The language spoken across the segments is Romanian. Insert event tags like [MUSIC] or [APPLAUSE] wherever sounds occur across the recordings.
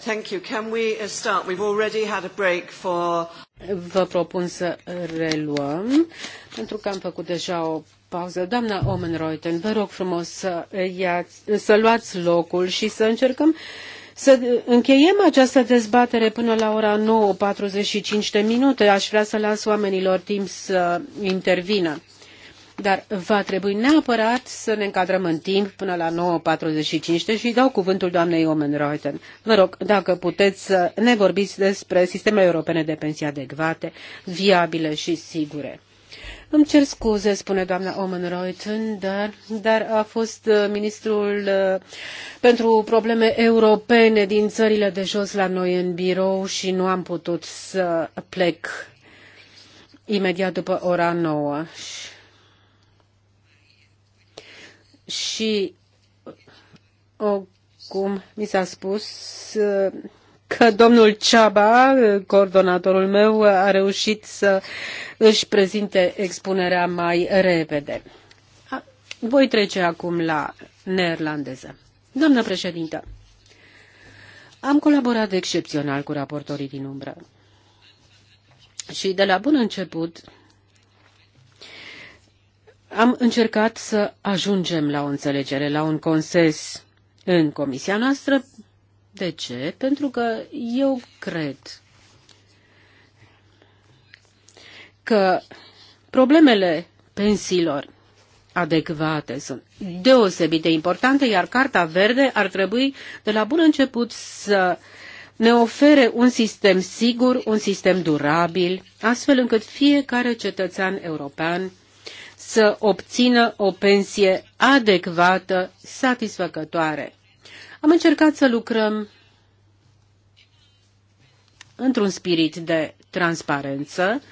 thank you. Can we uh, start? We've already had a break for... Vă propun să reluăm, pentru că am făcut deja o pauză. Doamna Omenreuten, vă rog frumos să, iați, să luați locul și să încercăm să încheiem această dezbatere până la ora 9.45 de minute. Aș vrea să las oamenilor timp să intervină dar va trebui neapărat să ne încadrăm în timp până la 9.45, și dau cuvântul doamnei Omen Reuten. Vă rog, dacă puteți să ne vorbiți despre sistemele europene de pensii adecvate, viabile și sigure. Îmi cer scuze, spune doamna Omen Reuten, dar, dar a fost uh, ministrul uh, pentru probleme europene din țările de jos la noi în birou și nu am putut să plec imediat după ora 9 și o, cum mi s-a spus că domnul Ceaba, coordonatorul meu, a reușit să își prezinte expunerea mai repede. Voi trece acum la neerlandeză. Doamnă președintă, am colaborat excepțional cu raportorii din umbră. Și de la bun început am încercat să ajungem la o înțelegere, la un consens în comisia noastră. De ce? Pentru că eu cred că problemele pensiilor adecvate sunt deosebit de importante, iar Carta Verde ar trebui de la bun început să ne ofere un sistem sigur, un sistem durabil, astfel încât fiecare cetățean european să obțină o pensie adecvată, satisfăcătoare. Am încercat să lucrăm într-un spirit de transparență.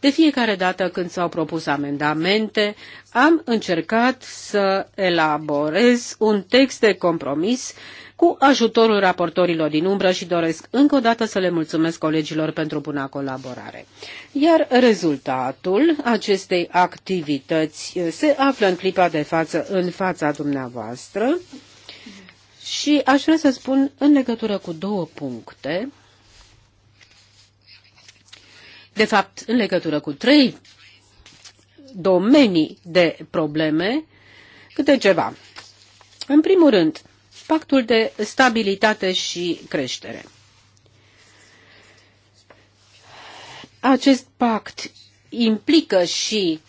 De fiecare dată când s-au propus amendamente, am încercat să elaborez un text de compromis cu ajutorul raportorilor din umbră și doresc încă o dată să le mulțumesc colegilor pentru buna colaborare. Iar rezultatul acestei activități eh, se află în clipa de față în fața dumneavoastră și aș vrea să spun în legătură cu două puncte, de fapt în legătură cu trei domenii de probleme, câte ceva. În primul rând, pactul de stabilitate și creștere. Acest pact implică și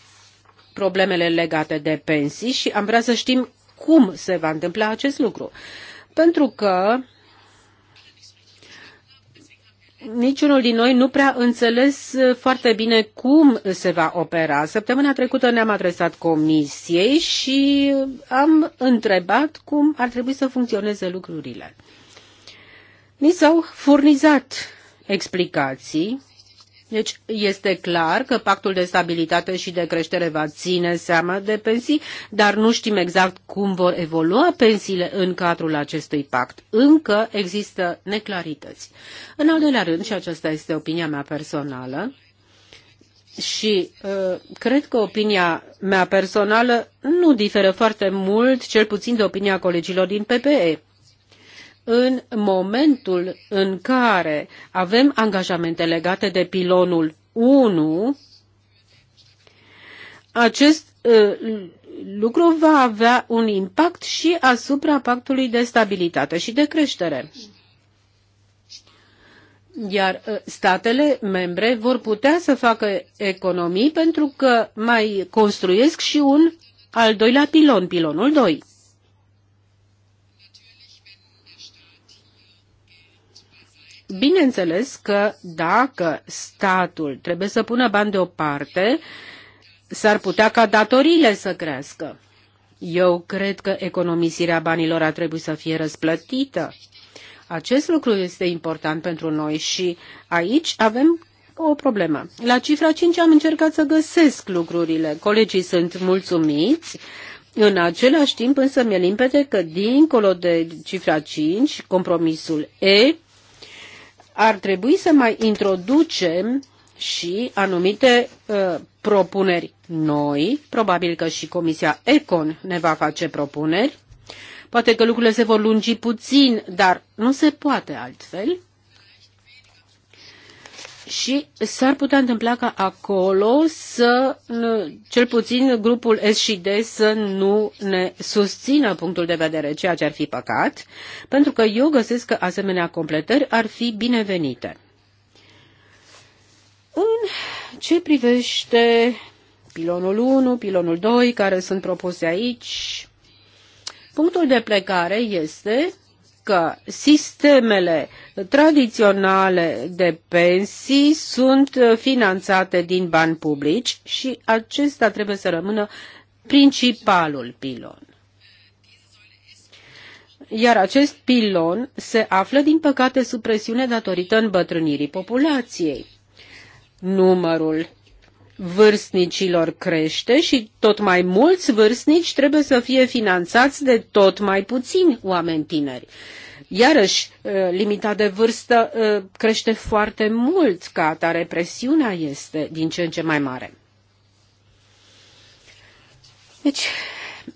problemele legate de pensii și am vrea să știm cum se va întâmpla acest lucru. Pentru că niciunul din noi nu prea înțeles uh, foarte bine cum se va opera. Săptămâna trecută ne-am adresat comisiei și am întrebat cum ar trebui să funcționeze lucrurile. Ni s-au furnizat explicații deci este clar că pactul de stabilitate și de creștere va ține seama de pensii, dar nu știm exact cum vor evolua pensiile în cadrul acestui pact. Încă există neclarități. În al doilea rând, și aceasta este opinia mea personală, și uh, cred că opinia mea personală nu diferă foarte mult, cel puțin de opinia colegilor din PPE în momentul în care avem angajamente legate de pilonul 1, acest uh, lucru va avea un impact și asupra pactului de stabilitate și de creștere. Iar uh, statele membre vor putea să facă economii pentru că mai construiesc și un al doilea pilon, pilonul 2. Bineînțeles că dacă statul trebuie să pună bani deoparte, s-ar putea ca datoriile să crească. Eu cred că economisirea banilor ar trebui să fie răsplătită. Acest lucru este important pentru noi și aici avem o problemă. La cifra 5 am încercat să găsesc lucrurile. Colegii sunt mulțumiți. În același timp însă mi-e limpede că dincolo de cifra 5, compromisul E ar trebui să mai introducem și anumite uh, propuneri noi. Probabil că și Comisia Econ ne va face propuneri. Poate că lucrurile se vor lungi puțin, dar nu se poate altfel și s-ar putea întâmpla ca acolo să, cel puțin grupul S și D să nu ne susțină punctul de vedere, ceea ce ar fi păcat, pentru că eu găsesc că asemenea completări ar fi binevenite. În ce privește pilonul 1, pilonul 2, care sunt propuse aici, punctul de plecare este că sistemele tradiționale de pensii sunt uh, finanțate din bani publici și acesta trebuie să rămână principalul pilon. Iar acest pilon se află, din păcate, sub presiune datorită îmbătrânirii populației. Numărul vârstnicilor crește și tot mai mulți vârstnici trebuie să fie finanțați de tot mai puțini oameni tineri. Iarăși, uh, limita de vârstă uh, crește foarte mult, ca atare presiunea este din ce în ce mai mare. Deci,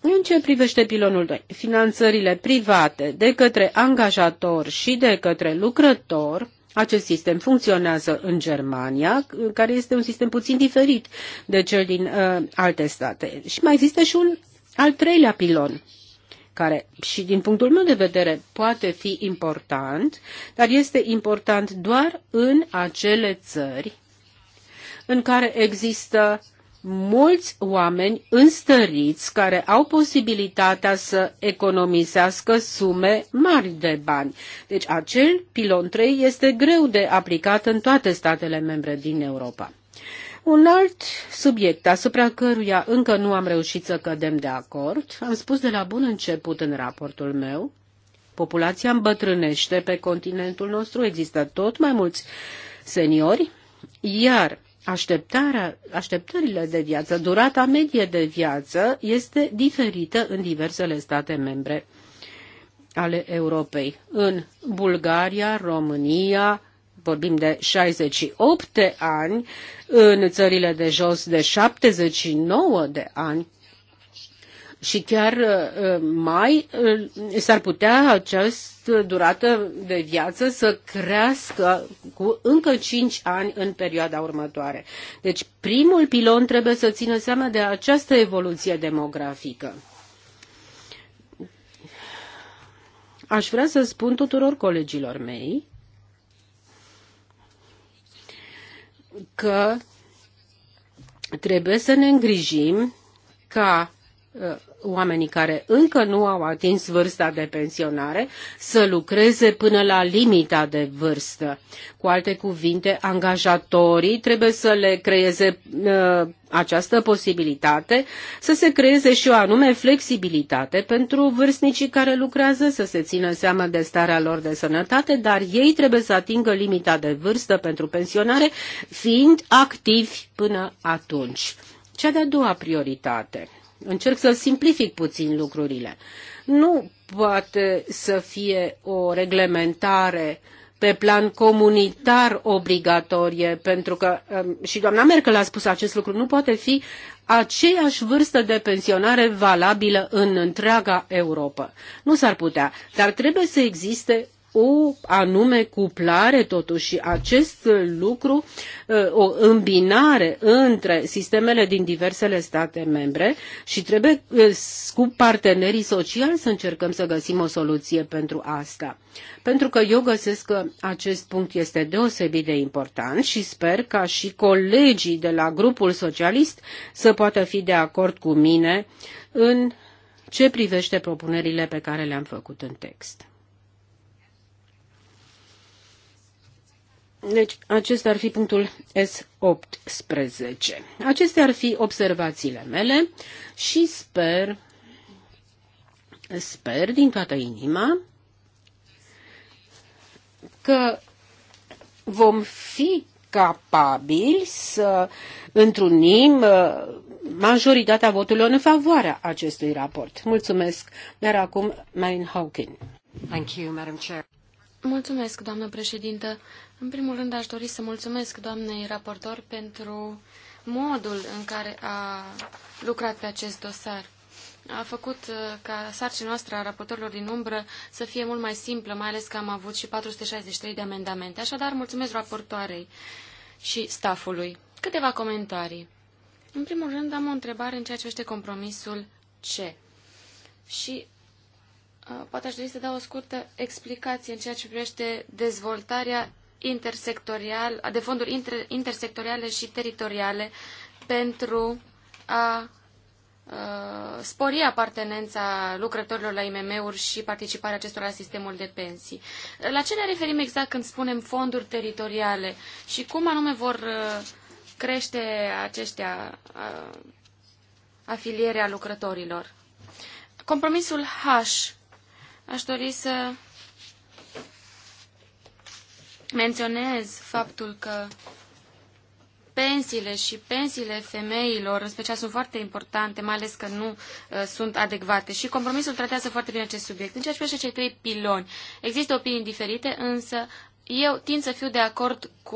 în ce privește pilonul 2, finanțările private de către angajator și de către lucrător acest sistem funcționează în Germania, care este un sistem puțin diferit de cel din uh, alte state. Și mai există și un al treilea pilon care și din punctul meu de vedere poate fi important, dar este important doar în acele țări în care există mulți oameni înstăriți care au posibilitatea să economisească sume mari de bani. Deci acel pilon 3 este greu de aplicat în toate statele membre din Europa. Un alt subiect asupra căruia încă nu am reușit să cădem de acord, am spus de la bun început în raportul meu, populația îmbătrânește pe continentul nostru, există tot mai mulți seniori, iar așteptarea, așteptările de viață, durata medie de viață este diferită în diversele state membre ale Europei. În Bulgaria, România, vorbim de 68 de ani, în țările de jos de 79 de ani și chiar uh, uh, mai uh, s-ar putea această durată de viață să crească cu încă 5 ani în perioada următoare. Deci primul pilon trebuie să țină seama de această evoluție demografică. Aș vrea să spun tuturor colegilor mei că trebuie să ne îngrijim ca oamenii care încă nu au atins vârsta de pensionare să lucreze până la limita de vârstă. Cu alte cuvinte, angajatorii trebuie să le creeze uh, această posibilitate, să se creeze și o anume flexibilitate pentru vârstnicii care lucrează, să se țină seama de starea lor de sănătate, dar ei trebuie să atingă limita de vârstă pentru pensionare, fiind activi până atunci. Cea de-a doua prioritate Încerc să simplific puțin lucrurile. Nu poate să fie o reglementare pe plan comunitar obligatorie, pentru că, um, și doamna Merkel a spus acest lucru, nu poate fi aceeași vârstă de pensionare valabilă în întreaga Europa. Nu s-ar putea, dar trebuie să existe o anume cuplare, totuși acest lucru, uh, o îmbinare între sistemele din diversele state membre și trebuie uh, cu partenerii sociali să încercăm să găsim o soluție pentru asta. Pentru că eu găsesc că acest punct este deosebit de important și sper ca și colegii de la grupul socialist să poată fi de acord cu mine în ce privește propunerile pe care le-am făcut în text. Deci, acesta ar fi punctul S18. Acestea ar fi observațiile mele și sper, sper din toată inima că vom fi capabili să întrunim uh, majoritatea voturilor în favoarea acestui raport. Mulțumesc, dar acum Marin Hawking. Thank you, Madam Chair. Mulțumesc, doamnă președintă. În primul rând aș dori să mulțumesc doamnei raportor pentru modul în care a lucrat pe acest dosar. A făcut uh, ca sarcina noastră a raportorilor din umbră să fie mult mai simplă, mai ales că am avut și 463 de amendamente. Așadar, mulțumesc raportoarei și stafului. Câteva comentarii. În primul rând, am o întrebare în ceea ce este compromisul C. Și uh, poate aș dori să dau o scurtă explicație în ceea ce privește dezvoltarea intersectorial, de fonduri inter, intersectoriale și teritoriale pentru a spori apartenența lucrătorilor la IMM-uri și participarea acestora la sistemul de pensii. La ce ne referim exact când spunem fonduri teritoriale și cum anume vor crește aceștia afilierea lucrătorilor? Compromisul H. Aș dori să menționez faptul că pensiile și pensiile femeilor, în special, sunt foarte importante, mai ales că nu uh, sunt adecvate. Și compromisul tratează foarte bine acest subiect. În ceea ce privește cei trei piloni, există opinii diferite, însă eu tind să fiu de acord cu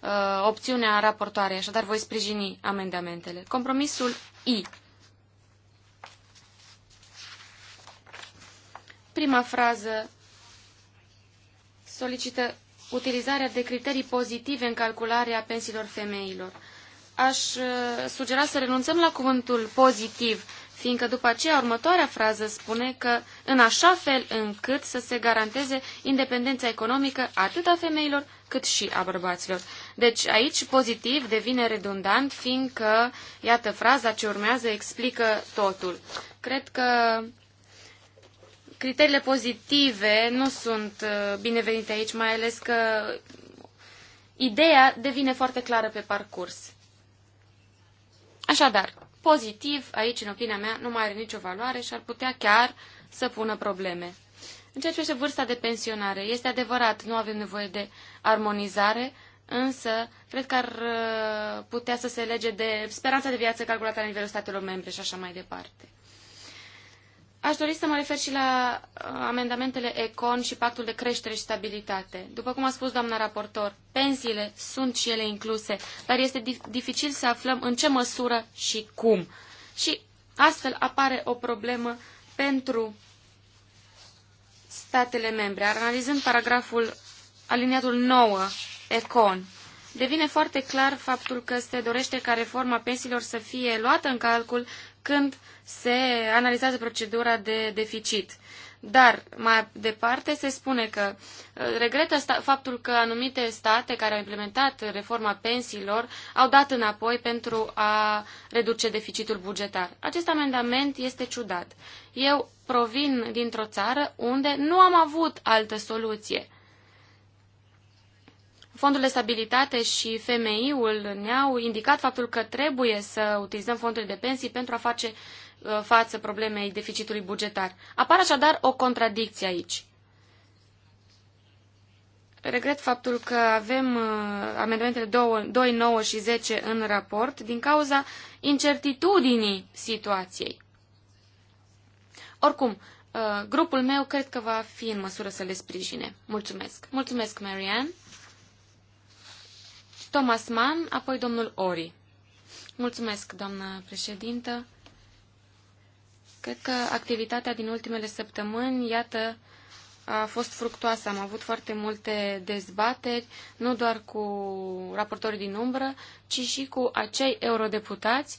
uh, opțiunea raportoarei, așadar voi sprijini amendamentele. Compromisul I. Prima frază solicită utilizarea de criterii pozitive în calcularea pensiilor femeilor. Aș uh, sugera să renunțăm la cuvântul pozitiv, fiindcă după aceea următoarea frază spune că în așa fel încât să se garanteze independența economică atât a femeilor cât și a bărbaților. Deci aici pozitiv devine redundant, fiindcă, iată, fraza ce urmează explică totul. Cred că criteriile pozitive nu sunt uh, binevenite aici, mai ales că ideea devine foarte clară pe parcurs. Așadar, pozitiv, aici, în opinia mea, nu mai are nicio valoare și ar putea chiar să pună probleme. În ceea ce este vârsta de pensionare, este adevărat, nu avem nevoie de armonizare, însă cred că ar uh, putea să se lege de speranța de viață calculată la nivelul statelor membre și așa mai departe. Aș dori să mă refer și la uh, amendamentele ECON și Pactul de Creștere și Stabilitate. După cum a spus doamna raportor, pensiile sunt și ele incluse, dar este dificil să aflăm în ce măsură și cum. Și astfel apare o problemă pentru statele membre. Analizând paragraful aliniatul 9, ECON, devine foarte clar faptul că se dorește ca reforma pensiilor să fie luată în calcul când se analizează procedura de deficit. Dar, mai departe, se spune că uh, regretă faptul că anumite state care au implementat reforma pensiilor au dat înapoi pentru a reduce deficitul bugetar. Acest amendament este ciudat. Eu provin dintr-o țară unde nu am avut altă soluție. Fondul de stabilitate și FMI-ul ne-au indicat faptul că trebuie să utilizăm fondurile de pensii pentru a face uh, față problemei deficitului bugetar. Apare așadar o contradicție aici. Regret faptul că avem uh, amendamentele 2, 9 și 10 în raport din cauza incertitudinii situației. Oricum, uh, grupul meu cred că va fi în măsură să le sprijine. Mulțumesc. Mulțumesc, Marianne. Thomas Mann, apoi domnul Ori. Mulțumesc, doamnă președintă. Cred că activitatea din ultimele săptămâni, iată, a fost fructoasă. Am avut foarte multe dezbateri, nu doar cu raportorii din umbră, ci și cu acei eurodeputați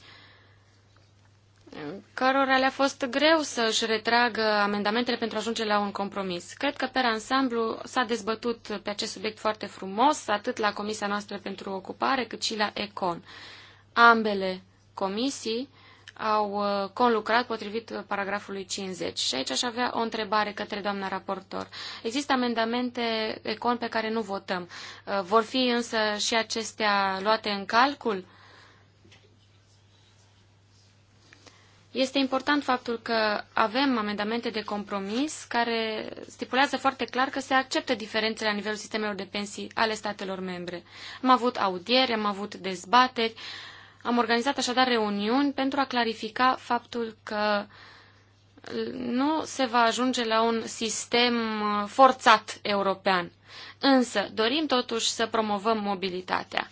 cărora le-a fost greu să-și retragă amendamentele pentru a ajunge la un compromis. Cred că, pe ansamblu, s-a dezbătut pe acest subiect foarte frumos, atât la Comisia noastră pentru ocupare, cât și la ECON. Ambele comisii au uh, conlucrat potrivit paragrafului 50. Și aici aș avea o întrebare către doamna raportor. Există amendamente ECON pe care nu votăm. Uh, vor fi însă și acestea luate în calcul? Este important faptul că avem amendamente de compromis care stipulează foarte clar că se acceptă diferențele la nivelul sistemelor de pensii ale statelor membre. Am avut audieri, am avut dezbateri, am organizat așadar reuniuni pentru a clarifica faptul că nu se va ajunge la un sistem uh, forțat european. Însă, dorim totuși să promovăm mobilitatea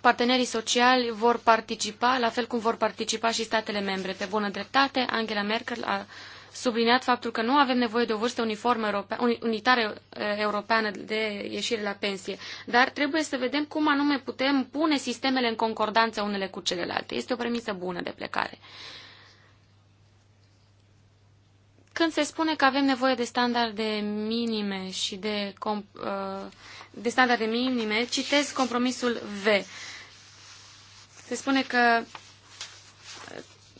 partenerii sociali vor participa, la fel cum vor participa și statele membre. Pe bună dreptate, Angela Merkel a subliniat faptul că nu avem nevoie de o vârstă uniformă europea, unitară europeană de ieșire la pensie, dar trebuie să vedem cum anume putem pune sistemele în concordanță unele cu celelalte. Este o premisă bună de plecare. Când se spune că avem nevoie de standarde minime și de, ă, de standarde minime, citez compromisul V se spune că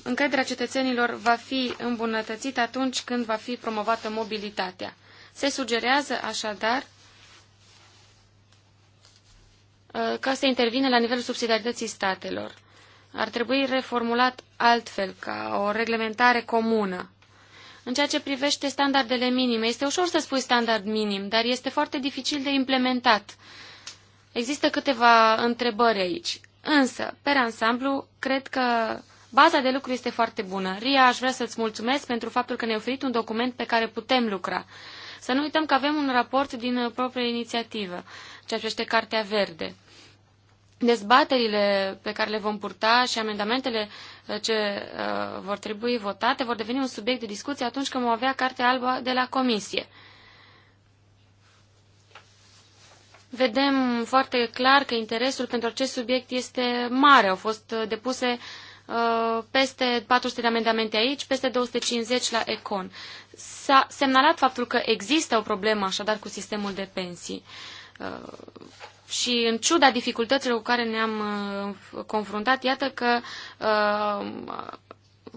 încrederea cetățenilor va fi îmbunătățită atunci când va fi promovată mobilitatea. Se sugerează așadar uh, ca să intervine la nivelul subsidiarității statelor. Ar trebui reformulat altfel, ca o reglementare comună. În ceea ce privește standardele minime, este ușor să spui standard minim, dar este foarte dificil de implementat. Există câteva întrebări aici. Însă, pe ansamblu, cred că baza de lucru este foarte bună. Ria, aș vrea să-ți mulțumesc pentru faptul că ne-ai oferit un document pe care putem lucra. Să nu uităm că avem un raport din uh, propria inițiativă, ceea ce este Cartea Verde. Dezbaterile pe care le vom purta și amendamentele uh, ce uh, vor trebui votate vor deveni un subiect de discuție atunci când vom avea Cartea Albă de la Comisie. vedem foarte clar că interesul pentru acest subiect este mare. Au fost uh, depuse uh, peste 400 de amendamente aici, peste 250 la Econ. S-a semnalat faptul că există o problemă așadar cu sistemul de pensii. Uh, și în ciuda dificultăților cu care ne-am uh, confruntat, iată că uh,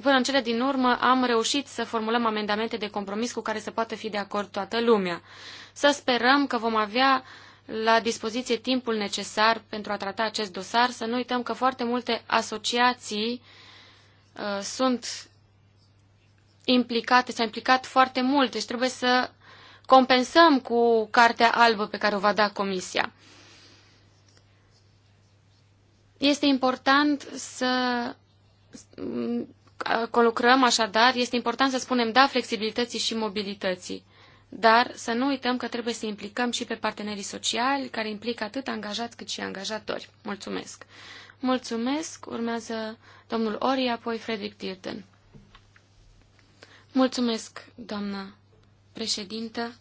până în cele din urmă am reușit să formulăm amendamente de compromis cu care se poate fi de acord toată lumea. Să sperăm că vom avea uh, la dispoziție timpul necesar pentru a trata acest dosar. Să nu uităm că foarte multe asociații uh, sunt implicate, s-au implicat foarte mult, deci trebuie să compensăm cu cartea albă pe care o va da Comisia. Este important să uh, colucrăm așadar, este important să spunem da flexibilității și mobilității. Dar să nu uităm că trebuie să implicăm și pe partenerii sociali, care implică atât angajați cât și angajatori. Mulțumesc! Mulțumesc! Urmează domnul Ori, apoi Frederic Tilton. Mulțumesc, doamnă președintă.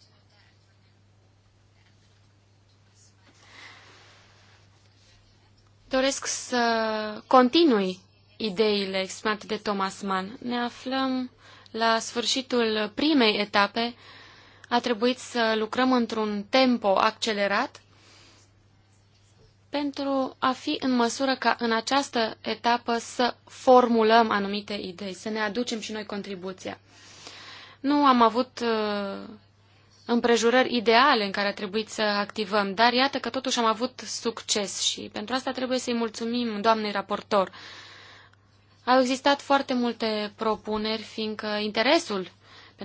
Doresc să continui ideile exprimate de Thomas Mann. Ne aflăm la sfârșitul primei etape a trebuit să lucrăm într-un tempo accelerat pentru a fi în măsură ca în această etapă să formulăm anumite idei, să ne aducem și noi contribuția. Nu am avut uh, împrejurări ideale în care a trebuit să activăm, dar iată că totuși am avut succes și pentru asta trebuie să-i mulțumim doamnei raportor. Au existat foarte multe propuneri, fiindcă interesul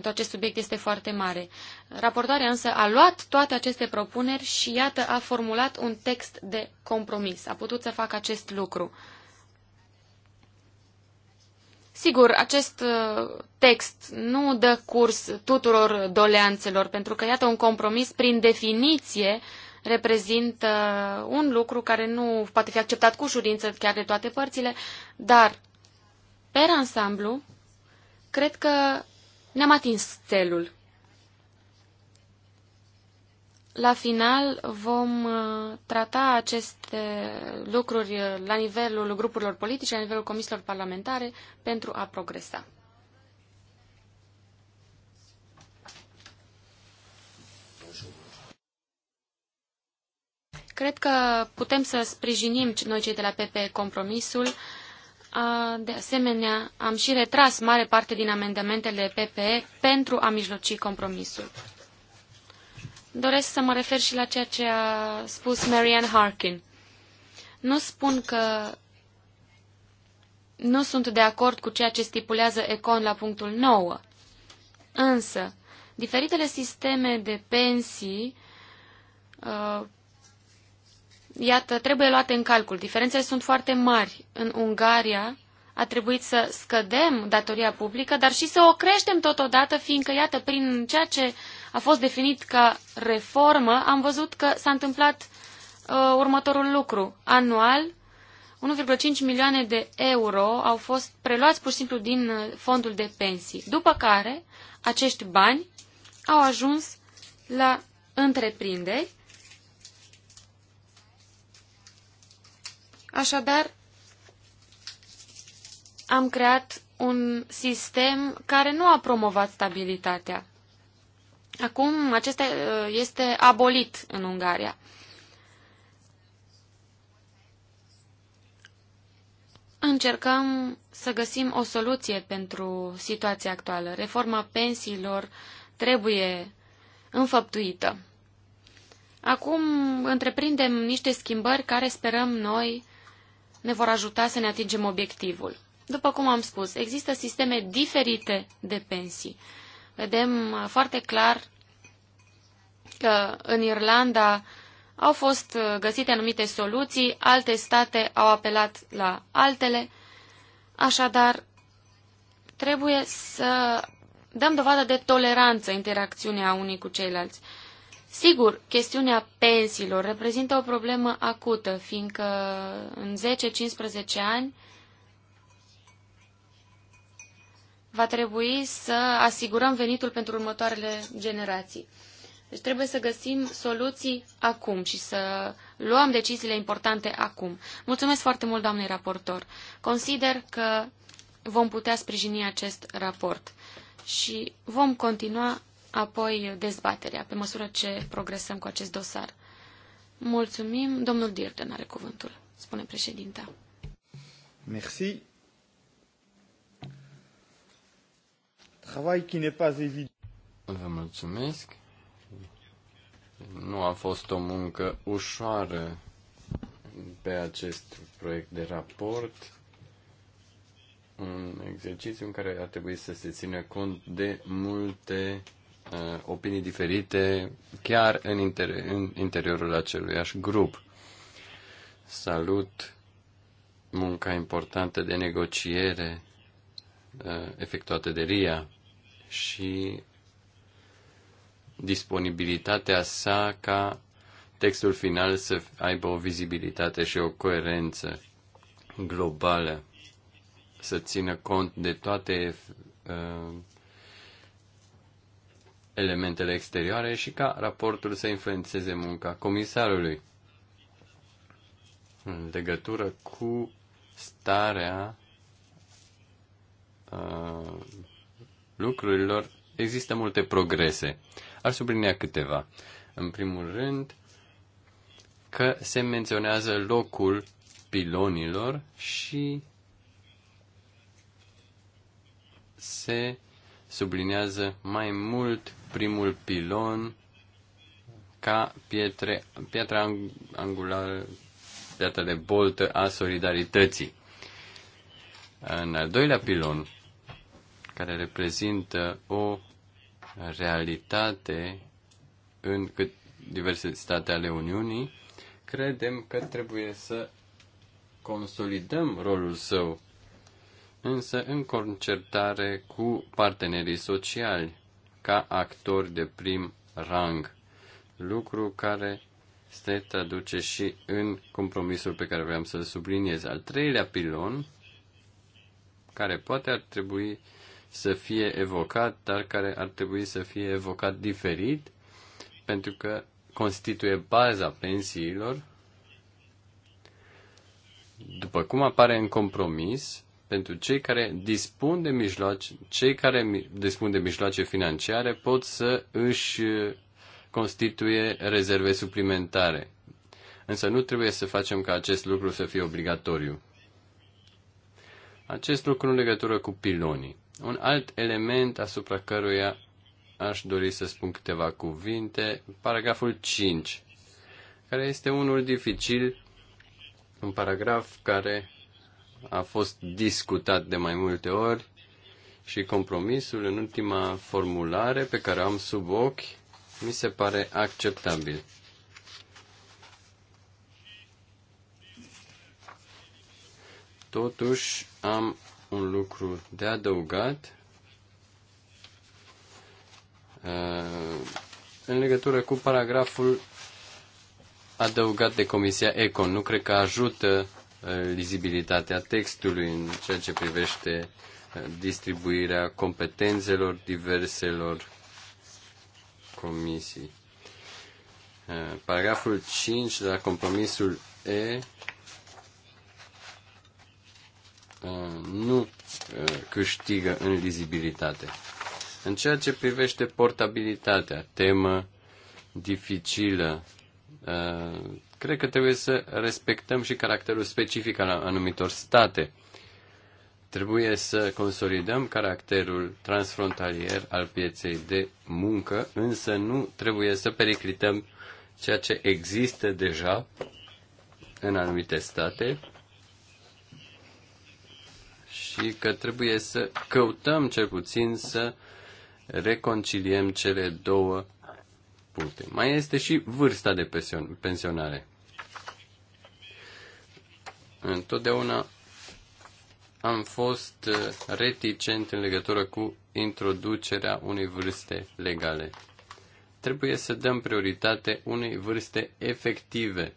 pentru acest subiect este foarte mare. Raportoarea însă a luat toate aceste propuneri și iată a formulat un text de compromis. A putut să facă acest lucru. Sigur, acest uh, text nu dă curs tuturor doleanțelor, pentru că, iată, un compromis, prin definiție, reprezintă uh, un lucru care nu poate fi acceptat cu ușurință chiar de toate părțile, dar, per ansamblu, cred că ne-am atins celul. La final vom uh, trata aceste lucruri la nivelul grupurilor politice, la nivelul comisiilor parlamentare, pentru a progresa. Cred că putem să sprijinim noi cei de la PP compromisul de asemenea, am și retras mare parte din amendamentele PPE pentru a mijloci compromisul. Doresc să mă refer și la ceea ce a spus Marianne Harkin. Nu spun că nu sunt de acord cu ceea ce stipulează Econ la punctul 9, însă diferitele sisteme de pensii uh, iată, trebuie luate în calcul. Diferențele sunt foarte mari. În Ungaria a trebuit să scădem datoria publică, dar și să o creștem totodată, fiindcă, iată, prin ceea ce a fost definit ca reformă, am văzut că s-a întâmplat uh, următorul lucru. Anual, 1,5 milioane de euro au fost preluați pur și simplu din uh, fondul de pensii, după care acești bani au ajuns la întreprinderi Așadar, am creat un sistem care nu a promovat stabilitatea. Acum acesta uh, este abolit în Ungaria. Încercăm să găsim o soluție pentru situația actuală. Reforma pensiilor trebuie înfăptuită. Acum întreprindem niște schimbări care sperăm noi ne vor ajuta să ne atingem obiectivul. După cum am spus, există sisteme diferite de pensii. Vedem uh, foarte clar că în Irlanda au fost uh, găsite anumite soluții, alte state au apelat la altele, așadar trebuie să dăm dovadă de toleranță interacțiunea unii cu ceilalți. Sigur, chestiunea pensiilor reprezintă o problemă acută, fiindcă în 10-15 ani va trebui să asigurăm venitul pentru următoarele generații. Deci trebuie să găsim soluții acum și să luăm deciziile importante acum. Mulțumesc foarte mult, doamnei raportor. Consider că vom putea sprijini acest raport și vom continua apoi dezbaterea, pe măsură ce progresăm cu acest dosar. Mulțumim. Domnul Dirden are cuvântul, spune președinta. Merci. Travail qui n'est pas évident. Vă mulțumesc. Nu a fost o muncă ușoară pe acest proiect de raport un exercițiu în care ar trebui să se țină cont de multe Uh, opinii diferite chiar în, inter- în interiorul aceluiași grup. Salut munca importantă de negociere uh, efectuată de RIA și disponibilitatea sa ca textul final să aibă o vizibilitate și o coerență globală, să țină cont de toate uh, elementele exterioare și ca raportul să influențeze munca comisarului în legătură cu starea uh, lucrurilor. Există multe progrese. Ar sublinea câteva. În primul rând, că se menționează locul pilonilor și se sublinează mai mult primul pilon ca pietre, piatra angulară, piatra de boltă a solidarității. În al doilea pilon, care reprezintă o realitate în cât diverse state ale Uniunii, credem că trebuie să consolidăm rolul său însă în concertare cu partenerii sociali, ca actori de prim rang, lucru care se traduce și în compromisul pe care vreau să-l subliniez. Al treilea pilon, care poate ar trebui să fie evocat, dar care ar trebui să fie evocat diferit, pentru că constituie baza pensiilor, după cum apare în compromis, pentru cei care dispun de mijloace, cei care dispun de mijloace financiare pot să își constituie rezerve suplimentare. Însă nu trebuie să facem ca acest lucru să fie obligatoriu. Acest lucru în legătură cu pilonii. Un alt element asupra căruia aș dori să spun câteva cuvinte, paragraful 5, care este unul dificil, un paragraf care a fost discutat de mai multe ori și compromisul în ultima formulare pe care am sub ochi mi se pare acceptabil. Totuși am un lucru de adăugat uh, în legătură cu paragraful adăugat de Comisia Econ. Nu cred că ajută Uh, lizibilitatea textului în ceea ce privește uh, distribuirea competențelor diverselor comisii. Uh, paragraful 5 la compromisul E nu câștigă în lizibilitate. În ceea ce privește portabilitatea, temă dificilă, Cred că trebuie să respectăm și caracterul specific al anumitor state. Trebuie să consolidăm caracterul transfrontalier al pieței de muncă, însă nu trebuie să periclităm ceea ce există deja în anumite state și că trebuie să căutăm cel puțin să reconciliem cele două puncte. Mai este și vârsta de pensionare. Întotdeauna am fost uh, reticent în legătură cu introducerea unei vârste legale. Trebuie să dăm prioritate unei vârste efective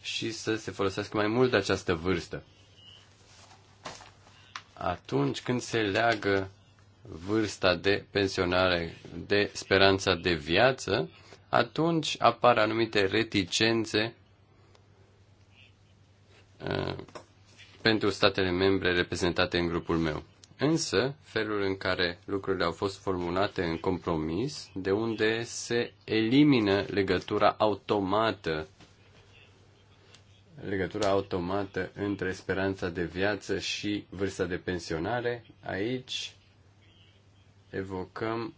și să se folosească mai mult de această vârstă. Atunci când se leagă vârsta de pensionare de speranța de viață, atunci apar anumite reticențe uh, pentru statele membre reprezentate în grupul meu. Însă, felul în care lucrurile au fost formulate în compromis, de unde se elimină legătura automată legătura automată între speranța de viață și vârsta de pensionare, aici evocăm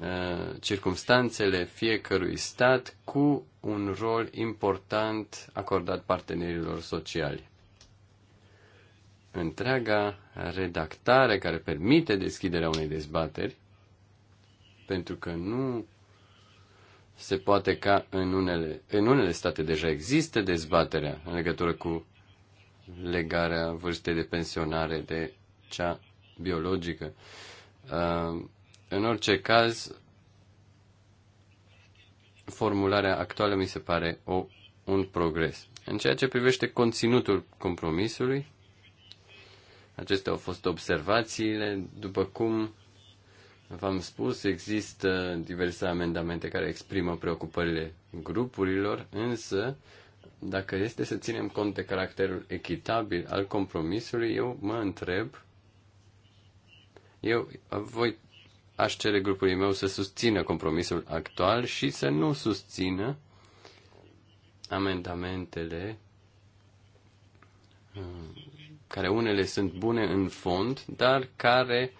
Uh, circumstanțele fiecărui stat cu un rol important acordat partenerilor sociali. Întreaga redactare care permite deschiderea unei dezbateri, pentru că nu se poate ca în unele, în unele state deja există dezbaterea în legătură cu legarea vârstei de pensionare de cea biologică. Uh, în orice caz, formularea actuală mi se pare o, un progres. În ceea ce privește conținutul compromisului, acestea au fost observațiile. După cum v-am spus, există diverse amendamente care exprimă preocupările grupurilor, însă, dacă este să ținem cont de caracterul echitabil al compromisului, eu mă întreb, eu voi aș cere grupului meu să susțină compromisul actual și să nu susțină amendamentele uh, care unele sunt bune în fond, dar care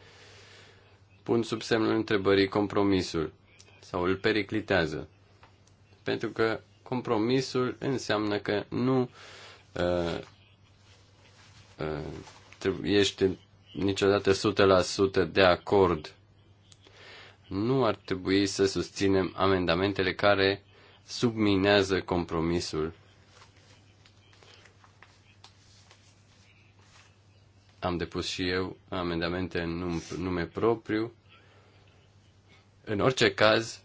pun sub semnul întrebării compromisul sau îl periclitează. Pentru că compromisul înseamnă că nu uh, uh, ești niciodată 100% de acord nu ar trebui să susținem amendamentele care subminează compromisul. Am depus și eu amendamente în nume propriu. În orice caz,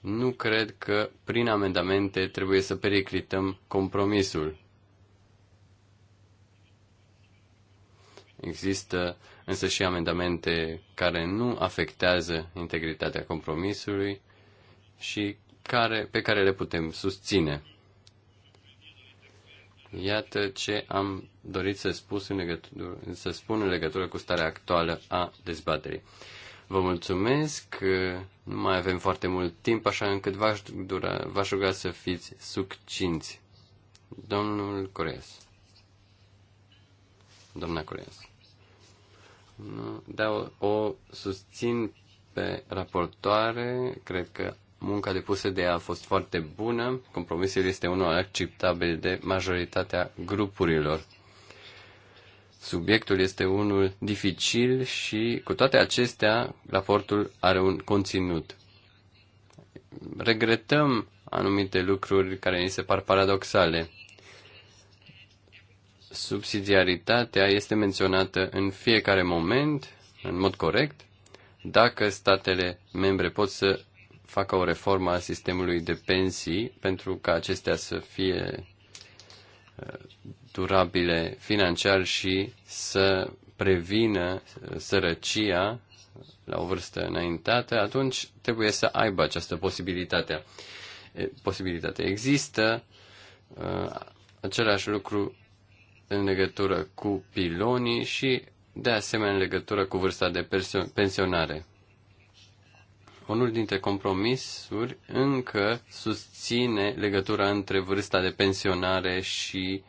nu cred că prin amendamente trebuie să periclităm compromisul. Există însă și amendamente care nu afectează integritatea compromisului și care, pe care le putem susține. Iată ce am dorit să, spus în legătură, să spun în legătură cu starea actuală a dezbaterii. Vă mulțumesc, nu mai avem foarte mult timp, așa încât v-aș, dura, v-aș ruga să fiți succinți. Domnul Coreas. Domnul Coreas. Nu, da, o, o susțin pe raportoare. Cred că munca depusă de ea a fost foarte bună. Compromisul este unul acceptabil de majoritatea grupurilor. Subiectul este unul dificil și, cu toate acestea, raportul are un conținut. Regretăm anumite lucruri care ni se par paradoxale subsidiaritatea este menționată în fiecare moment, în mod corect, dacă statele membre pot să facă o reformă a sistemului de pensii pentru ca acestea să fie uh, durabile financiar și să prevină sărăcia la o vârstă înaintată, atunci trebuie să aibă această posibilitate. posibilitate. Există uh, același lucru în legătură cu pilonii și, de asemenea, în legătură cu vârsta de pensionare. Unul dintre compromisuri încă susține legătura între vârsta de pensionare și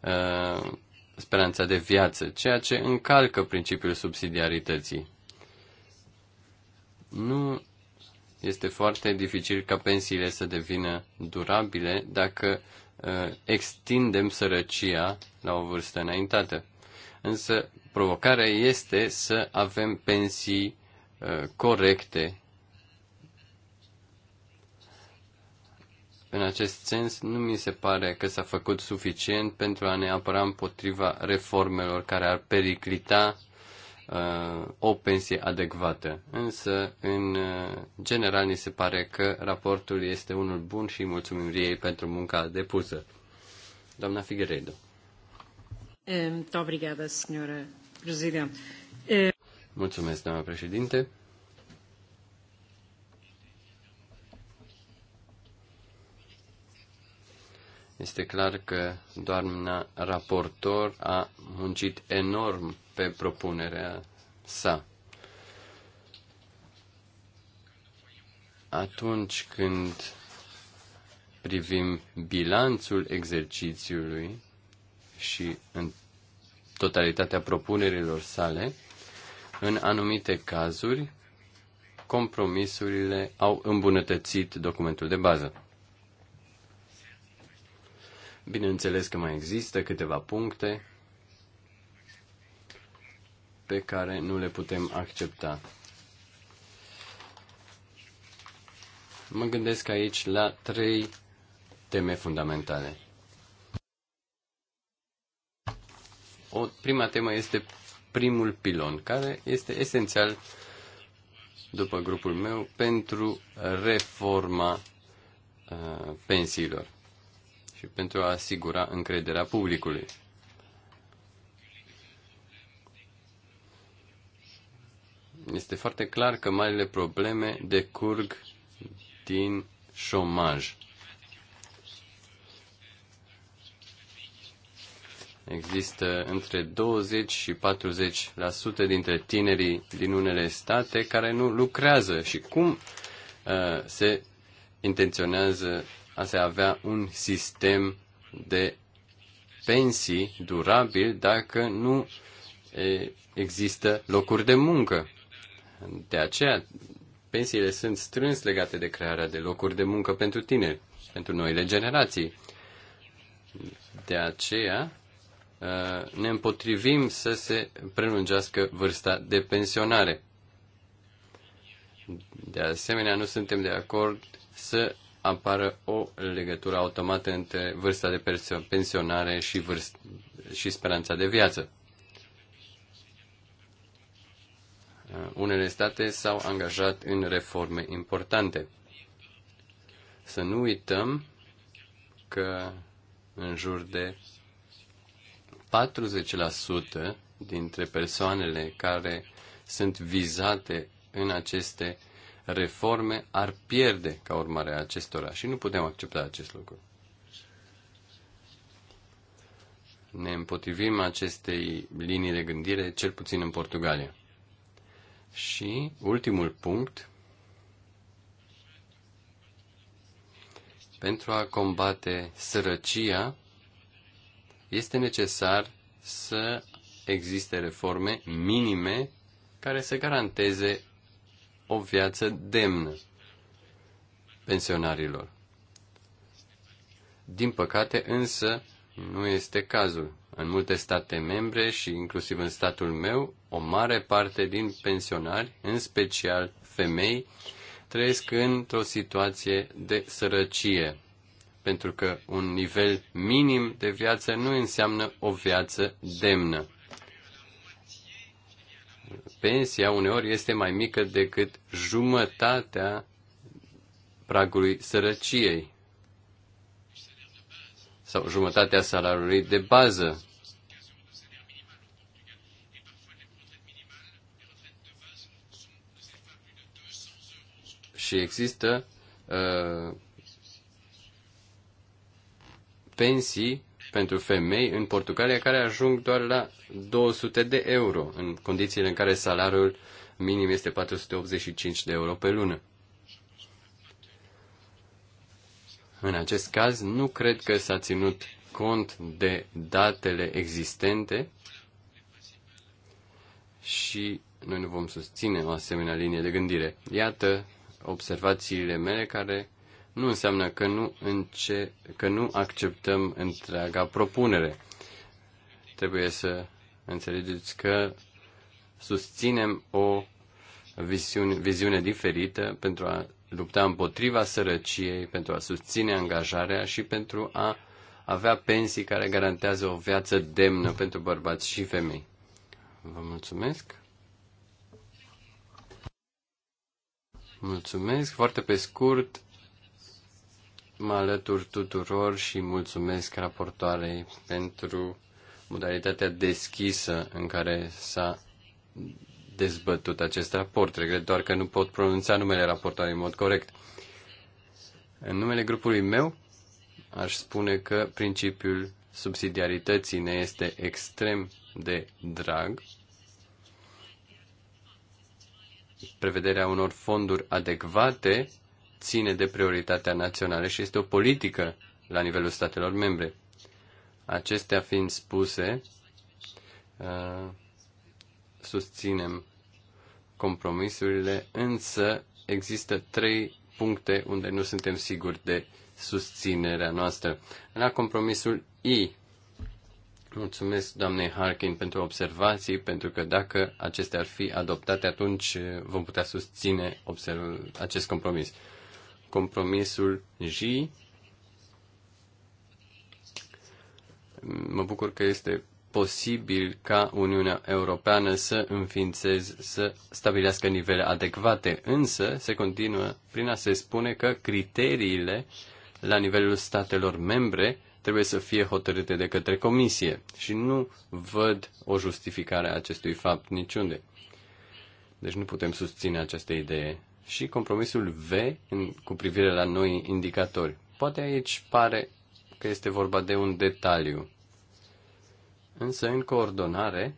uh, speranța de viață, ceea ce încalcă principiul subsidiarității. Nu este foarte dificil ca pensiile să devină durabile dacă Uh, extindem sărăcia la o vârstă înaintată. Însă provocarea este să avem pensii uh, corecte. În acest sens, nu mi se pare că s-a făcut suficient pentru a ne apăra împotriva reformelor care ar periclita Uh, o pensie adecvată. Însă, în uh, general, ni se pare că raportul este unul bun și mulțumim ei pentru munca depusă. Doamna Figueiredo. Eh, muito obrigada, senhora Presidente. Eh, Mulțumesc, doamna președinte. Este clar că doamna raportor a muncit enorm pe propunerea sa. Atunci când privim bilanțul exercițiului și în totalitatea propunerilor sale, în anumite cazuri, compromisurile au îmbunătățit documentul de bază. Bineînțeles că mai există câteva puncte pe care nu le putem accepta. Mă gândesc aici la trei teme fundamentale. O prima temă este primul pilon, care este esențial, după grupul meu, pentru reforma uh, pensiilor și pentru a asigura încrederea publicului. Este foarte clar că marile probleme decurg din șomaj. Există între 20 și 40% dintre tinerii din unele state care nu lucrează și cum uh, se intenționează a se avea un sistem de pensii durabil dacă nu există locuri de muncă. De aceea, pensiile sunt strâns legate de crearea de locuri de muncă pentru tine, pentru noile generații. De aceea, ă, ne împotrivim să se prelungească vârsta de pensionare. De asemenea, nu suntem de acord să apară o legătură automată între vârsta de pensionare și, vârst, și speranța de viață. Uh, unele state s-au angajat în reforme importante. Să nu uităm că în jur de 40% dintre persoanele care sunt vizate în aceste reforme ar pierde ca urmare a acestora și nu putem accepta acest lucru. Ne împotrivim acestei linii de gândire, cel puțin în Portugalia. Și ultimul punct, pentru a combate sărăcia, este necesar să existe reforme minime care să garanteze o viață demnă pensionarilor. Din păcate însă nu este cazul. În multe state membre și inclusiv în statul meu, o mare parte din pensionari, în special femei, trăiesc într-o situație de sărăcie, pentru că un nivel minim de viață nu înseamnă o viață demnă pensia uneori este mai mică decât jumătatea pragului sărăciei sau jumătatea salariului de bază. Și există uh, pensii pentru femei în Portugalia care ajung doar la 200 de euro, în condițiile în care salariul minim este 485 de euro pe lună. În acest caz, nu cred că s-a ținut cont de datele existente și noi nu vom susține o asemenea linie de gândire. Iată observațiile mele care nu înseamnă că nu, înce- că nu acceptăm întreaga propunere. Trebuie să înțelegeți că susținem o viziune, viziune diferită pentru a lupta împotriva sărăciei, pentru a susține angajarea și pentru a avea pensii care garantează o viață demnă pentru bărbați și femei. Vă mulțumesc! Mulțumesc! Foarte pe scurt, mă alătur tuturor și mulțumesc raportoarei pentru modalitatea deschisă în care s-a dezbătut acest raport. Regret doar că nu pot pronunța numele raportoarei în mod corect. În numele grupului meu, aș spune că principiul subsidiarității ne este extrem de drag. Prevederea unor fonduri adecvate ține de prioritatea națională și este o politică la nivelul statelor membre. Acestea fiind spuse, uh, susținem compromisurile, însă există trei puncte unde nu suntem siguri de susținerea noastră. La compromisul I, mulțumesc doamnei Harkin pentru observații, pentru că dacă acestea ar fi adoptate, atunci uh, vom putea susține acest compromis compromisul J. Mă bucur că este posibil ca Uniunea Europeană să înființeze, să stabilească nivele adecvate, însă se continuă prin a se spune că criteriile la nivelul statelor membre trebuie să fie hotărâte de către Comisie și nu văd o justificare a acestui fapt niciunde. Deci nu putem susține această idee și compromisul V în, cu privire la noi indicatori. Poate aici pare că este vorba de un detaliu. Însă, în coordonare,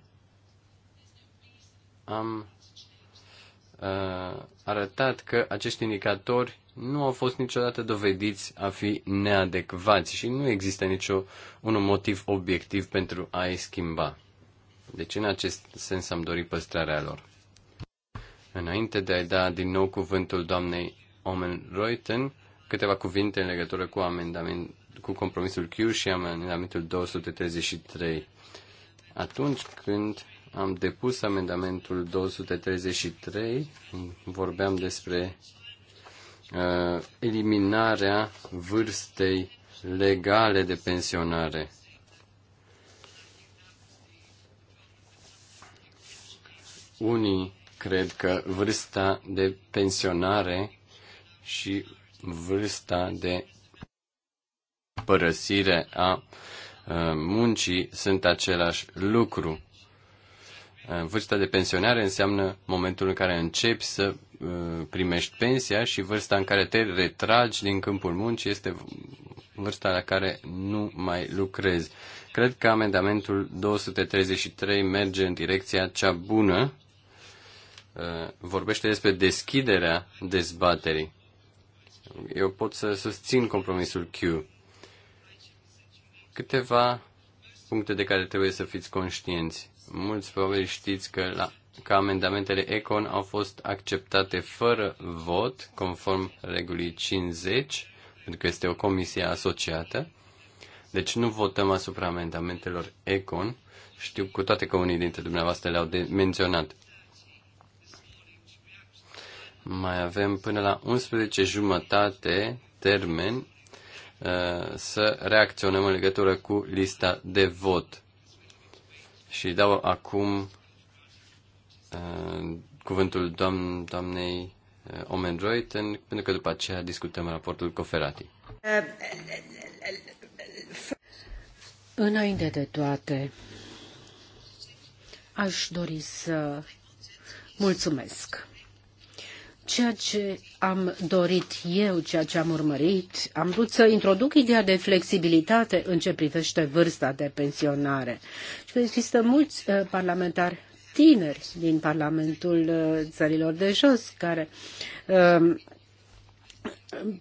am uh, arătat că acești indicatori nu au fost niciodată dovediți a fi neadecvați și nu există nicio un motiv obiectiv pentru a-i schimba. Deci, în acest sens, am dorit păstrarea lor. Înainte de a da din nou cuvântul doamnei Omen Reuten, câteva cuvinte în legătură cu amendament, cu compromisul Q și amendamentul 233. Atunci când am depus amendamentul 233, vorbeam despre uh, eliminarea vârstei legale de pensionare. Unii cred că vârsta de pensionare și vârsta de părăsire a uh, muncii sunt același lucru. Uh, vârsta de pensionare înseamnă momentul în care începi să uh, primești pensia și vârsta în care te retragi din câmpul muncii este vârsta la care nu mai lucrezi. Cred că amendamentul 233 merge în direcția cea bună Uh, vorbește despre deschiderea dezbaterii. Eu pot să susțin compromisul Q. Câteva puncte de care trebuie să fiți conștienți. Mulți probabil știți că, la, că amendamentele Econ au fost acceptate fără vot, conform regulii 50, pentru că este o comisie asociată. Deci nu votăm asupra amendamentelor Econ. Știu cu toate că unii dintre dumneavoastră le-au menționat. Mai avem până la 11 jumătate termen uh, să reacționăm în legătură cu lista de vot. Și dau acum uh, cuvântul doamn, doamnei uh, Omen Reuten, pentru că după aceea discutăm raportul Coferati. Înainte de toate, aș dori să mulțumesc Ceea ce am dorit eu, ceea ce am urmărit, am vrut să introduc ideea de flexibilitate în ce privește vârsta de pensionare. Și există mulți uh, parlamentari tineri din Parlamentul uh, Țărilor de Jos care uh,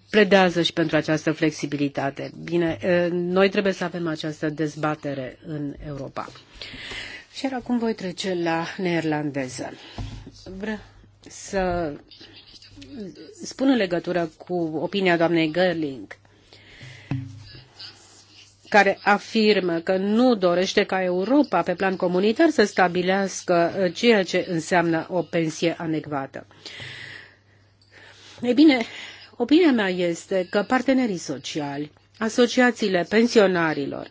pledează și pentru această flexibilitate. Bine, uh, noi trebuie să avem această dezbatere în Europa. Și acum voi trece la neerlandeză. Vreau să spun în legătură cu opinia doamnei Gerling, care afirmă că nu dorește ca Europa, pe plan comunitar, să stabilească uh, ceea ce înseamnă o pensie anecvată. Ei bine, opinia mea este că partenerii sociali, asociațiile pensionarilor,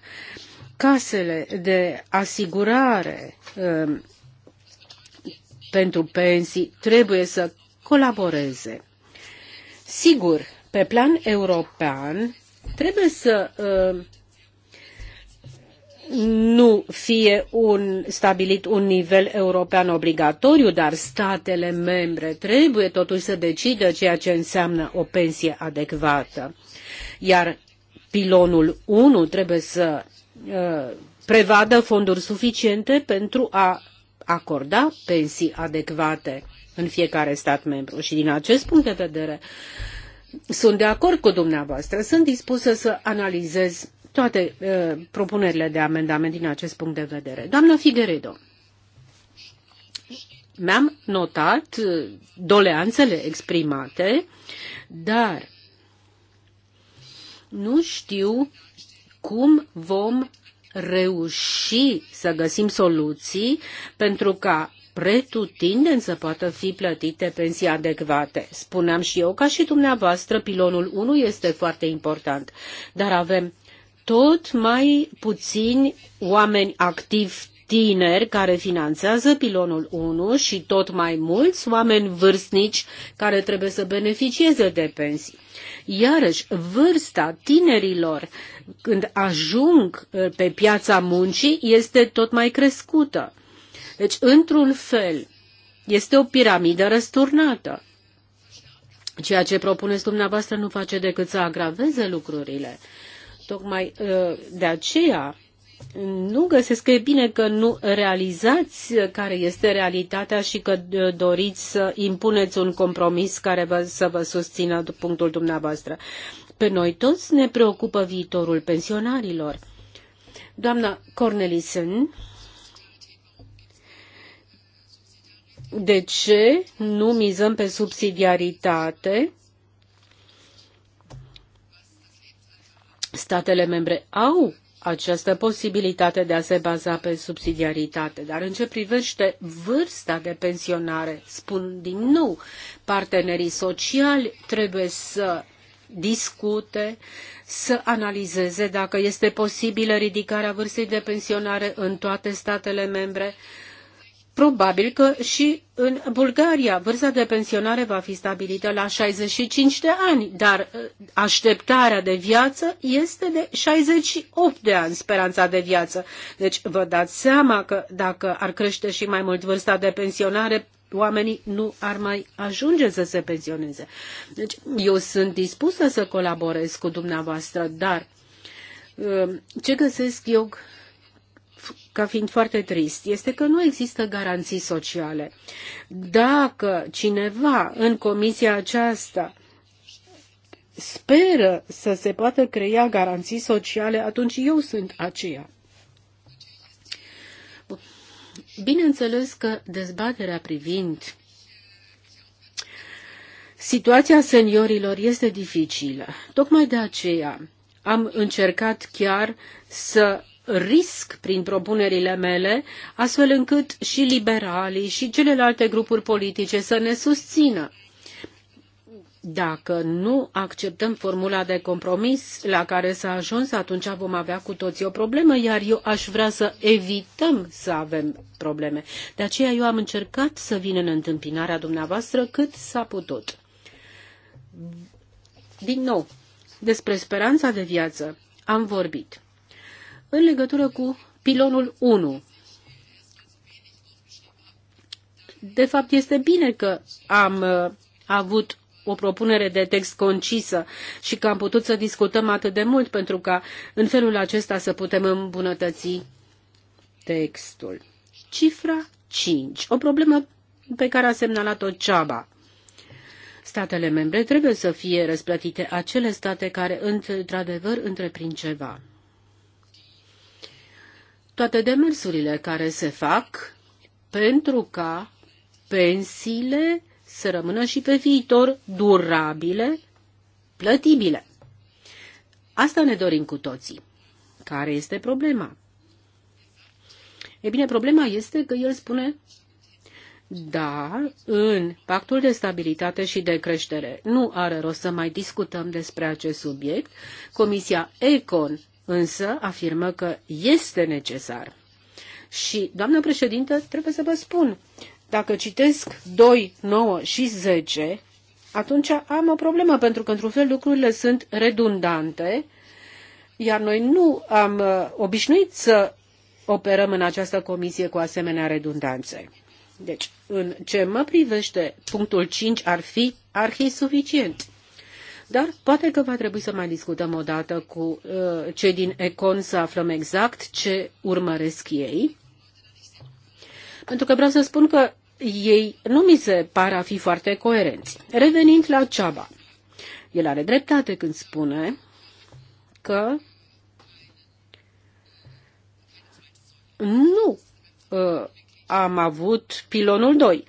casele de asigurare um, pentru pensii trebuie să colaboreze. Sigur, pe plan european, trebuie să uh, nu fie un, stabilit un nivel european obligatoriu, dar statele membre trebuie totuși să decidă ceea ce înseamnă o pensie adecvată. Iar pilonul 1 trebuie să uh, prevadă fonduri suficiente pentru a acorda pensii adecvate în fiecare stat membru. Și din acest punct de vedere, sunt de acord cu dumneavoastră, sunt dispusă să analizez toate uh, propunerile de amendament din acest punct de vedere. Doamna Figueredo, mi-am notat uh, doleanțele exprimate, dar nu știu cum vom reuși să găsim soluții pentru ca pretutindeni să poată fi plătite pensii adecvate. Spuneam și eu, ca și dumneavoastră, pilonul 1 este foarte important, dar avem tot mai puțini oameni activi tineri care finanțează pilonul 1 și tot mai mulți oameni vârstnici care trebuie să beneficieze de pensii. Iarăși, vârsta tinerilor când ajung eh, pe piața muncii este tot mai crescută. Deci, într-un fel, este o piramidă răsturnată. Ceea ce propuneți dumneavoastră nu face decât să agraveze lucrurile. Tocmai ă, de aceea nu găsesc că e bine că nu realizați care este realitatea și că ă, doriți să impuneți un compromis care vă, să vă susțină punctul dumneavoastră. Pe noi toți ne preocupă viitorul pensionarilor. Doamna Cornelisen de ce nu mizăm pe subsidiaritate? Statele membre au această posibilitate de a se baza pe subsidiaritate, dar în ce privește vârsta de pensionare, spun din nou, partenerii sociali trebuie să discute, să analizeze dacă este posibilă ridicarea vârstei de pensionare în toate statele membre, uh, Probabil că și în Bulgaria vârsta de pensionare va fi stabilită la 65 de ani, dar uh, așteptarea de viață este de 68 de ani, speranța de viață. Deci vă dați seama că dacă ar crește și mai mult vârsta de pensionare, oamenii nu ar mai ajunge să se pensioneze. Deci eu sunt dispusă să colaborez cu dumneavoastră, dar uh, ce găsesc eu ca fiind foarte trist este că nu există garanții sociale. Dacă cineva în comisia aceasta speră să se poată crea garanții sociale, atunci eu sunt aceea. Bineînțeles că dezbaterea privind situația seniorilor este dificilă. Tocmai de aceea am încercat chiar să risc prin propunerile mele, astfel încât și liberalii și celelalte grupuri politice să ne susțină. Dacă nu acceptăm formula de compromis la care s-a ajuns, atunci vom avea cu toții o problemă, iar eu aș vrea să evităm să avem probleme. De aceea eu am încercat să vin în întâmpinarea dumneavoastră cât s-a putut. Din nou, despre speranța de viață am vorbit. În legătură cu pilonul 1, de fapt este bine că am uh, avut o propunere de text concisă și că am putut să discutăm atât de mult pentru ca în felul acesta să putem îmbunătăți textul. Cifra 5. O problemă pe care a semnalat-o Ceaba. Statele membre trebuie să fie răsplătite acele state care într-adevăr întreprind ceva toate demersurile care se fac pentru ca pensiile să rămână și pe viitor durabile, plătibile. Asta ne dorim cu toții. Care este problema? E bine, problema este că el spune, da, în pactul de stabilitate și de creștere nu are rost să mai discutăm despre acest subiect. Comisia Econ însă afirmă că este necesar. Și, doamnă președintă, trebuie să vă spun, dacă citesc 2, 9 și 10, atunci am o problemă, pentru că, într-un fel, lucrurile sunt redundante, iar noi nu am uh, obișnuit să operăm în această comisie cu asemenea redundanțe. Deci, în ce mă privește, punctul 5 ar fi arhi suficient. Dar poate că va trebui să mai discutăm o dată cu uh, cei din Econ să aflăm exact ce urmăresc ei. Pentru că vreau să spun că ei nu mi se par a fi foarte coerenți. Revenind la Ceaba, el are dreptate când spune că nu uh, am avut pilonul 2.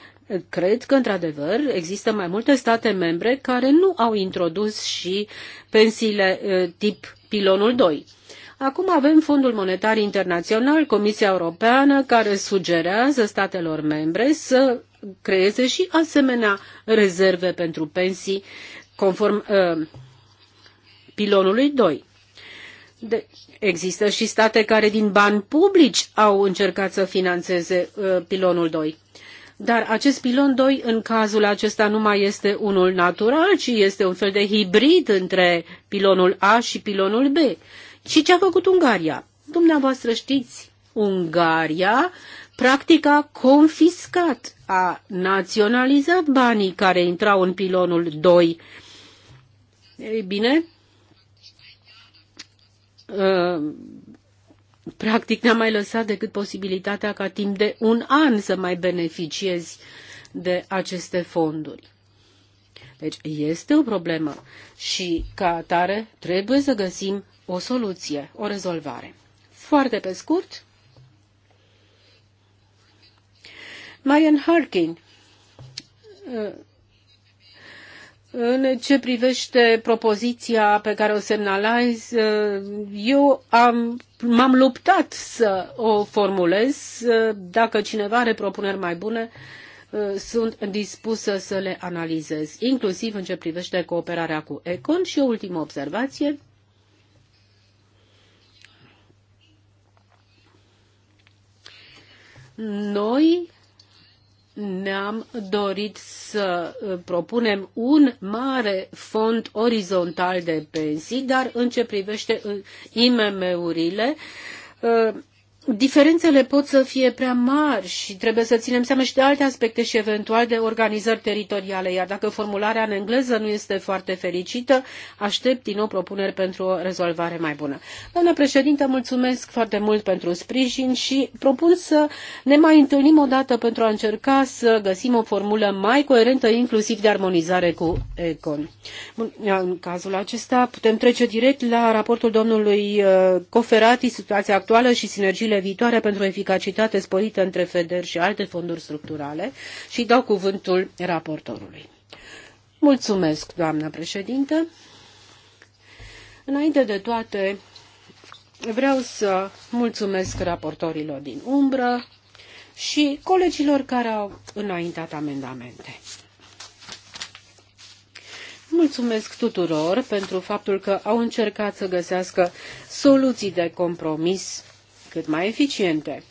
Cred că, într-adevăr, există mai multe state membre care nu au introdus și pensiile tip pilonul 2. Acum avem Fondul Monetar Internațional, Comisia Europeană, care sugerează statelor membre să creeze și asemenea rezerve pentru pensii conform uh, pilonului 2. De, există și state care din bani publici au încercat să financeze uh, pilonul 2. Dar acest pilon 2 în cazul acesta nu mai este unul natural, ci este un fel de hibrid între pilonul A și pilonul B. Și ce a făcut Ungaria? Dumneavoastră știți, Ungaria practic a confiscat, a naționalizat banii care intrau în pilonul 2. Ei bine, ă, practic ne-a mai lăsat decât posibilitatea ca timp de un an să mai beneficiezi de aceste fonduri. Deci este o problemă și ca atare trebuie să găsim o soluție, o rezolvare. Foarte pe scurt, Marian Harkin în ce privește propoziția pe care o semnalez, eh, eu am, m-am luptat să o formulez. Eh, dacă cineva are propuneri mai bune, eh, sunt dispusă să le analizez, inclusiv în ce privește cooperarea cu Econ. Și o ultimă observație. Noi ne-am dorit să uh, propunem un mare fond orizontal de pensii, dar în ce privește uh, IMM-urile, uh, diferențele pot să fie prea mari și trebuie să ținem seama și de alte aspecte și eventual de organizări teritoriale, iar dacă formularea în engleză nu este foarte fericită, aștept din nou propuneri pentru o rezolvare mai bună. Doamna președintă, mulțumesc foarte mult pentru sprijin și propun să ne mai întâlnim o dată pentru a încerca să găsim o formulă mai coerentă, inclusiv de armonizare cu ECON. Bun, în cazul acesta putem trece direct la raportul domnului uh, Coferati, situația actuală și sinergiile viitoare pentru eficacitate sporită între FEDER și alte fonduri structurale și dau cuvântul raportorului. Mulțumesc, doamnă președintă. Înainte de toate, vreau să mulțumesc raportorilor din umbră și colegilor care au înaintat amendamente. Mulțumesc tuturor pentru faptul că au încercat să găsească soluții de compromis cât mai eficiente.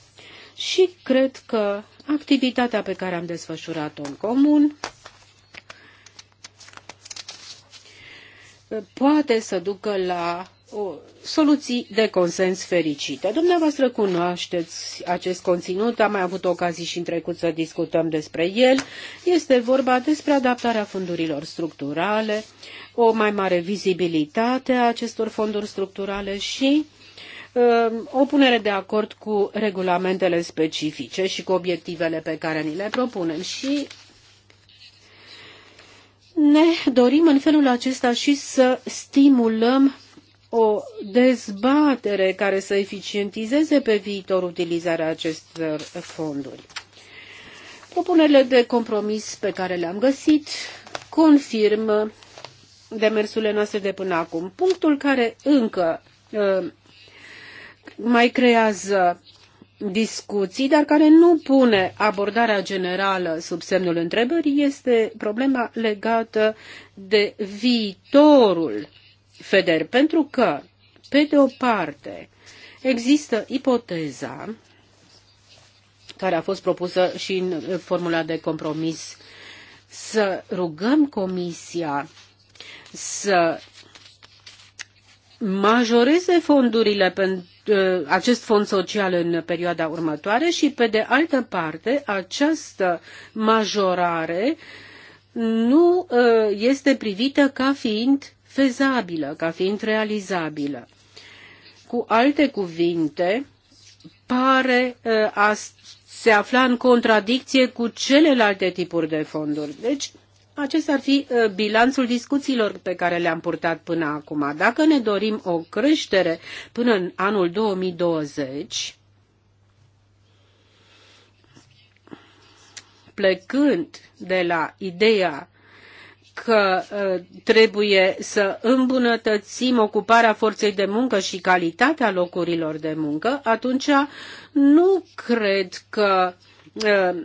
Și cred că activitatea pe care am desfășurat-o în comun poate să ducă la o, soluții de consens fericite. Dumneavoastră cunoașteți acest conținut, am mai avut ocazii și în trecut să discutăm despre el. Este vorba despre adaptarea fondurilor structurale, o mai mare vizibilitate a acestor fonduri structurale și Ehm, o punere de acord cu regulamentele specifice și cu obiectivele pe care ni le propunem și ne dorim în felul acesta și să stimulăm o dezbatere care să eficientizeze pe viitor utilizarea acestor fonduri. Propunerile de compromis pe care le-am găsit confirmă demersurile noastre de până acum. Punctul care încă uh, mai creează discuții, dar care nu pune abordarea generală sub semnul întrebării, este problema legată de viitorul FEDER. Pentru că, pe de o parte, există ipoteza care a fost propusă și în formula de compromis să rugăm Comisia să majoreze fondurile pentru uh, acest fond social în perioada următoare și, pe de altă parte, această majorare nu uh, este privită ca fiind fezabilă, ca fiind realizabilă. Cu alte cuvinte, pare uh, a se afla în contradicție cu celelalte tipuri de fonduri. Deci, acesta ar fi uh, bilanțul discuțiilor pe care le-am purtat până acum. Dacă ne dorim o creștere până în anul 2020, plecând de la ideea că uh, trebuie să îmbunătățim ocuparea forței de muncă și calitatea locurilor de muncă, atunci nu cred că uh,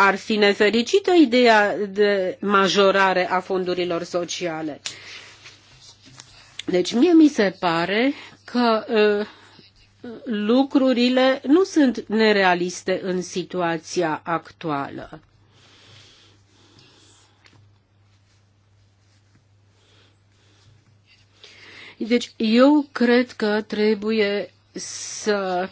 ar fi nefericită ideea de majorare a fondurilor sociale. Deci mie mi se pare că lucrurile nu sunt nerealiste în situația actuală. Deci eu cred că trebuie să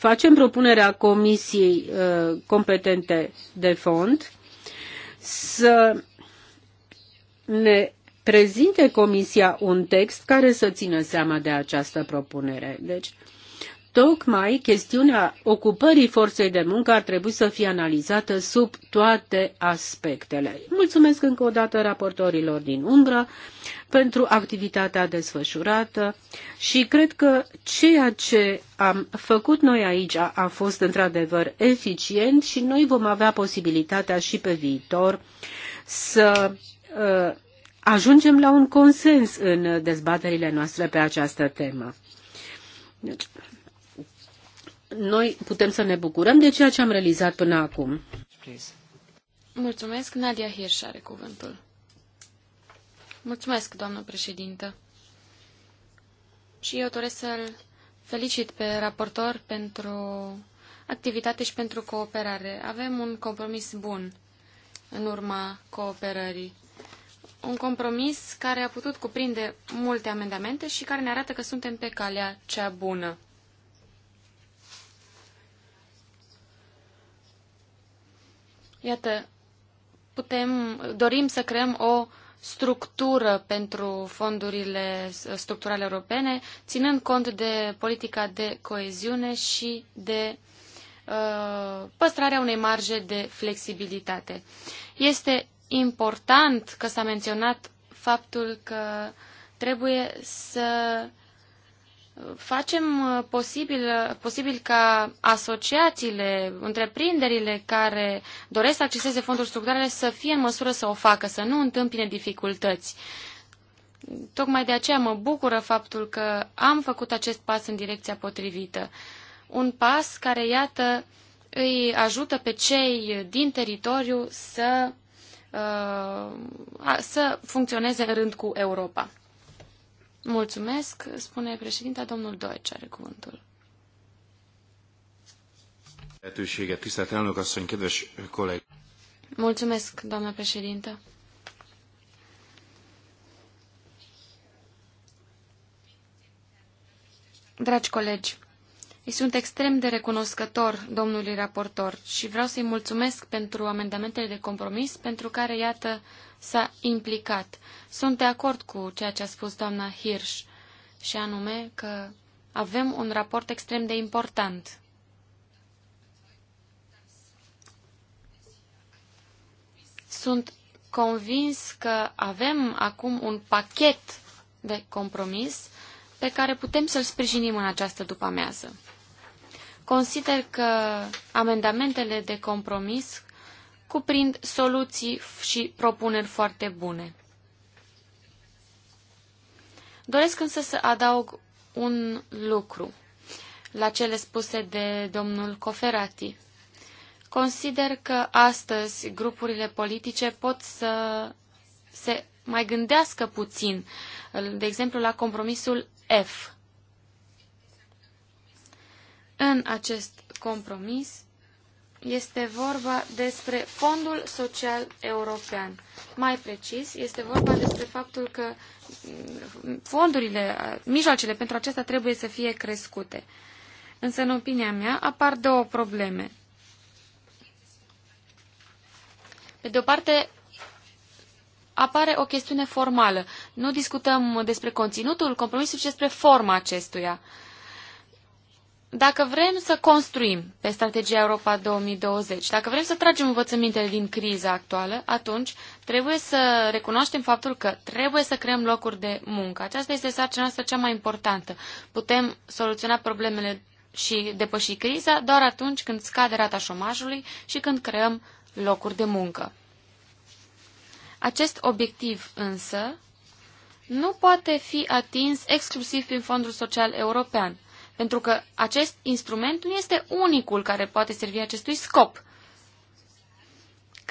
facem propunerea comisiei uh, competente de fond să ne prezinte comisia un text care să țină seama de această propunere. Deci, tocmai chestiunea ocupării forței de muncă ar trebui să fie analizată sub toate aspectele. Mulțumesc încă o dată raportorilor din umbră pentru activitatea desfășurată și cred că ceea ce am făcut noi aici a, a fost într-adevăr eficient și noi vom avea posibilitatea și pe viitor să uh, ajungem la un consens în dezbaterile noastre pe această temă. Deci, noi putem să ne bucurăm de ceea ce am realizat până acum. Mulțumesc. Nadia Hirsch are cuvântul. Mulțumesc, doamnă președintă. Și eu doresc să-l felicit pe raportor pentru activitate și pentru cooperare. Avem un compromis bun în urma cooperării. Un compromis care a putut cuprinde multe amendamente și care ne arată că suntem pe calea cea bună. Iată, putem, dorim să creăm o structură pentru fondurile structurale europene, ținând cont de politica de coeziune și de uh, păstrarea unei marje de flexibilitate. Este important că s-a menționat faptul că trebuie să facem uh, posibil, posibil ca asociațiile, întreprinderile care doresc să acceseze fonduri structurale să fie în măsură să o facă, să nu întâmpine dificultăți. Tocmai de aceea mă bucură faptul că am făcut acest pas în direcția potrivită. Un pas care, iată, îi ajută pe cei din teritoriu să, uh, să funcționeze în rând cu Europa. Mulțumesc, spune președinta, domnul Deutsch are cuvântul. Lehetőséget, tisztelt elnök asszony, kedves kollég. Mulțumesc, doamna președintă. Dragi colegi, îi sunt extrem de recunoscător domnului raportor și vreau să-i mulțumesc pentru amendamentele de compromis pentru care, iată, s-a implicat. Sunt de acord cu ceea ce a spus doamna Hirsch și anume că avem un raport extrem de important. Sunt convins că avem acum un pachet de compromis uh, pe care putem să-l sprijinim în această după-amiază. Consider că amendamentele de compromis cuprind soluții și propuneri foarte bune. Doresc însă să adaug un lucru la cele spuse de domnul Coferati. Consider că astăzi grupurile politice pot să se mai gândească puțin, de exemplu la compromisul F. În acest compromis este vorba despre Fondul Social European. Mai precis, este vorba despre faptul că fondurile, mijloacele pentru acesta trebuie să fie crescute. Însă, în opinia mea, apar două probleme. Pe de o parte, apare o chestiune formală. Nu discutăm despre conținutul compromisului, ci despre forma acestuia. Dacă vrem să construim pe strategia Europa 2020, dacă vrem să tragem învățămintele din criza actuală, atunci trebuie să recunoaștem faptul că trebuie să creăm locuri de muncă. Aceasta este sarcina noastră cea mai importantă. Putem soluționa problemele și depăși criza doar atunci când scade rata șomajului și când creăm locuri de muncă. Acest obiectiv însă nu poate fi atins exclusiv prin Fondul Social European, pentru că acest instrument nu este unicul care poate servi acestui scop.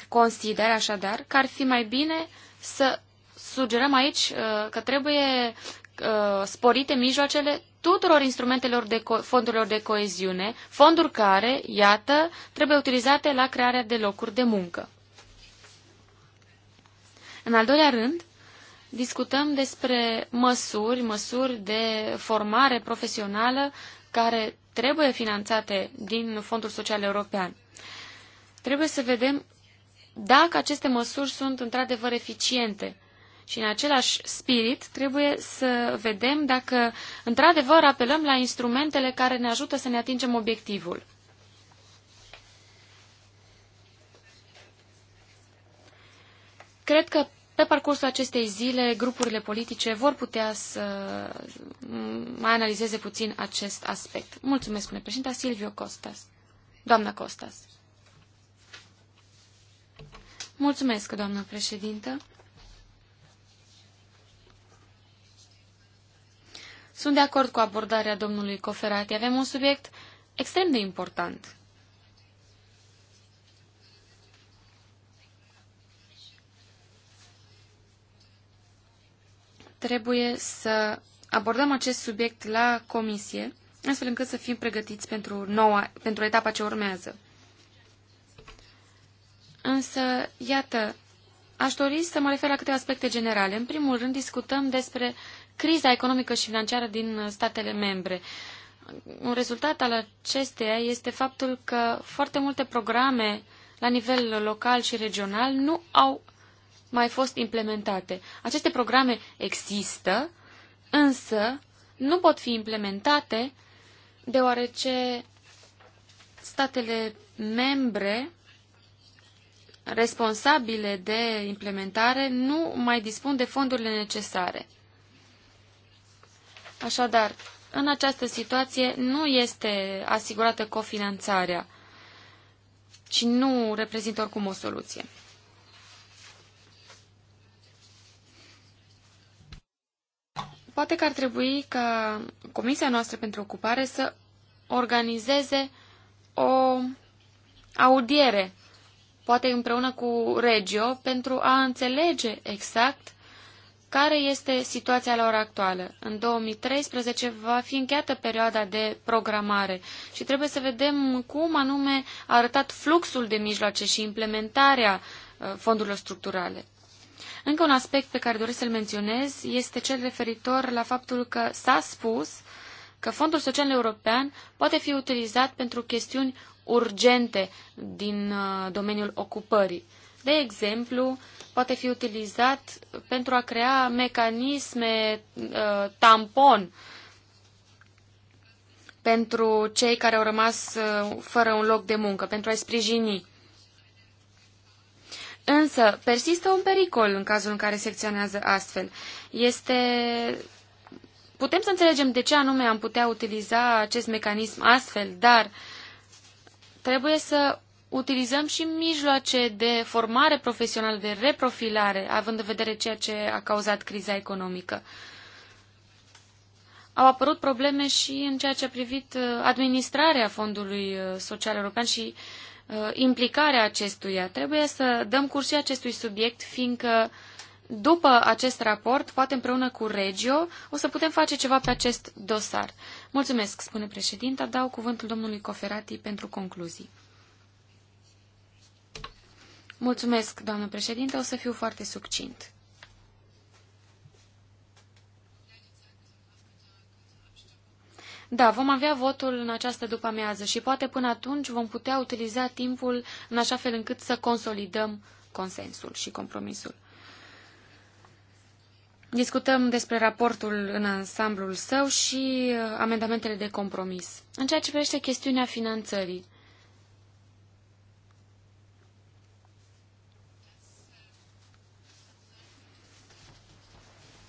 Consider așadar că ar fi mai bine să sugerăm aici uh, că trebuie uh, sporite mijloacele tuturor instrumentelor de fondurilor de coeziune, fonduri care, iată, trebuie utilizate la crearea de locuri de muncă. În al doilea rând, discutăm despre măsuri, măsuri de formare profesională care trebuie finanțate din Fondul Social European. Trebuie să vedem dacă aceste măsuri sunt într-adevăr eficiente. Și în același spirit trebuie să vedem dacă într-adevăr apelăm la instrumentele care ne ajută să ne atingem obiectivul. Cred că pe parcursul acestei zile, grupurile politice vor putea să mai analizeze puțin acest aspect. Mulțumesc, spune președinta Silvio Costas. Doamna Costas. Mulțumesc, doamnă președintă. Sunt de acord cu abordarea domnului Coferati. Avem un subiect extrem de important. trebuie să abordăm acest subiect la comisie, astfel încât să fim pregătiți pentru, noua, pentru etapa ce urmează. Însă, iată, aș dori să mă refer la câteva aspecte generale. În primul rând, discutăm despre criza economică și financiară din statele membre. Un rezultat al acesteia este faptul că foarte multe programe la nivel local și regional nu au mai fost implementate. Aceste programe există, însă nu pot fi implementate deoarece statele membre responsabile de implementare nu mai dispun de fondurile necesare. Așadar, în această situație nu este asigurată cofinanțarea și nu reprezintă oricum o soluție. Poate că ar trebui ca Comisia noastră pentru ocupare să organizeze o audiere, poate împreună cu Regio, pentru a înțelege exact care este situația la ora actuală. În 2013 va fi încheiată perioada de programare și trebuie să vedem cum anume a arătat fluxul de mijloace și implementarea uh, fondurilor structurale. Încă un aspect pe care doresc să-l menționez este cel referitor la faptul că s-a spus că Fondul Social European poate fi utilizat pentru chestiuni urgente din uh, domeniul ocupării. De exemplu, poate fi utilizat pentru a crea mecanisme uh, tampon pentru cei care au rămas uh, fără un loc de muncă, pentru a-i sprijini. Însă, persistă un pericol în cazul în care se acționează astfel. Este... Putem să înțelegem de ce anume am putea utiliza acest mecanism astfel, dar trebuie să utilizăm și mijloace de formare profesională, de reprofilare, având în vedere ceea ce a cauzat criza economică. Au apărut probleme și în ceea ce a privit uh, administrarea Fondului uh, Social European și uh, Uh, implicarea acestuia. Trebuie să dăm curs și acestui subiect, fiindcă după acest raport, poate împreună cu Regio, o să putem face ceva pe acest dosar. Mulțumesc, spune președinta. Dau cuvântul domnului Coferati pentru concluzii. Mulțumesc, doamnă președinte, o să fiu foarte succint. Da, vom avea votul în această după-amiază și poate până atunci vom putea utiliza timpul în așa fel încât să consolidăm consensul și compromisul. Discutăm despre raportul în ansamblul său și uh, amendamentele de compromis. În ceea ce privește chestiunea finanțării,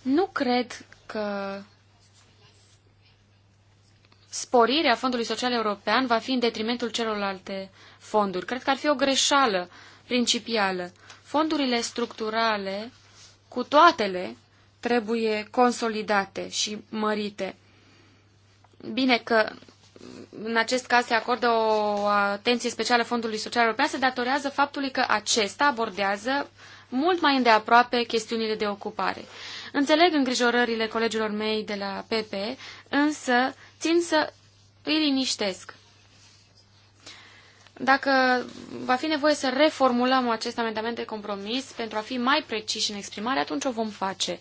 nu cred că sporirea Fondului Social European va fi în detrimentul celorlalte fonduri. Cred că ar fi o greșeală principială. Fondurile structurale, cu toatele, trebuie consolidate și mărite. Bine că în acest caz se acordă o atenție specială Fondului Social European, se datorează faptului că acesta abordează mult mai îndeaproape chestiunile de ocupare. Înțeleg îngrijorările colegilor mei de la PP, însă țin să îi liniștesc. Dacă va fi nevoie să reformulăm acest amendament de compromis pentru a fi mai preciși în exprimare, atunci o vom face.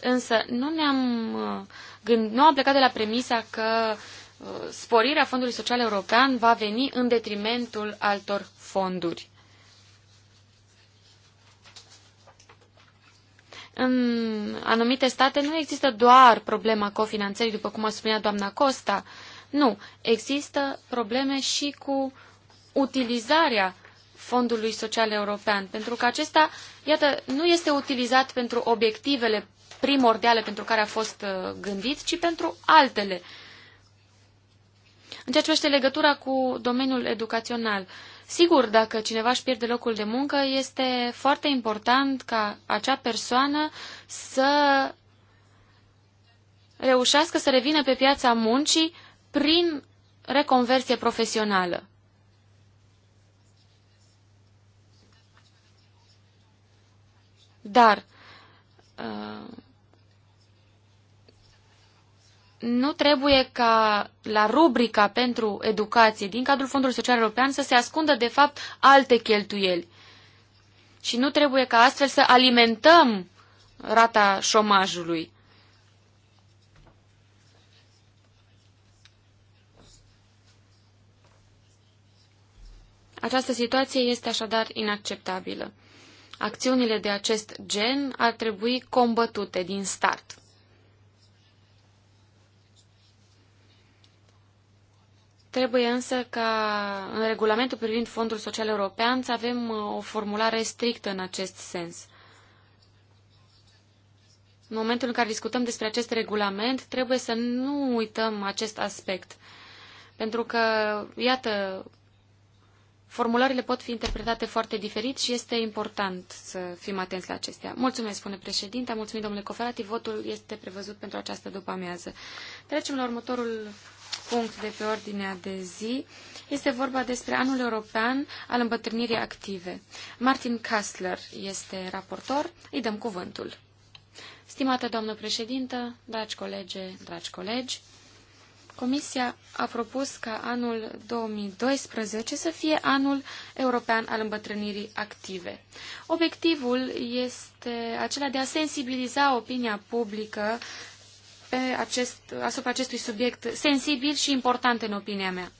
Însă nu ne-am uh, gând, nu am plecat de la premisa că uh, sporirea Fondului Social European va veni în detrimentul altor fonduri. în anumite state nu există doar problema cofinanțării, după cum a spunea doamna Costa. Nu, există probleme și cu utilizarea Fondului Social European, pentru că acesta, iată, nu este utilizat pentru obiectivele primordiale pentru care a fost uh, gândit, ci pentru altele. În ceea ce legătura cu domeniul educațional, uh, Sigur, dacă cineva își pierde locul de muncă, este foarte important ca acea persoană să reușească să revină pe piața muncii prin reconversie profesională. Dar uh, nu trebuie ca la rubrica pentru educație din cadrul Fondului Social European să se ascundă, de fapt, alte cheltuieli. Și nu trebuie ca astfel să alimentăm rata șomajului. Această situație este așadar inacceptabilă. Acțiunile de acest gen ar trebui combătute din start. Trebuie însă ca în regulamentul privind Fondul Social European să avem uh, o formulare strictă în acest sens. În momentul în care discutăm despre acest regulament, trebuie să nu uităm acest aspect. Pentru că, iată, formulările pot fi interpretate foarte diferit și este important să fim atenți la acestea. Mulțumesc, spune președinte, mulțumim domnule Coferati, votul este prevăzut pentru această după amiază. Trecem la următorul punct de pe ordinea de zi. Este vorba despre anul european al îmbătrânirii active. Martin Kastler este raportor. Îi dăm cuvântul. Stimată doamnă președintă, dragi colege, dragi colegi, Comisia a propus ca anul 2012 să fie anul european al îmbătrânirii active. Obiectivul este acela de a sensibiliza opinia publică pe acest, asupra acestui subiect sensibil și important în opinia mea.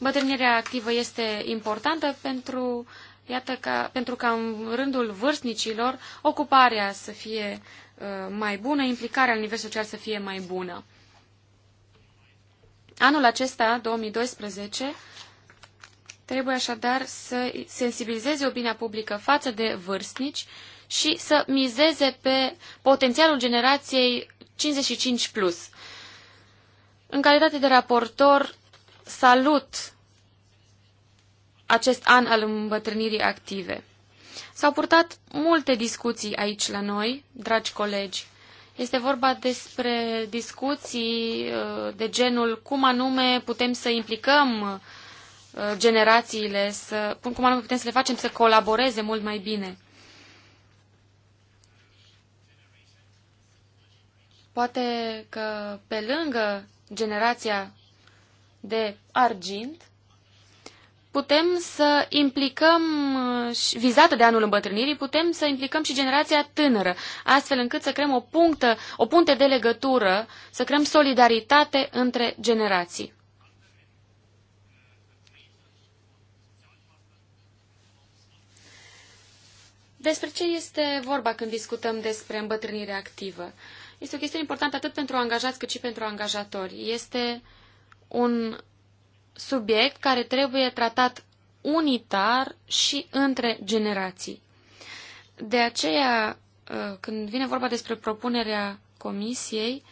Bătrânirea activă este importantă pentru, iată, ca, pentru ca în rândul vârstnicilor ocuparea să fie uh, mai bună, implicarea la nivel social să fie mai bună. Anul acesta, 2012, trebuie așadar să sensibilizeze opinia publică față de vârstnici uh, și să mizeze pe potențialul generației 55+. Plus. În calitate de raportor, salut acest an al îmbătrânirii active. S-au purtat multe discuții aici la noi, dragi colegi. Este vorba despre discuții uh, de genul cum anume putem să implicăm uh, generațiile, să, cum anume putem să le facem să colaboreze mult mai bine. Poate că pe lângă generația de argint, putem să implicăm, vizată de anul îmbătrânirii, putem să implicăm și generația tânără, astfel încât să creăm o, punctă, o punte de legătură, să creăm solidaritate între generații. Despre ce este vorba când discutăm despre îmbătrânire activă? Este o chestiune importantă atât pentru angajați cât și pentru angajatori. Este un subiect care trebuie tratat unitar și între generații. De aceea, uh, când vine vorba despre propunerea comisiei,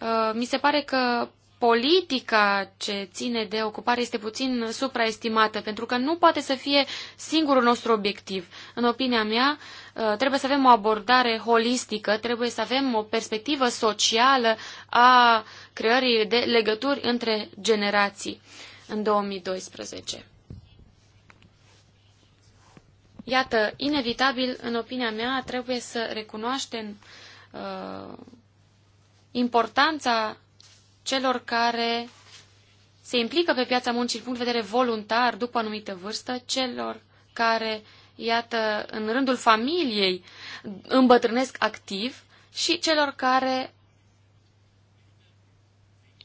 uh, mi se pare că politica ce ține de ocupare este puțin supraestimată, pentru că nu poate să fie singurul nostru obiectiv. În opinia mea, Uh, trebuie să avem o abordare holistică, trebuie să avem o perspectivă socială a creării de legături între generații în 2012. Iată, inevitabil, în opinia mea, trebuie să recunoaștem uh, importanța celor care se implică pe piața muncii din punct de vedere voluntar după anumită vârstă, celor care uh, iată, în rândul familiei îmbătrânesc activ și celor care,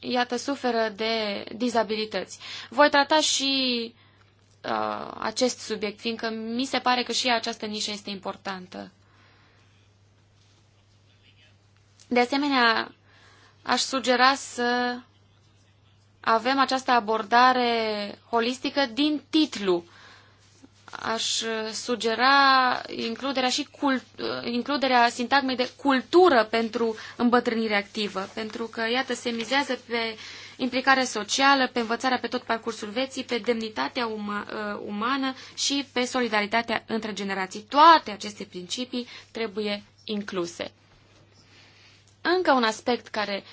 iată, suferă de dizabilități. Voi trata și uh, acest subiect, fiindcă mi se pare că și această nișă este importantă. De asemenea, aș sugera să avem această abordare holistică din titlu aș uh, sugera includerea și cult, uh, includerea sintagmei de cultură pentru îmbătrânire activă, pentru că, iată, se mizează pe implicare socială, pe învățarea pe tot parcursul vieții, pe demnitatea uma, uh, umană și pe solidaritatea între generații. Toate aceste principii trebuie incluse. Încă un aspect care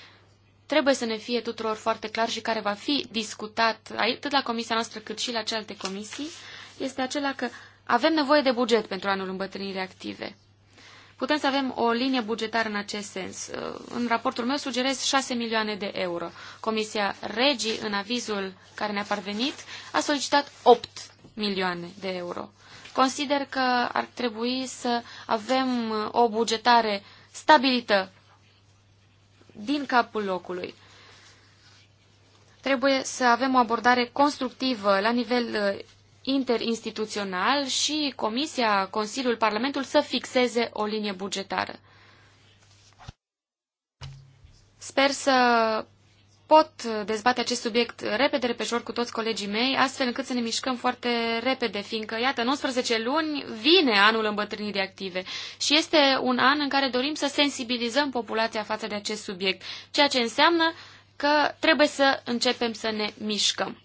trebuie să ne fie tuturor foarte clar și care va fi discutat atât la comisia noastră cât și la celelalte comisii, uh, este acela că avem nevoie de buget pentru anul îmbătrânirii active. Putem să avem o linie bugetară în acest sens. Uh, în raportul meu sugerez 6 milioane de euro. Comisia Regii, în avizul care ne-a parvenit, a solicitat 8 milioane de euro. Consider că ar trebui să avem uh, o bugetare stabilită din capul locului. Trebuie să avem o abordare constructivă la nivel uh, interinstituțional și Comisia, Consiliul, Parlamentul să fixeze o linie bugetară. Sper să pot dezbate acest subiect repede, repejor cu toți colegii mei, astfel încât să ne mișcăm foarte repede, fiindcă, iată, în 11 luni vine anul îmbătrânirii active și este un an în care dorim să sensibilizăm populația față de acest subiect, ceea ce înseamnă că trebuie să începem să ne mișcăm.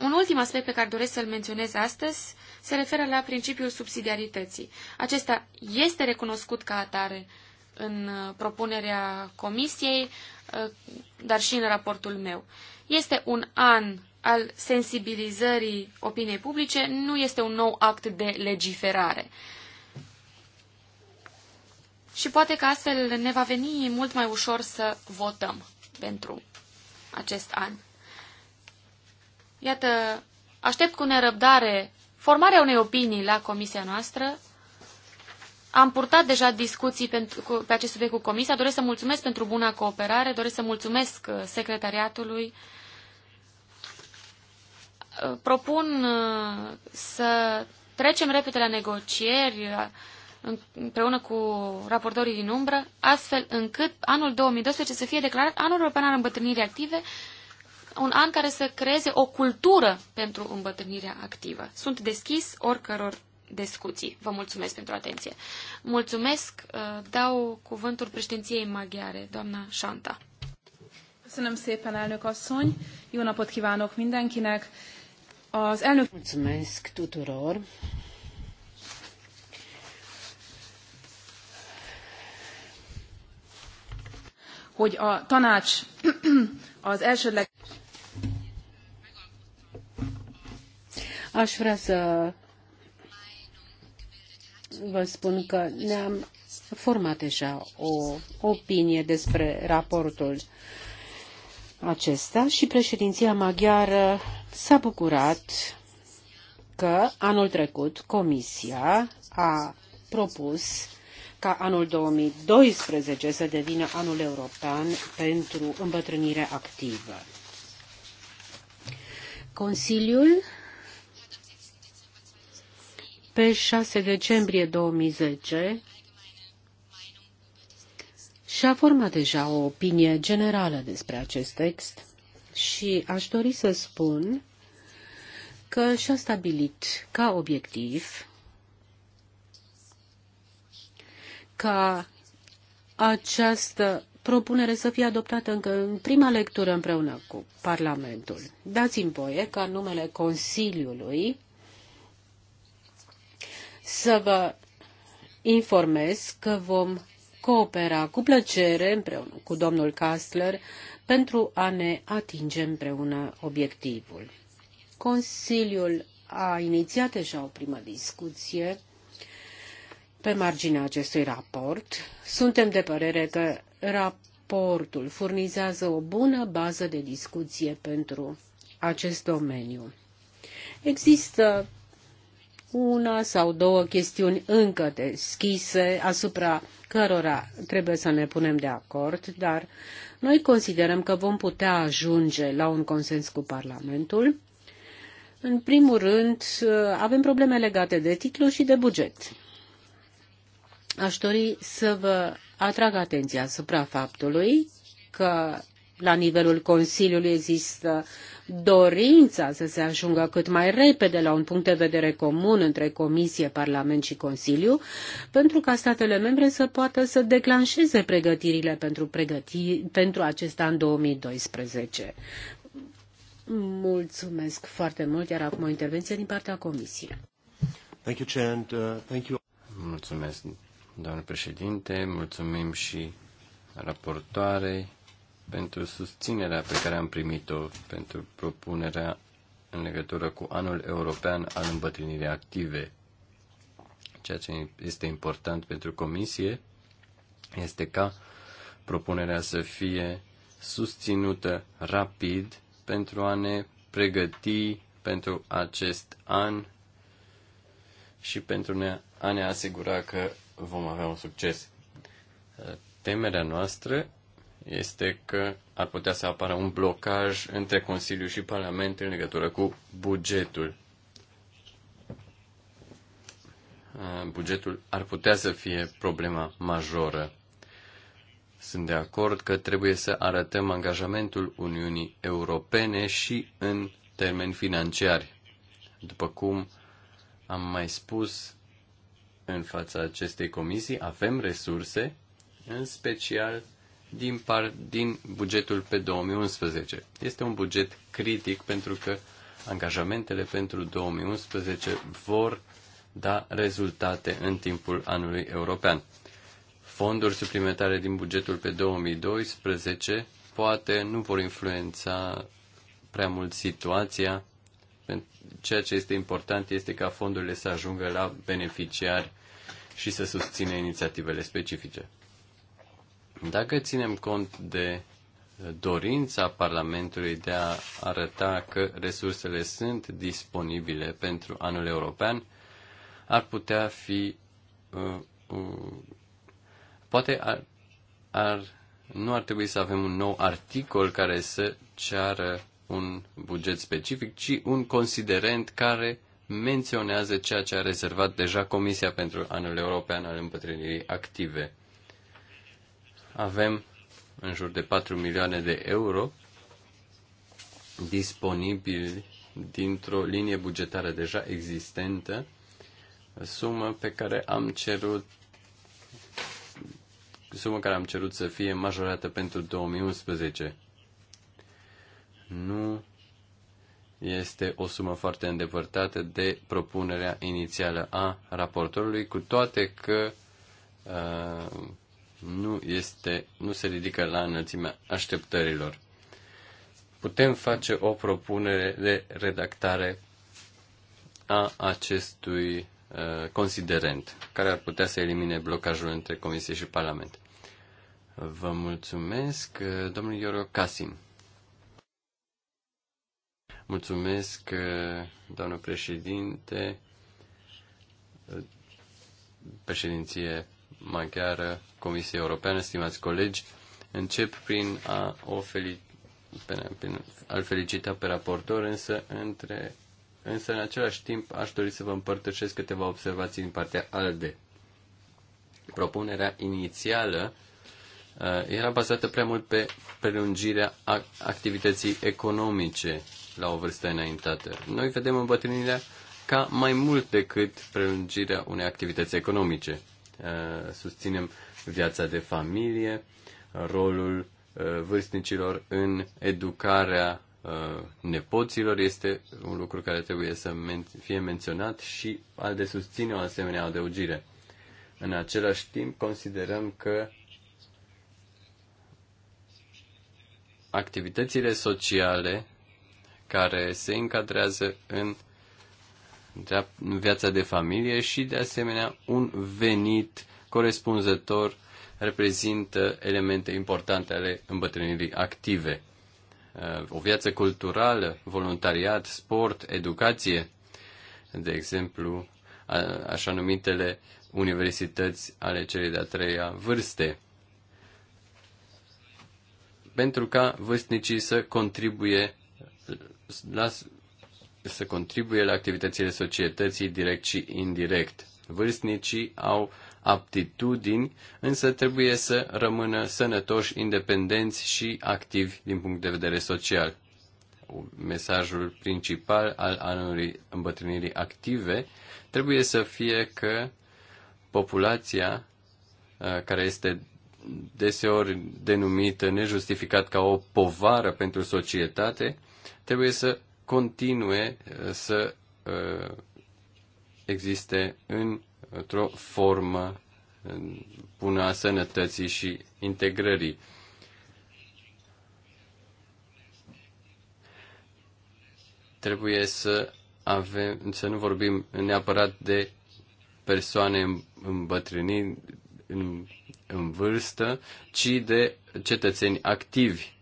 Un ultim aspect pe care doresc să-l menționez astăzi se referă la principiul subsidiarității. Acesta este recunoscut ca atare în uh, propunerea comisiei, uh, dar și în raportul meu. Este un an al sensibilizării opiniei publice, nu este un nou act de legiferare. Și poate că astfel ne va veni mult mai ușor să votăm pentru acest an. Iată, aștept cu nerăbdare formarea unei opinii la comisia noastră. Am purtat deja discuții pe acest subiect cu comisia. Doresc să mulțumesc pentru buna cooperare, doresc să mulțumesc uh, secretariatului. Uh, propun uh, să trecem repede la negocieri împreună cu raportorii din umbră, astfel încât anul 2012 să fie declarat anul european al îmbătrânirii active un an care să creeze o cultură pentru îmbătrânirea activă. Sunt deschis oricăror discuții. Vă mulțumesc pentru atenție. Mulțumesc. Uh, dau cuvântul președinției maghiare, doamna Șanta. Köszönöm szépen, elnök asszony! Jó napot kívánok mindenkinek! Az elnök... Mulțumesc tuturor! hogy a tanács az elsődleges... Aș vrea să vă spun că ne-am format deja o opinie despre raportul acesta și președinția maghiară s-a bucurat că anul trecut Comisia a propus ca anul 2012 să devină anul european pentru îmbătrânire activă. Consiliul pe 6 decembrie 2010 și-a format deja o opinie generală despre acest text și aș dori să spun că și-a stabilit ca obiectiv ca această propunere să fie adoptată încă în prima lectură împreună cu Parlamentul. Dați-mi voie ca numele Consiliului să vă informez că vom coopera cu plăcere împreună cu domnul Kastler pentru a ne atinge împreună obiectivul. Consiliul a inițiat deja o primă discuție pe marginea acestui raport. Suntem de părere că raportul furnizează o bună bază de discuție pentru acest domeniu. Există una sau două chestiuni încă deschise asupra cărora trebuie să ne punem de acord, dar noi considerăm că vom putea ajunge la un consens cu Parlamentul. În primul rând, avem probleme legate de titlu și de buget. Aș dori să vă atrag atenția asupra faptului că la nivelul Consiliului există dorința să se ajungă cât mai repede la un punct de vedere comun între Comisie, Parlament și Consiliu, pentru ca statele membre să poată să declanșeze pregătirile pentru, pregăti, pentru acest an 2012. Mulțumesc foarte mult, iar acum o intervenție din partea Comisiei. Thank you, Chair, and, uh, thank you. Mulțumesc, doamnă președinte, mulțumim și raportoarei pentru susținerea pe care am primit-o pentru propunerea în legătură cu anul european al îmbătrânirii active. Ceea ce este important pentru comisie este ca propunerea să fie susținută rapid pentru a ne pregăti pentru acest an și pentru a ne asigura că vom avea un succes. Temerea noastră este că ar putea să apară un blocaj între Consiliu și Parlament în legătură cu bugetul. Bugetul ar putea să fie problema majoră. Sunt de acord că trebuie să arătăm angajamentul Uniunii Europene și în termeni financiari. După cum am mai spus în fața acestei comisii, avem resurse, în special din, par, din bugetul pe 2011. Este un buget critic pentru că angajamentele pentru 2011 vor da rezultate în timpul anului european. Fonduri suplimentare din bugetul pe 2012 poate nu vor influența prea mult situația. Ceea ce este important este ca fondurile să ajungă la beneficiari și să susțină inițiativele specifice. Dacă ținem cont de dorința Parlamentului de a arăta că resursele sunt disponibile pentru anul european, ar putea fi. Uh, uh, poate ar, ar, nu ar trebui să avem un nou articol care să ceară un buget specific, ci un considerent care menționează ceea ce a rezervat deja Comisia pentru anul european al împătrânirii active avem în jur de 4 milioane de euro disponibili dintr-o linie bugetară deja existentă, sumă pe care am cerut sumă care am cerut să fie majorată pentru 2011. Nu este o sumă foarte îndepărtată de propunerea inițială a raportorului, cu toate că uh, nu, este, nu se ridică la înălțimea așteptărilor. Putem face o propunere de redactare a acestui uh, considerent, care ar putea să elimine blocajul între Comisie și Parlament. Vă mulțumesc, uh, domnul Iorio Casim. Mulțumesc, uh, doamnă președinte, uh, președinție maghiară, Comisiei Europeană, stimați colegi, încep prin a o felicita prin a felicita pe raportor, însă, între, însă în același timp aș dori să vă împărtășesc câteva observații din partea ALDE. Propunerea inițială uh, era bazată prea mult pe prelungirea activității economice la o vârstă înaintată. Noi vedem îmbătrânirea ca mai mult decât prelungirea unei activități economice. Eh, susținem viața de familie, rolul eh, vârstnicilor în educarea eh, nepoților este un lucru care trebuie să fie menționat și al de susține o asemenea adăugire. În același timp, considerăm că activitățile sociale care se încadrează în viața de familie și, de asemenea, un venit corespunzător reprezintă elemente importante ale îmbătrânirii active. Uh, o viață culturală, voluntariat, sport, educație, de exemplu, așa numitele universități ale celei de-a treia vârste, pentru ca vârstnicii să contribuie la să contribuie la activitățile societății direct și indirect. Vârstnicii au aptitudini, însă trebuie să rămână sănătoși, independenți și activi din punct de vedere social. Mesajul principal al anului îmbătrânirii active trebuie să fie că populația uh, care este deseori denumită nejustificat ca o povară pentru societate, trebuie să continue eh, să eh, existe într-o formă bună a sănătății și integrării. Trebuie să avem, să nu vorbim neapărat de persoane îmbătrânite în, în vârstă, ci de cetățeni activi.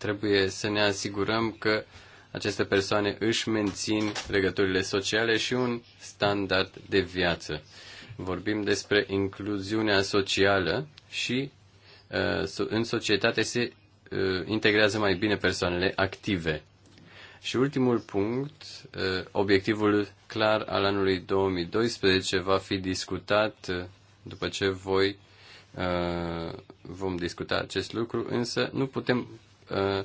Trebuie să ne asigurăm că aceste persoane își mențin legăturile sociale și un standard de viață. Vorbim despre incluziunea socială și uh, în societate se uh, integrează mai bine persoanele active. Și ultimul punct, uh, obiectivul clar al anului 2012 va fi discutat după ce voi vom discuta acest lucru, însă nu putem Uh,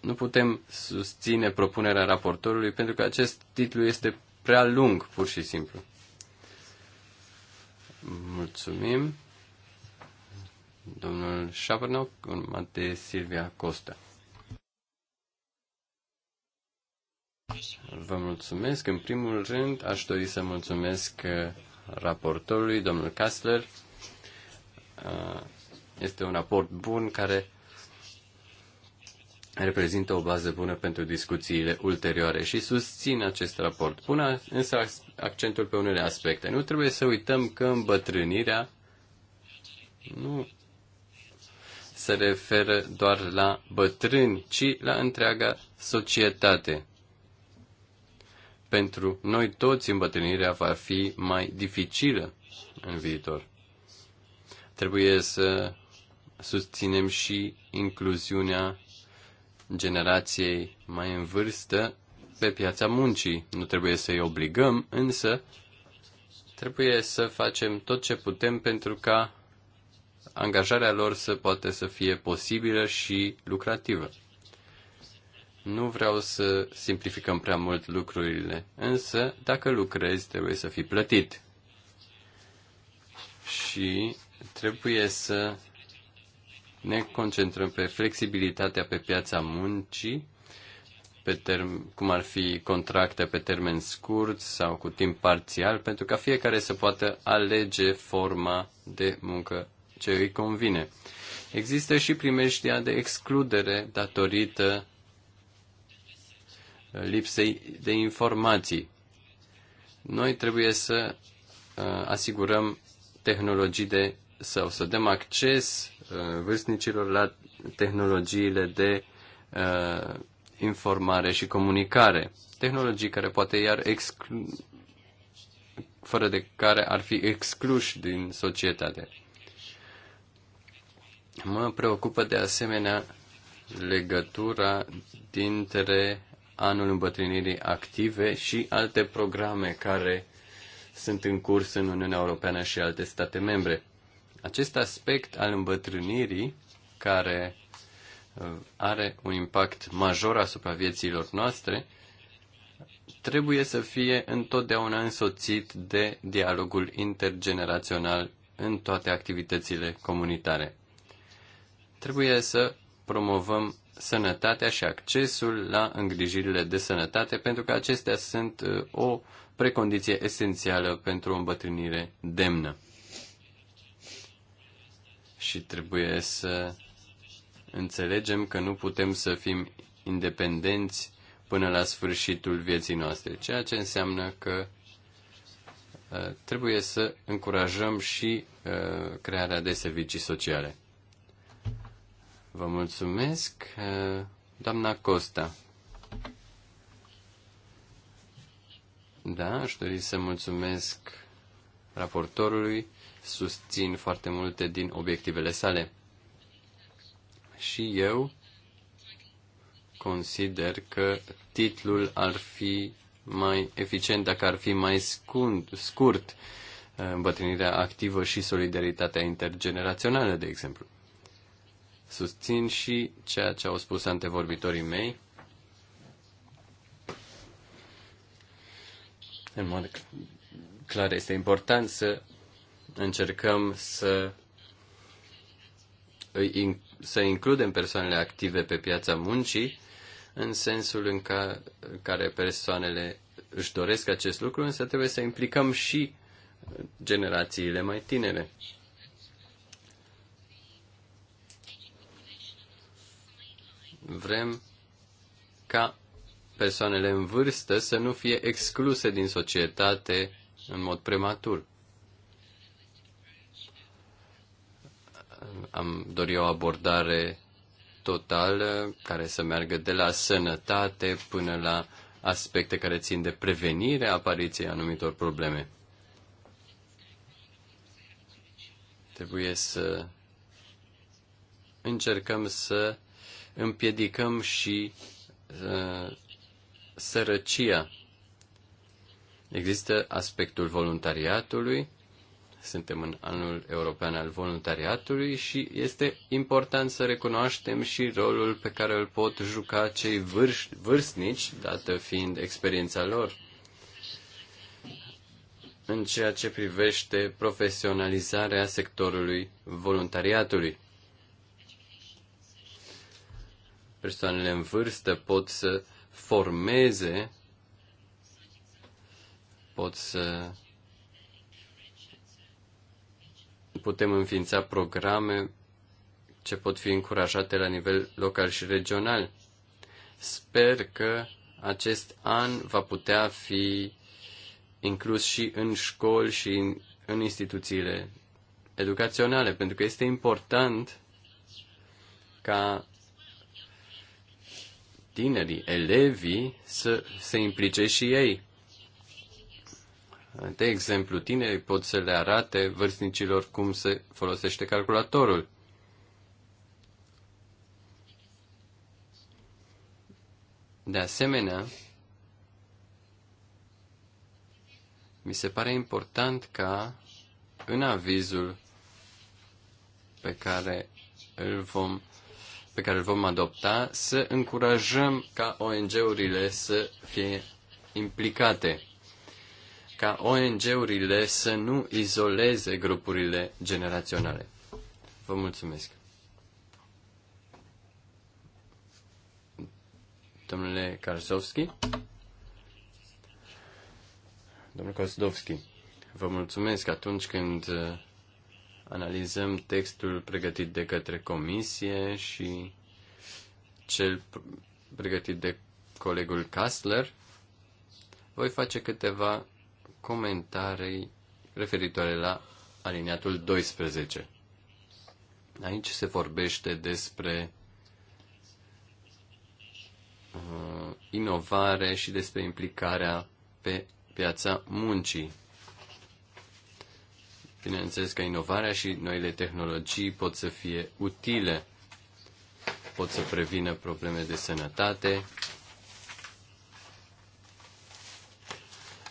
nu putem susține propunerea raportorului pentru că acest titlu este prea lung, pur și simplu. Mulțumim. Domnul Șapernau, urmat de Silvia Costa. Vă mulțumesc. În primul rând, aș dori să mulțumesc uh, raportorului, domnul Kassler. Uh, este un raport bun care reprezintă o bază bună pentru discuțiile ulterioare și susțin acest raport. Pun însă accentul pe unele aspecte. Nu trebuie să uităm că îmbătrânirea nu se referă doar la bătrâni, ci la întreaga societate. Pentru noi toți îmbătrânirea va fi mai dificilă în viitor. Trebuie să susținem și incluziunea generației mai în vârstă pe piața muncii. Nu trebuie să-i obligăm, însă trebuie să facem tot ce putem pentru ca angajarea lor să poată să fie posibilă și lucrativă. Nu vreau să simplificăm prea mult lucrurile, însă dacă lucrezi trebuie să fii plătit. Și trebuie să ne concentrăm pe flexibilitatea pe piața muncii, pe term- cum ar fi contracte pe termen scurt sau cu timp parțial, pentru ca fiecare să poată alege forma de muncă ce îi convine. Există și primeștia de excludere datorită lipsei de informații. Noi trebuie să uh, asigurăm tehnologii de sau să dăm acces Uh, vârstnicilor la tehnologiile de uh, informare și comunicare. Tehnologii care poate iar exclu- fără de care ar fi excluși din societate. Mă preocupă de asemenea legătura dintre anul îmbătrânirii active și alte programe care sunt în curs în Uniunea Europeană și alte state membre. Acest aspect al îmbătrânirii, care uh, are un impact major asupra vieților noastre, trebuie să fie întotdeauna însoțit de dialogul intergenerațional în toate activitățile comunitare. Trebuie să promovăm sănătatea și accesul la îngrijirile de sănătate, pentru că acestea sunt uh, o precondiție esențială pentru o îmbătrânire demnă și trebuie să înțelegem că nu putem să fim independenți până la sfârșitul vieții noastre, ceea ce înseamnă că uh, trebuie să încurajăm și uh, crearea de servicii sociale. Vă mulțumesc, uh, doamna Costa. Da, aș dori să mulțumesc raportorului susțin foarte multe din obiectivele sale. Și eu consider că titlul ar fi mai eficient dacă ar fi mai scund, scurt uh, îmbătrânirea activă și solidaritatea intergenerațională, de exemplu. Susțin și ceea ce au spus antevorbitorii mei, în mod clar este important să Încercăm să să includem persoanele active pe piața muncii în sensul în care persoanele își doresc acest lucru, însă trebuie să implicăm și generațiile mai tinere. Vrem ca persoanele în vârstă să nu fie excluse din societate în mod prematur. am dori o abordare totală care să meargă de la sănătate până la aspecte care țin de prevenire apariției anumitor probleme. Trebuie să încercăm să împiedicăm și uh, sărăcia. Există aspectul voluntariatului, suntem în anul european al voluntariatului și este important să recunoaștem și rolul pe care îl pot juca cei vârș, vârstnici, dată fiind experiența lor. În ceea ce privește profesionalizarea sectorului voluntariatului. Persoanele în vârstă pot să formeze pot să putem înființa programe ce pot fi încurajate la nivel local și regional. Sper că acest an va putea fi inclus și în școli și în, în instituțiile educaționale, pentru că este important ca tinerii, elevii să se implice și ei. De exemplu, tinerii pot să le arate vârstnicilor cum se folosește calculatorul. De asemenea, mi se pare important ca în avizul pe care îl vom, pe care îl vom adopta să încurajăm ca ONG-urile să fie implicate ca ONG-urile să nu izoleze grupurile generaționale. Vă mulțumesc. Domnule Karsovski. domnule Kostovski, vă mulțumesc atunci când uh, analizăm textul pregătit de către comisie și cel pregătit de colegul Kastler, voi face câteva comentarii referitoare la aliniatul 12. Aici se vorbește despre uh, inovare și despre implicarea pe piața muncii. Bineînțeles că inovarea și noile tehnologii pot să fie utile, pot să prevină probleme de sănătate,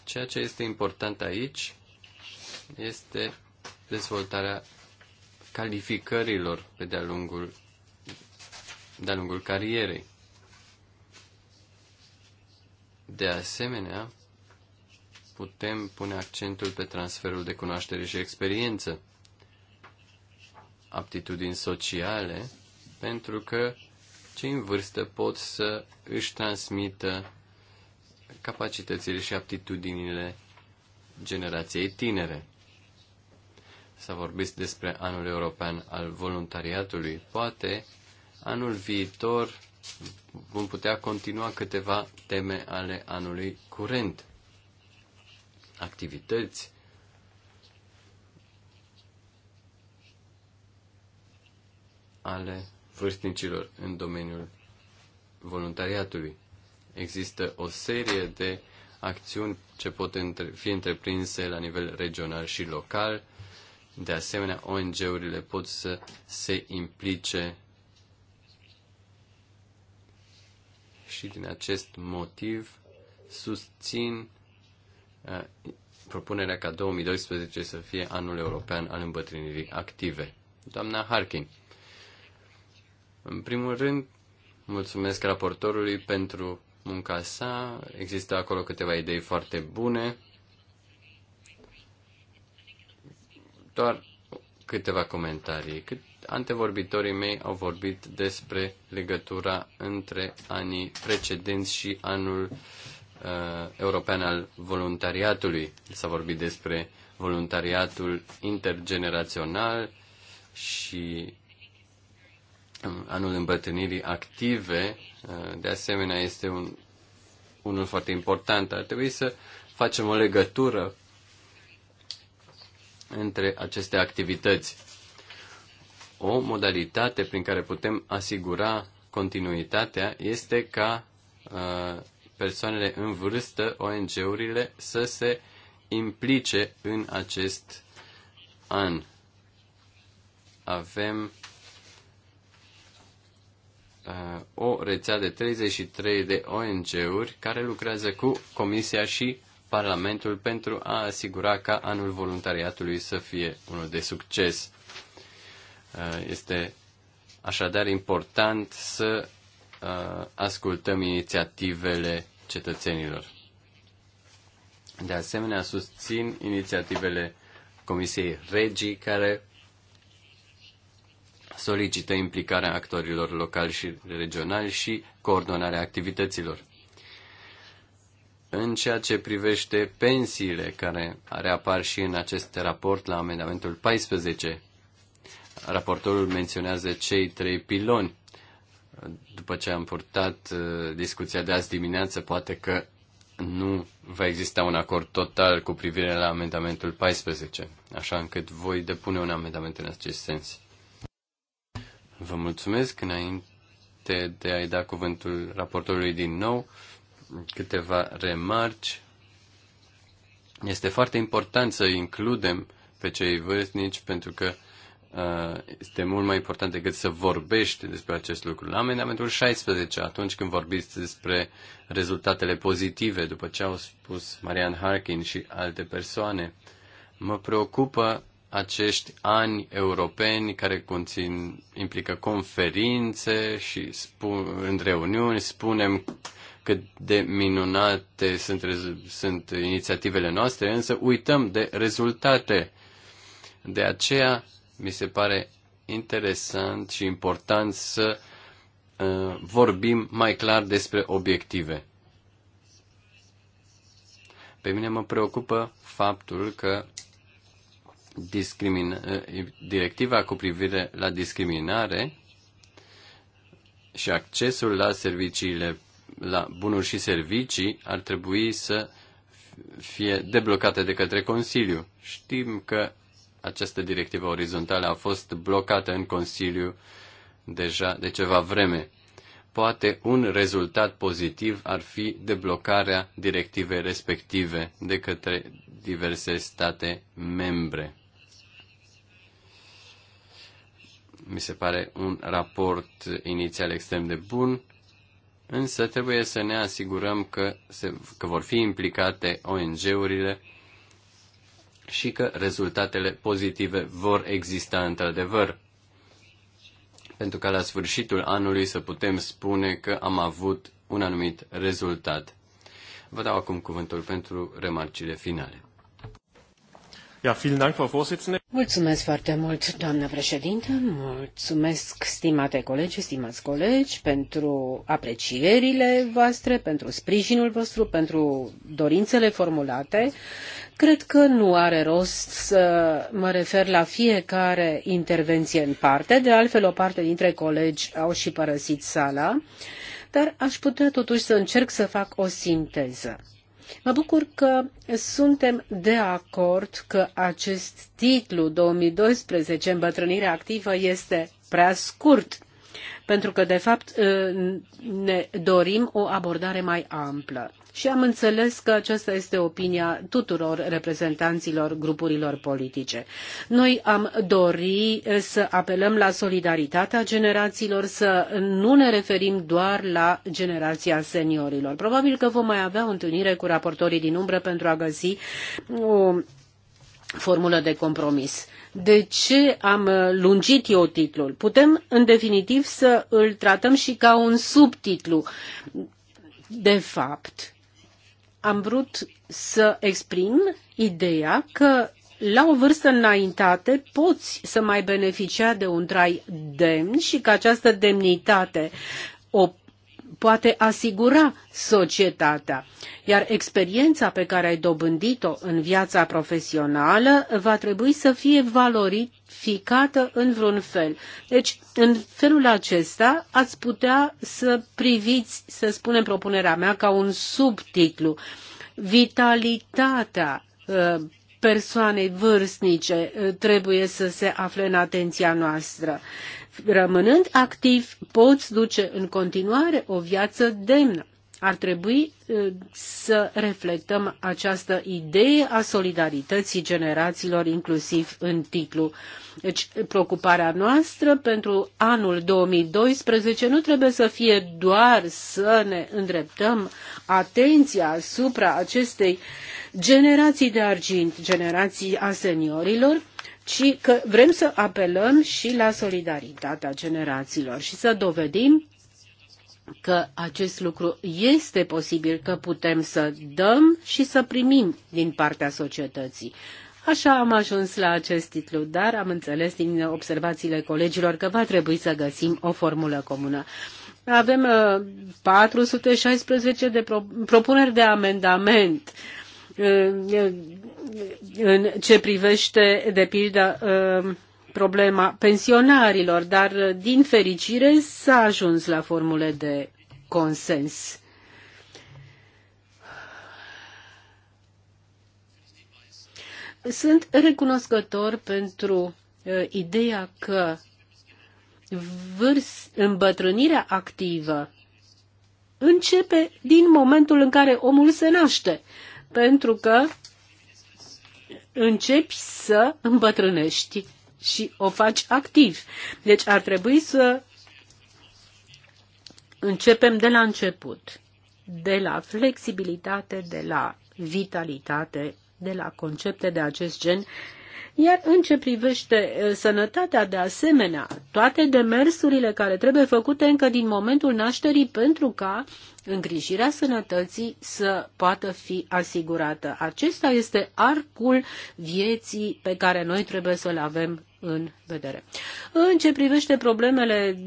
Ceea ce este important aici este dezvoltarea calificărilor pe de-a lungul, de lungul carierei. De asemenea, putem pune accentul pe transferul de cunoaștere și experiență, aptitudini sociale, pentru că cei în vârstă pot să își transmită capacitățile și aptitudinile generației tinere. S-a vorbit despre anul european al voluntariatului. Poate anul viitor vom putea continua câteva teme ale anului curent. Activități, ale vârstnicilor în domeniul voluntariatului. Există o serie de acțiuni ce pot fi întreprinse la nivel regional și local. De asemenea, ONG-urile pot să se implice și din acest motiv susțin uh, propunerea ca 2012 să fie anul european al îmbătrânirii active. Doamna Harkin, în primul rând, mulțumesc raportorului pentru munca sa. Există acolo câteva idei foarte bune. Doar câteva comentarii. Cât antevorbitorii mei au vorbit despre legătura între anii precedenți și anul uh, european al voluntariatului. S-a vorbit despre voluntariatul intergenerațional și Anul îmbătrânirii active, uh, de asemenea, este un, unul foarte important. Ar trebui să facem o legătură între aceste activități. O modalitate prin care putem asigura continuitatea este ca uh, persoanele în vârstă, ONG-urile, să se implice în acest an. Avem Uh, o rețea de 33 de ONG-uri care lucrează cu Comisia și Parlamentul pentru a asigura ca anul voluntariatului să fie unul de succes. Uh, este așadar important să uh, ascultăm inițiativele cetățenilor. De asemenea, susțin inițiativele Comisiei Regii care solicită implicarea actorilor locali și regionali și coordonarea activităților. În ceea ce privește pensiile care reapar și în acest raport la amendamentul 14, raportorul menționează cei trei piloni. După ce am purtat uh, discuția de azi dimineață, poate că nu va exista un acord total cu privire la amendamentul 14, așa încât voi depune un amendament în acest sens. Vă mulțumesc înainte de a-i da cuvântul raportorului din nou câteva remarci. Este foarte important să includem pe cei vârstnici pentru că uh, este mult mai important decât să vorbești despre acest lucru. La amendamentul 16, atunci când vorbiți despre rezultatele pozitive, după ce au spus Marian Harkin și alte persoane, mă preocupă acești ani europeni care conțin, implică conferințe și spun, în reuniuni spunem cât de minunate sunt, sunt inițiativele noastre, însă uităm de rezultate. De aceea mi se pare interesant și important să uh, vorbim mai clar despre obiective. Pe mine mă preocupă faptul că discrimin- eh, directiva cu privire la discriminare și accesul la serviciile, la bunuri și servicii ar trebui să fie deblocate de către Consiliu. Știm că această directivă orizontală a fost blocată în Consiliu deja de ceva vreme. Poate un rezultat pozitiv ar fi deblocarea directivei respective de către diverse state membre. Mi se pare un raport inițial extrem de bun, însă trebuie să ne asigurăm că, se, că vor fi implicate ONG-urile și că rezultatele pozitive vor exista într-adevăr. Pentru ca la sfârșitul anului să putem spune că am avut un anumit rezultat. Vă dau acum cuvântul pentru remarcile finale. Ja, vielen Dank, Frau Vorsitzende. Mulțumesc foarte mult, doamnă președinte, mulțumesc, stimate colegi, stimați colegi, pentru aprecierile voastre, pentru sprijinul vostru, pentru dorințele formulate. Cred că nu are rost să mă refer la fiecare intervenție în parte, de altfel o parte dintre colegi au și părăsit sala, dar aș putea totuși să încerc să fac o sinteză. Mă bucur că suntem de acord că acest titlu 2012, îmbătrânirea activă, este prea scurt pentru că, de fapt, ă, ne dorim o abordare mai amplă. Și am înțeles că aceasta este opinia tuturor reprezentanților grupurilor politice. Noi am dori ă, să apelăm la solidaritatea generațiilor, să nu ne referim doar la generația seniorilor. Probabil că vom mai avea o întâlnire cu raportorii din umbră pentru a găsi o formulă de compromis. De ce am lungit eu titlul? Putem, în definitiv, să îl tratăm și ca un subtitlu. De fapt, am vrut să exprim ideea că la o vârstă înaintate poți să mai beneficia de un trai demn și că această demnitate o poate asigura societatea, iar experiența pe care ai dobândit-o în viața profesională va trebui să fie valorificată în vreun fel. Deci, în felul acesta, ați putea să priviți, să spunem propunerea mea, ca un subtitlu, vitalitatea uh, persoanei vârstnice uh, trebuie să se afle în atenția noastră. Rămânând activ, poți duce în continuare o viață demnă ar trebui să reflectăm această idee a solidarității generațiilor, inclusiv în titlu. Deci, preocuparea noastră pentru anul 2012 nu trebuie să fie doar să ne îndreptăm atenția asupra acestei generații de argint, generații a seniorilor, ci că vrem să apelăm și la solidaritatea generațiilor și să dovedim că acest lucru este posibil, că putem să dăm și să primim din partea societății. Așa am ajuns la acest titlu, dar am înțeles din observațiile colegilor că va trebui să găsim o formulă comună. Avem 416 uh, de propuneri de amendament uh, în ce privește, de pildă, uh, problema pensionarilor, dar din fericire s-a ajuns la formule de consens. Sunt recunoscător pentru uh, ideea că vârst, îmbătrânirea activă începe din momentul în care omul se naște, pentru că începi să îmbătrânești și o faci activ. Deci ar trebui să începem de la început, de la flexibilitate, de la vitalitate, de la concepte de acest gen. Iar în ce privește sănătatea, de asemenea, toate demersurile care trebuie făcute încă din momentul nașterii pentru ca îngrijirea sănătății să poată fi asigurată. Acesta este arcul vieții pe care noi trebuie să-l avem în vedere. În ce privește problemele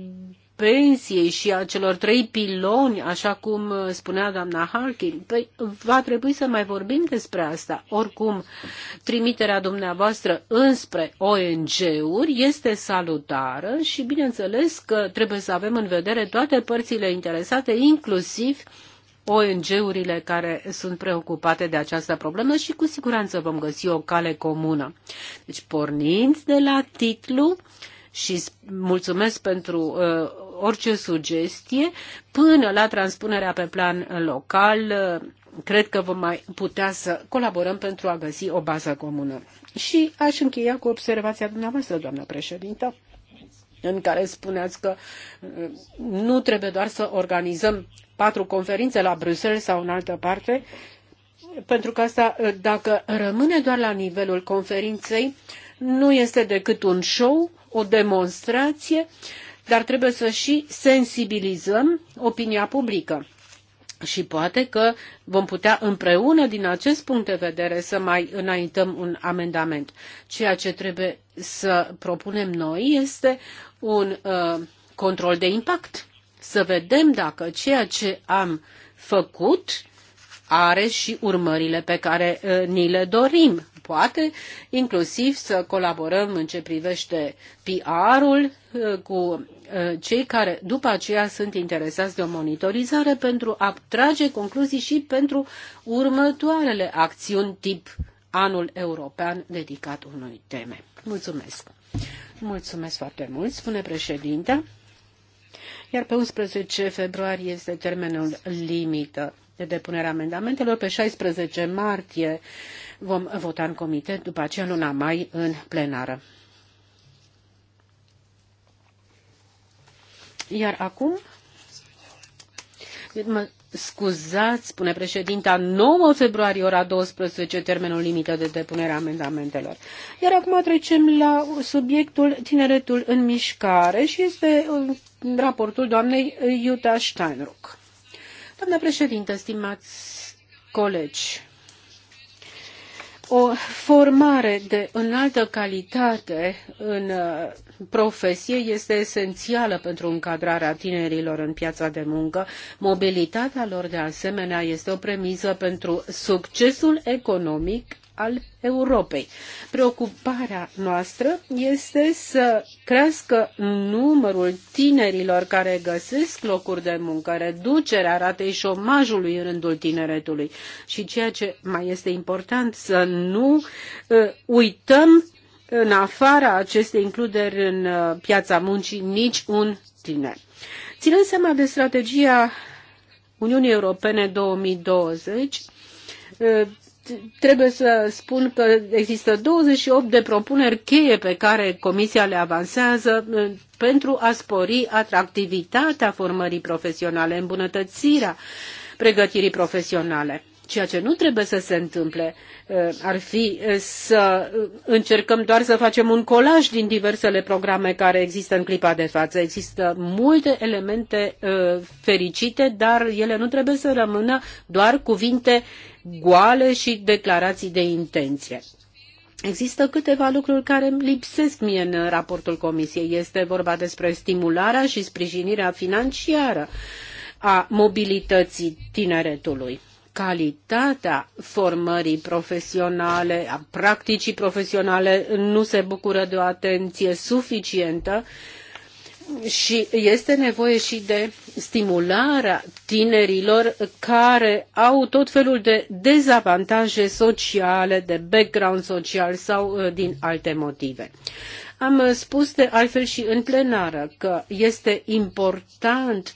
pensiei și a celor trei piloni, așa cum spunea doamna Harkin, păi va trebui să mai vorbim despre asta. Oricum, trimiterea dumneavoastră înspre ONG-uri este salutară și bineînțeles că trebuie să avem în vedere toate părțile interesate, inclusiv uh, ONG-urile care sunt preocupate de această problemă și cu siguranță vom găsi o cale comună. Deci, pornind de la titlu și mulțumesc pentru uh, orice sugestie, până la transpunerea pe plan uh, local, uh, cred că vom mai putea să colaborăm pentru a găsi o bază comună. Și aș încheia cu observația dumneavoastră, doamnă președintă în care spuneați că uh, nu trebuie doar să organizăm patru conferințe la Bruxelles sau în altă parte, pentru că asta, ă, dacă rămâne doar la nivelul conferinței, nu este decât un show, o demonstrație, dar trebuie să și sensibilizăm opinia publică. Și poate că vom putea împreună, din acest punct de vedere, să mai înaintăm un amendament. Ceea ce trebuie să propunem noi este un uh, control de impact să vedem dacă ceea ce am făcut are și urmările pe care uh, ni le dorim. Poate inclusiv să colaborăm în ce privește PR-ul uh, cu uh, cei care după aceea sunt interesați de o monitorizare pentru a trage concluzii și pentru următoarele acțiuni tip anul european dedicat unui teme. Mulțumesc! Mulțumesc foarte mult, spune președinte iar pe 11 februarie este termenul limită de depunere a amendamentelor. Pe 16 martie vom vota în comitet, după aceea luna mai în plenară. Iar acum scuzați, spune președinta, 9 februarie ora 12, termenul limită de depunere a amendamentelor. Iar acum trecem la subiectul Tineretul în mișcare și este uh, raportul doamnei Iuta Steinruck. Doamna președintă, stimați colegi, o formare de înaltă calitate în uh, profesie este esențială pentru încadrarea tinerilor în piața de muncă. Mobilitatea lor, de asemenea, este o premisă pentru succesul economic al Europei. Preocuparea noastră este să crească numărul tinerilor care găsesc locuri de muncă, reducerea ratei șomajului în rândul tineretului și ceea ce mai este important să nu uh, uităm în afara acestei includeri în uh, piața muncii nici un tiner. Ținând seama de strategia Uniunii Europene 2020, trebuie să spun că există 28 de propuneri cheie pe care Comisia le avansează uh, pentru a spori atractivitatea formării profesionale, îmbunătățirea pregătirii profesionale. Ceea ce nu trebuie să se întâmple uh, ar fi uh, să uh, încercăm doar să facem un colaj din diversele programe care există în clipa de față. Există multe elemente fericite, dar ele nu trebuie să rămână doar cuvinte goale și declarații de intenție. Există câteva lucruri care îmi lipsesc mie în raportul Comisiei. Este vorba despre stimularea și sprijinirea financiară a mobilității tineretului calitatea formării profesionale, a practicii profesionale nu se bucură de o atenție suficientă și este nevoie și de stimularea tinerilor care au tot felul de dezavantaje sociale, de background social sau uh, din alte motive. Am uh, spus de altfel și în plenară că este important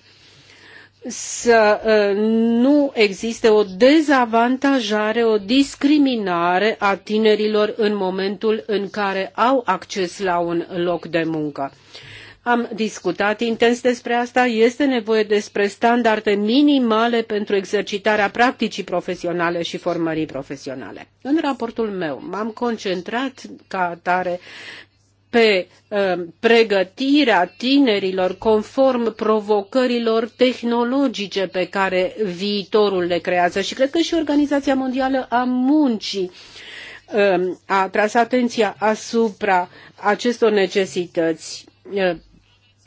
să uh, nu existe o dezavantajare, o discriminare a tinerilor în momentul în care au acces la un loc de muncă. Am discutat intens despre asta. Este nevoie despre standarde minimale pentru exercitarea practicii profesionale și formării profesionale. În raportul meu m-am concentrat ca atare pe um, pregătirea tinerilor conform provocărilor tehnologice pe care viitorul le creează. Și cred că și Organizația Mondială a Muncii um, a tras atenția asupra acestor necesități uh,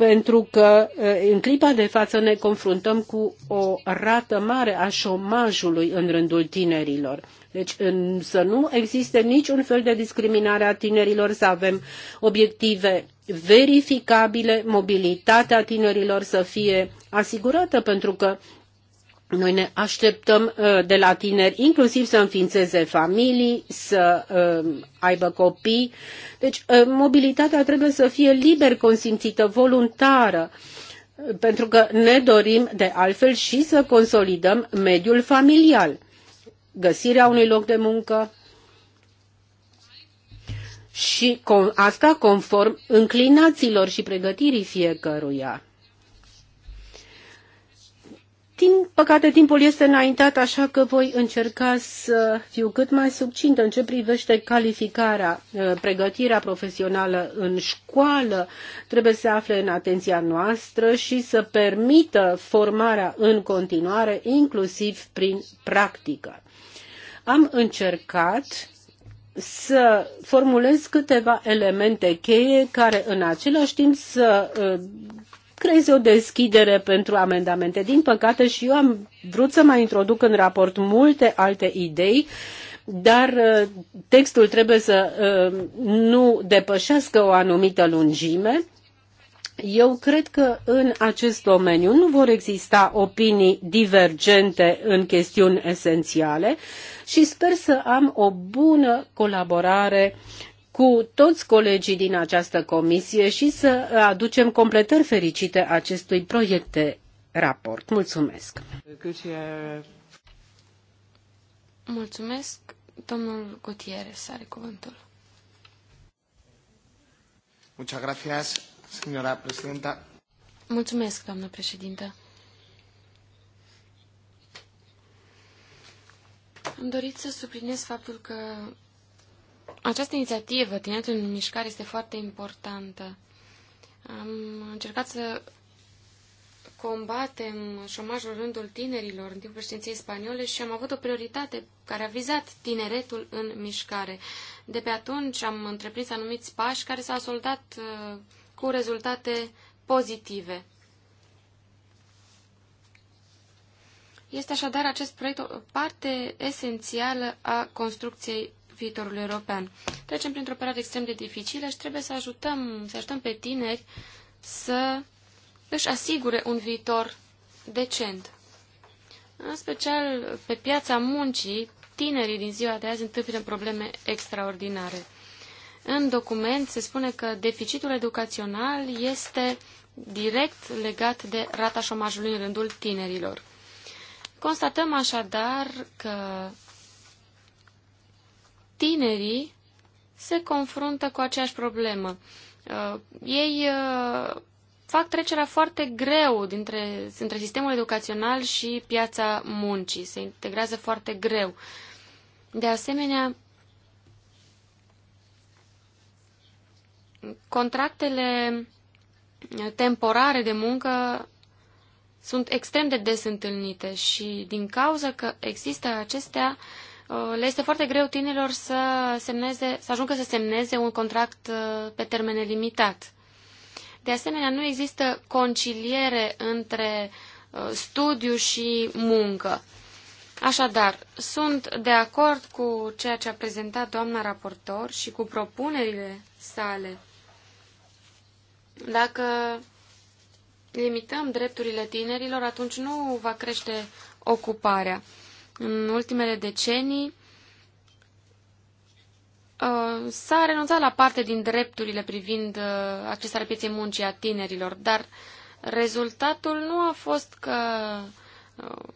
pentru că eh, în clipa de față ne confruntăm cu o rată mare a șomajului în rândul tinerilor. Deci să nu existe niciun fel de discriminare a tinerilor, să avem obiective verificabile, mobilitatea tinerilor să fie asigurată, pentru că noi ne așteptăm uh, de la tineri inclusiv să înființeze familii, să uh, aibă copii. Deci uh, mobilitatea trebuie să fie liber consimțită, voluntară, pentru că ne dorim de altfel și să consolidăm mediul familial. Găsirea unui loc de muncă și asta conform înclinațiilor și pregătirii fiecăruia. Din păcate, timpul este înaintat, așa că voi încerca să fiu cât mai subțintă în ce privește calificarea, uh, pregătirea profesională în școală. Trebuie să afle în atenția noastră și să permită formarea în continuare, inclusiv prin practică. Am încercat să formulez câteva elemente cheie care în același timp să uh, creeze o deschidere pentru amendamente. Din păcate și eu am vrut să mai introduc în raport multe alte idei, dar uh, textul trebuie să uh, nu depășească o anumită lungime. Eu cred că în acest domeniu nu vor exista opinii divergente în chestiuni esențiale și sper să am o bună colaborare cu toți colegii din această comisie și să aducem completări fericite acestui proiect de raport. Mulțumesc! Mulțumesc! Domnul Gutierrez are cuvântul. Muchas gracias, señora presidenta. Mulțumesc, doamnă președintă. Am dorit să subliniez faptul că această inițiativă, Tineretul în Mișcare, este foarte importantă. Am încercat să combatem șomajul rândul tinerilor în timpul președinției spaniole și am avut o prioritate care a vizat tineretul în mișcare. De pe atunci am întreprins anumiți pași care s-au soldat uh, cu rezultate pozitive. Este așadar acest proiect o parte esențială a construcției viitorului european. Trecem printr-o perioadă extrem de dificilă și trebuie să ajutăm, să ajutăm pe tineri să își asigure un viitor decent. În special pe piața muncii, tinerii din ziua de azi întâmpină probleme extraordinare. În document se spune că deficitul educațional este direct legat de rata șomajului în rândul tinerilor. Constatăm așadar că tinerii se confruntă cu aceeași problemă. Uh, ei uh, fac trecerea foarte greu dintre, dintre sistemul educațional și piața muncii. Se integrează foarte greu. De asemenea, contractele temporare de muncă sunt extrem de des întâlnite și din cauza că există acestea, uh, Uh, le este foarte greu tinerilor să, semneze, să ajungă să semneze un contract uh, pe termen limitat. De asemenea, nu există conciliere între uh, studiu și muncă. Așadar, sunt de acord cu ceea ce a prezentat doamna raportor și cu propunerile sale. Dacă limităm drepturile tinerilor, atunci nu va crește ocuparea. În ultimele decenii uh, s-a renunțat la parte din drepturile privind uh, accesarea pieței muncii a tinerilor, dar rezultatul nu a fost că uh,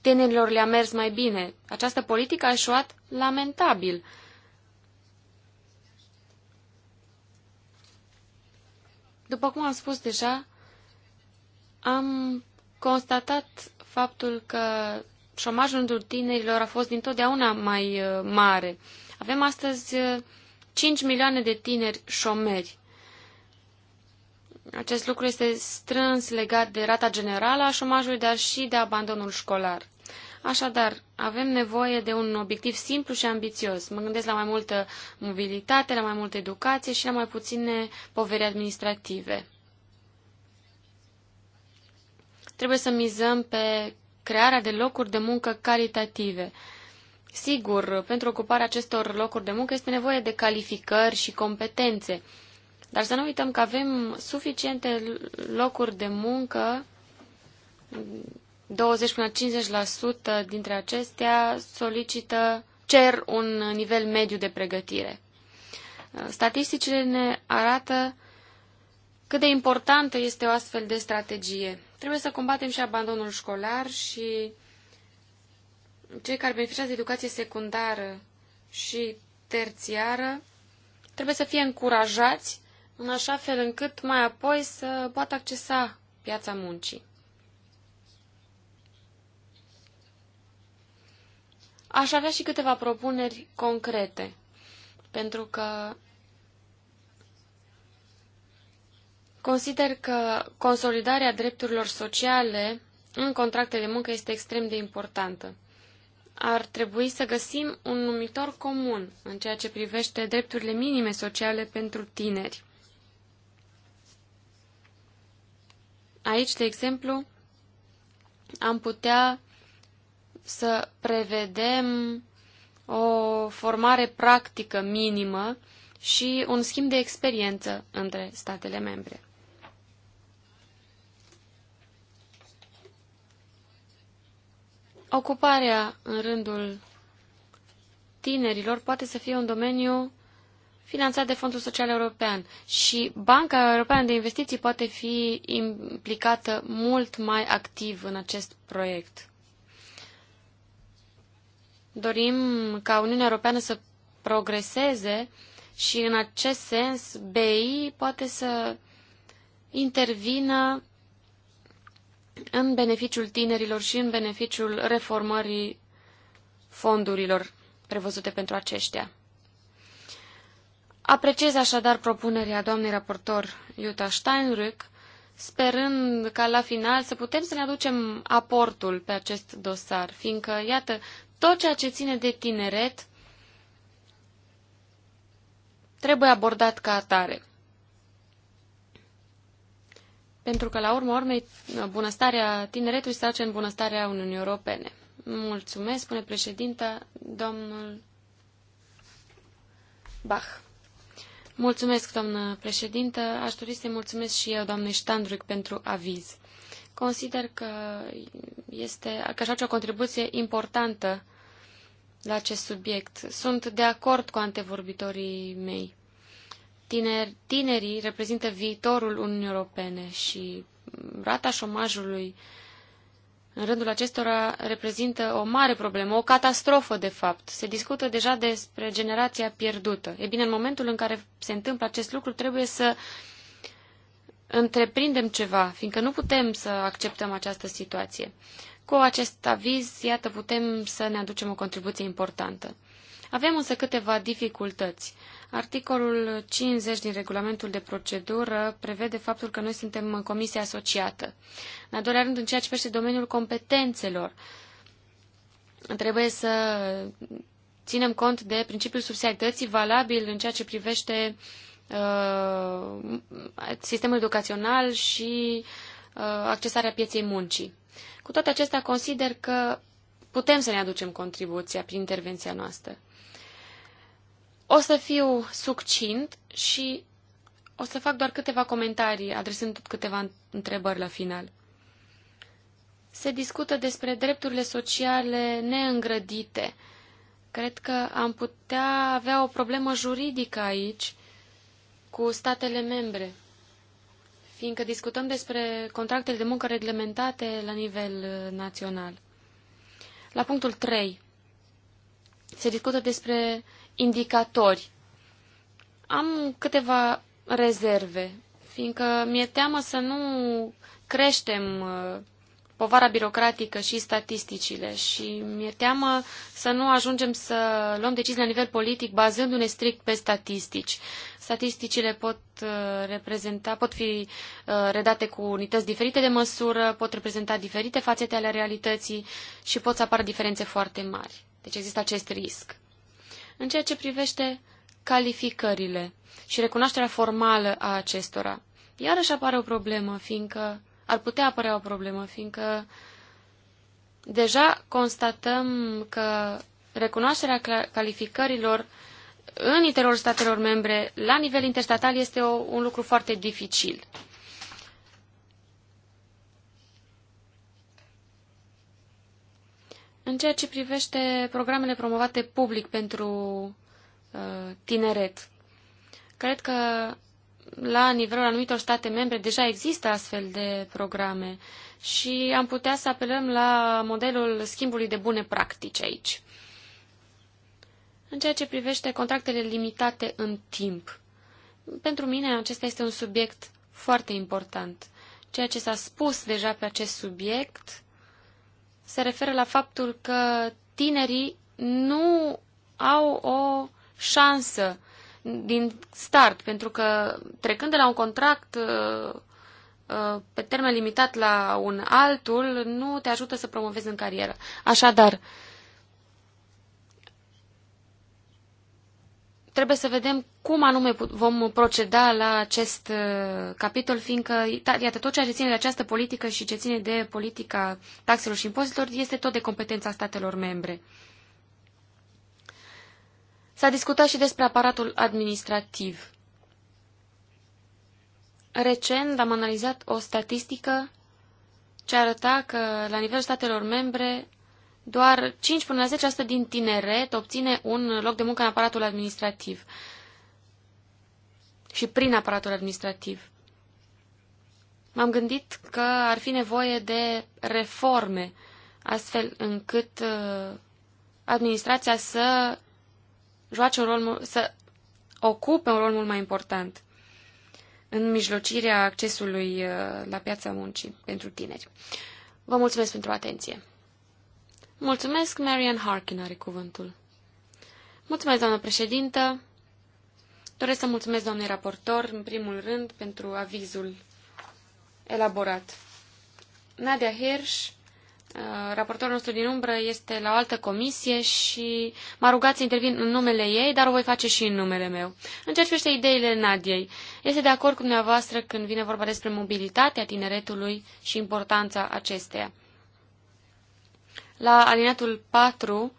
tinerilor le-a mers mai bine. Această politică a eșuat lamentabil. După cum am spus deja, am constatat faptul că șomajul în tinerilor a fost dintotdeauna mai uh, mare. Avem astăzi 5 uh, milioane de tineri șomeri. Acest lucru este strâns legat de rata generală a șomajului, dar și de abandonul școlar. Așadar, avem nevoie de un obiectiv simplu și ambițios. Mă gândesc la mai multă mobilitate, la mai multă educație și la mai puține poveri administrative. Trebuie să mizăm pe crearea de locuri de muncă calitative. Sigur, pentru ocuparea acestor locuri de muncă este nevoie de calificări și competențe. Dar să nu uităm că avem suficiente locuri de muncă, 20 până 50% dintre acestea solicită, cer un nivel mediu de pregătire. Statisticile ne arată cât de importantă este o astfel de strategie. Trebuie să combatem și abandonul școlar și cei care beneficiază de educație secundară și terțiară trebuie să fie încurajați în așa fel încât mai apoi să poată accesa piața muncii. Aș avea și câteva propuneri concrete, pentru că Consider că consolidarea drepturilor sociale în contracte de muncă este extrem de importantă. Ar trebui să găsim un numitor comun în ceea ce privește drepturile minime sociale pentru tineri. Aici, de exemplu, am putea să prevedem o formare practică minimă și un schimb de experiență între statele membre. Ocuparea în rândul tinerilor poate să fie un domeniu finanțat de Fondul Social European și Banca Europeană de Investiții poate fi implicată mult mai activ în acest proiect. Dorim ca Uniunea Europeană să progreseze și în acest sens BI poate să intervină în beneficiul tinerilor și în beneficiul reformării fondurilor prevăzute pentru aceștia. Apreciez așadar propunerea doamnei raportor Iuta Steinrück, sperând ca la final să putem să ne aducem aportul pe acest dosar, fiindcă, iată, tot ceea ce ține de tineret trebuie abordat ca atare pentru că, la urma urmei, bunăstarea tineretului se duce în bunăstarea Uniunii Europene. Mulțumesc, spune președinta, domnul Bach. Mulțumesc, doamnă președintă. Aș dori să-i mulțumesc și eu, doamnei Ștandruc, pentru aviz. Consider că este, că așa o contribuție importantă la acest subiect. Sunt de acord cu antevorbitorii mei. Tineri, tinerii reprezintă viitorul Uniunii Europene și rata șomajului în rândul acestora reprezintă o mare problemă, o catastrofă, de fapt. Se discută deja despre generația pierdută. E bine, în momentul în care se întâmplă acest lucru, trebuie să întreprindem ceva, fiindcă nu putem să acceptăm această situație. Cu acest aviz, iată, putem să ne aducem o contribuție importantă. Avem însă câteva dificultăți. Articolul 50 din regulamentul de procedură prevede faptul că noi suntem comisie asociată. În al doilea rând, în ceea ce privește domeniul competențelor, trebuie să ținem cont de principiul subsidiarității valabil în ceea ce privește uh, sistemul educațional și uh, accesarea pieței muncii. Cu toate acestea, consider că putem să ne aducem contribuția prin intervenția noastră. O să fiu succint și o să fac doar câteva comentarii, adresând câteva întrebări la final. Se discută despre drepturile sociale neîngrădite. Cred că am putea avea o problemă juridică aici cu statele membre, fiindcă discutăm despre contractele de muncă reglementate la nivel uh, național. La punctul 3 se discută despre indicatori. Am câteva rezerve, fiindcă mi-e teamă să nu creștem uh, povara birocratică și statisticile și mi-e teamă să nu ajungem să luăm decizii la nivel politic bazându-ne strict pe statistici. Statisticile pot uh, reprezenta, pot fi uh, redate cu unități diferite de măsură, pot reprezenta diferite fațete ale realității și pot să apară diferențe foarte mari. Deci există acest risc în ceea ce privește calificările și recunoașterea formală a acestora. Iarăși apare o problemă, fiindcă ar putea apărea o problemă, fiindcă deja constatăm că recunoașterea calificărilor în interiorul statelor membre, la nivel interstatal, este o, un lucru foarte dificil. În ceea ce privește programele promovate public pentru uh, tineret, cred că la nivelul anumitor state membre deja există astfel de programe și am putea să apelăm la modelul schimbului de bune practici aici. În ceea ce privește contractele limitate în timp, pentru mine acesta este un subiect foarte important. Ceea ce s-a spus deja pe acest subiect se referă la faptul că tinerii nu au o șansă din start, pentru că trecând de la un contract uh, uh, pe termen limitat la un altul, nu te ajută să promovezi în carieră. Așadar, trebuie să vedem cum anume vom proceda la acest uh, capitol, fiindcă, da, iată, tot ceea ce ține de această politică și ce ține de politica taxelor și impozitelor este tot de competența statelor membre. S-a discutat și despre aparatul administrativ. Recent am analizat o statistică ce arăta că, la nivelul statelor membre, doar 5 până la 10% din tineret obține un loc de muncă în aparatul administrativ și prin aparatul administrativ. M-am gândit că ar fi nevoie de reforme, astfel încât uh, administrația să joace un rol, să ocupe un rol mult mai important în mijlocirea accesului uh, la piața muncii pentru tineri. Vă mulțumesc pentru atenție! Mulțumesc, Marian Harkin are cuvântul. Mulțumesc, doamnă președintă. Doresc să mulțumesc doamnei raportor, în primul rând, pentru avizul elaborat. Nadia Hirsch, uh, raportorul nostru din umbră, este la o altă comisie și m-a rugat să intervin în numele ei, dar o voi face și în numele meu. În ce privește ideile Nadiei, este de acord cu dumneavoastră când vine vorba despre mobilitatea tineretului și importanța acesteia la alineatul 4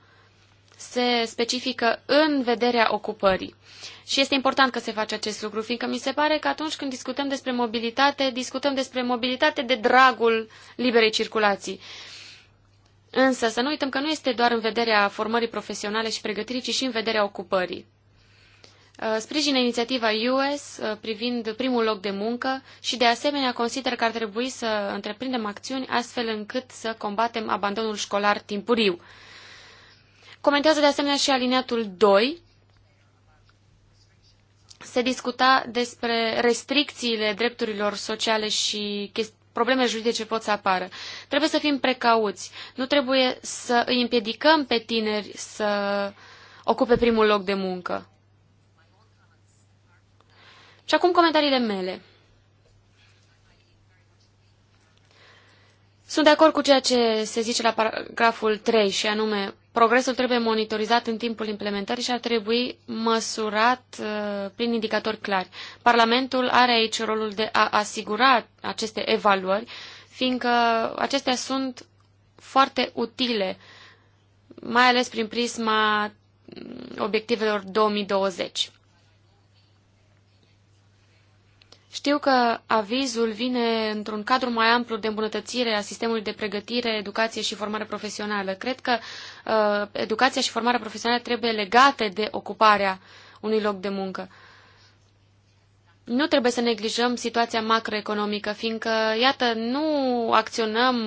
se specifică în vederea ocupării. Și este important că se face acest lucru, fiindcă mi se pare că atunci când discutăm despre mobilitate, discutăm despre mobilitate de dragul liberei circulații. Însă să nu uităm că nu este doar în vederea formării profesionale și pregătirii, ci și în vederea ocupării. Uh, sprijină inițiativa US uh, privind primul loc de muncă și de asemenea consider că ar trebui să întreprindem acțiuni astfel încât să combatem abandonul școlar timpuriu. Comentează de asemenea și alineatul 2. Se discuta despre restricțiile drepturilor sociale și probleme juridice pot să apară. Trebuie să fim precauți. Nu trebuie să îi împiedicăm pe tineri să ocupe primul loc de muncă. Și acum comentariile mele. Sunt de acord cu ceea ce se zice la paragraful 3 și anume progresul trebuie monitorizat în timpul implementării și ar trebui măsurat uh, prin indicatori clari. Parlamentul are aici rolul de a asigura aceste evaluări, fiindcă acestea sunt foarte utile, mai ales prin prisma mm, obiectivelor 2020. Știu că avizul vine într-un cadru mai amplu de îmbunătățire a sistemului de pregătire, educație și formare profesională. Cred că uh, educația și formarea profesională trebuie legate de ocuparea unui loc de muncă. Nu trebuie să neglijăm situația macroeconomică, fiindcă, iată, nu acționăm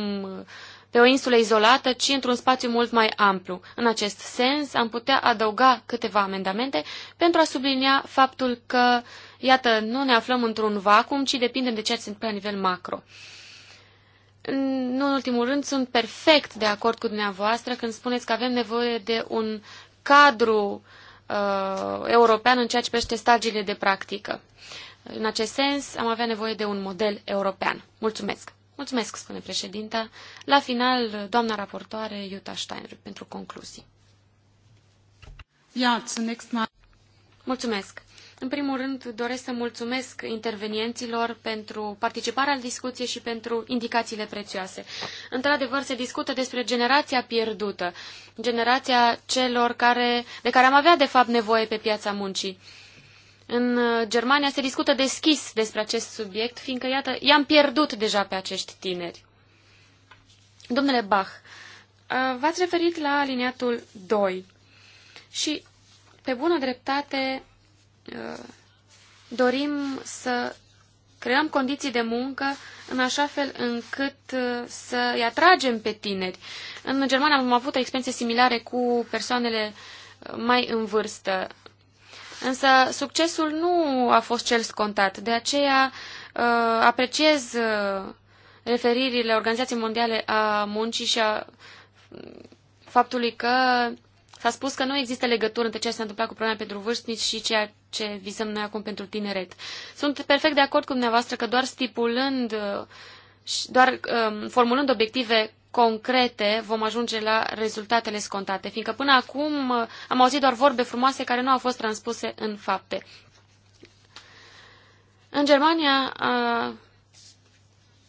pe o insulă izolată, ci într-un spațiu mult mai amplu. În acest sens, am putea adăuga câteva amendamente pentru a sublinia faptul că uh, Iată, nu ne aflăm într-un vacuum, ci depindem de ceea ce se întâmplă la nivel macro. Nu în ultimul rând, sunt perfect de acord cu dumneavoastră când spuneți că avem nevoie de un cadru uh, european în ceea ce privește stagiile de practică. În acest sens, am avea nevoie de un model european. Mulțumesc! Mulțumesc, spune președinta. La final, doamna raportoare Iuta Steiner pentru concluzii. Ia, Mulțumesc. În primul rând, doresc să mulțumesc intervenienților pentru participarea la discuție și pentru indicațiile prețioase. Într-adevăr, se discută despre generația pierdută, generația celor care, de care am avea, de fapt, nevoie pe piața muncii. În Germania se discută deschis despre acest subiect, fiindcă, iată, i-am pierdut deja pe acești tineri. Domnule Bach, v-ați referit la aliniatul 2 și, pe bună dreptate, Uh, dorim să creăm condiții de muncă în așa fel încât uh, să-i atragem pe tineri. În Germania am avut experiență similare cu persoanele uh, mai în vârstă. Însă succesul nu a fost cel scontat, de aceea apreciez referirile Organizației Mondiale a Muncii și a mm, faptului că S-a spus că nu există legătură între ceea ce s-a întâmplat cu problema pentru vârstnici și ceea ce visăm noi acum pentru tineret. Sunt perfect de acord cu dumneavoastră că doar stipulând, uh, doar um, formulând obiective concrete vom ajunge la rezultatele scontate, fiindcă până acum uh, am auzit doar vorbe frumoase care nu au fost transpuse în fapte. În Germania a, uh,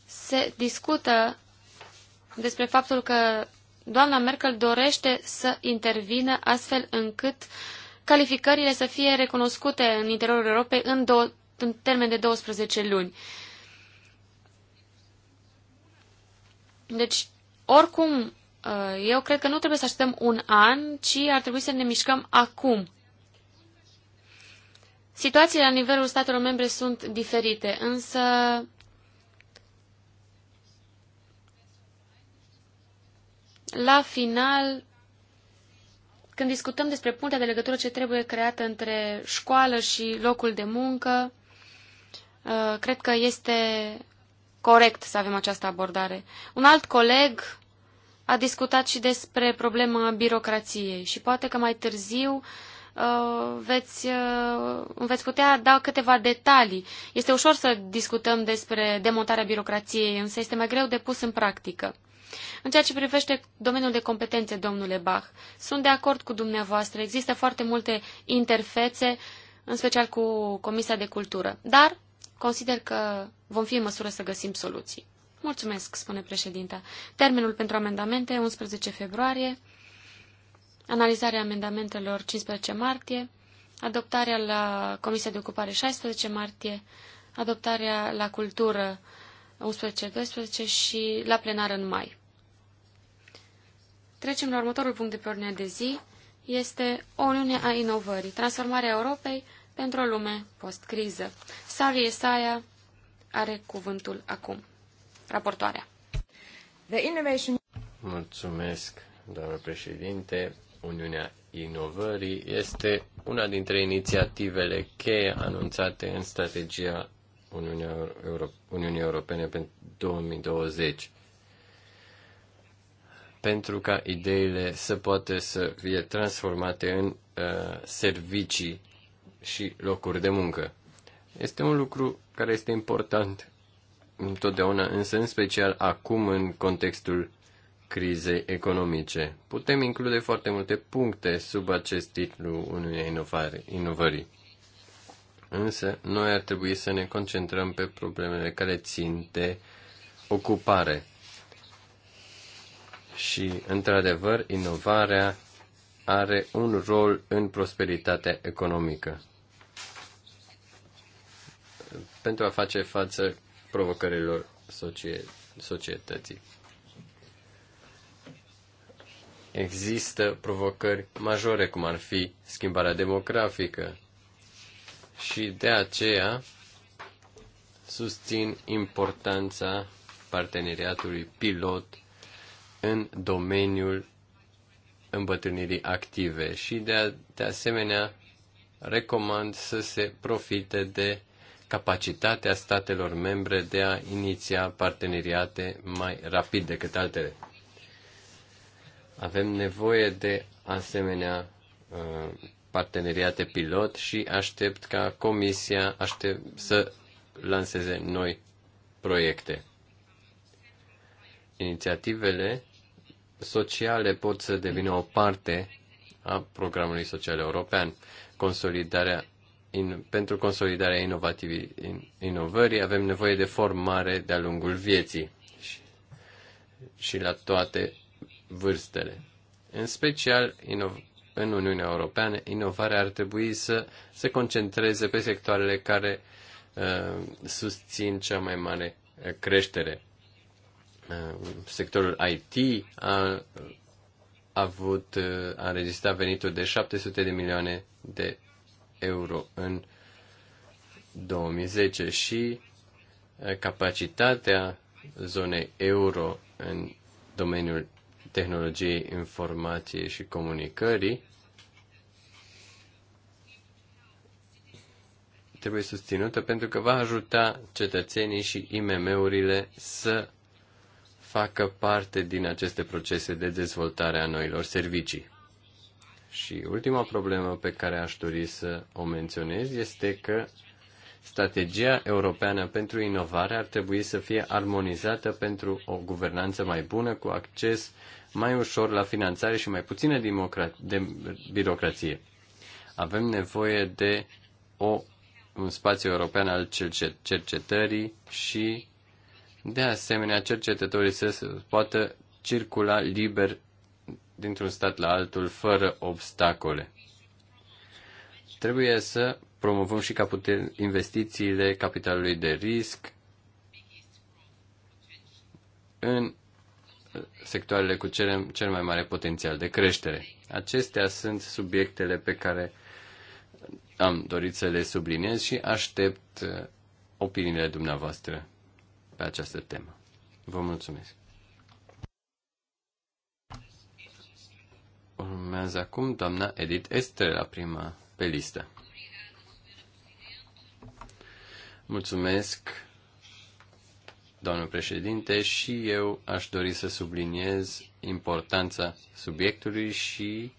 se discută despre faptul că doamna Merkel dorește să intervină astfel încât calificările să fie recunoscute în interiorul Europei în, do- în termen de 12 luni. Deci, oricum, uh, eu cred că nu trebuie să așteptăm un an, ci ar trebui să ne mișcăm acum. Situațiile la nivelul statelor membre sunt diferite, însă la final, când discutăm despre puntea de legătură ce trebuie creată între școală și locul de muncă, uh, cred că este corect să avem această abordare. Un alt coleg a discutat și despre problema birocrației și poate că mai târziu uh, veți, uh, veți putea da câteva detalii. Este ușor să discutăm despre demontarea birocrației, însă este mai greu de pus în practică. În ceea ce privește domeniul de competențe, domnule Bach, sunt de acord cu dumneavoastră. Există foarte multe interfețe, în special cu Comisia de Cultură. Dar consider că vom fi în măsură să găsim soluții. Mulțumesc, spune președinta. Termenul pentru amendamente, 11 februarie, analizarea amendamentelor 15 martie, adoptarea la Comisia de Ocupare 16 martie, adoptarea la Cultură 11-12 și la plenar în mai. Trecem la următorul punct de pe ordinea de zi. Este o Uniune a Inovării, transformarea Europei pentru o lume post-criză. Sari Esaia are cuvântul acum. Raportoarea. The innovation... Mulțumesc, doamnă președinte. Uniunea Inovării este una dintre inițiativele cheie anunțate în strategia Uniunii Europene pentru 2020 pentru ca ideile să poată să fie transformate în uh, servicii și locuri de muncă. Este un lucru care este important întotdeauna, însă în special acum în contextul crizei economice. Putem include foarte multe puncte sub acest titlu unei inovare, inovării. Însă, noi ar trebui să ne concentrăm pe problemele care țin de ocupare. Și, într-adevăr, inovarea are un rol în prosperitatea economică pentru a face față provocărilor societății. Există provocări majore, cum ar fi schimbarea demografică și de aceea susțin importanța parteneriatului pilot în domeniul îmbătrânirii active și de, a, de asemenea recomand să se profite de capacitatea statelor membre de a iniția parteneriate mai rapid decât altele. Avem nevoie de asemenea uh, parteneriate pilot și aștept ca Comisia aștept să lanseze noi proiecte. Inițiativele sociale pot să devină o parte a programului social european. Consolidarea in, pentru consolidarea inovativii, in, inovării avem nevoie de formare de-a lungul vieții și, și la toate vârstele. În special, ino, în Uniunea Europeană, inovarea ar trebui să se concentreze pe sectoarele care uh, susțin cea mai mare uh, creștere. Uh, sectorul IT a avut, uh, a înregistrat venituri de 700 de milioane de euro în 2010 și uh, capacitatea zonei euro în domeniul tehnologiei informației și comunicării trebuie susținută pentru că va ajuta cetățenii și IMM-urile să facă parte din aceste procese de dezvoltare a noilor servicii. Și ultima problemă pe care aș dori să o menționez este că strategia europeană pentru inovare ar trebui să fie armonizată pentru o guvernanță mai bună, cu acces mai ușor la finanțare și mai puțină de birocrație. Avem nevoie de o, un spațiu european al cercetării și de asemenea, cercetătorii să poată circula liber dintr-un stat la altul fără obstacole. Trebuie să promovăm și investițiile capitalului de risc în sectoarele cu cel, cel mai mare potențial de creștere. Acestea sunt subiectele pe care am dorit să le subliniez și aștept uh, opiniile dumneavoastră pe această temă. Vă mulțumesc. Urmează acum doamna Edith este la prima pe listă. Mulțumesc, doamnă președinte, și eu aș dori să subliniez importanța subiectului și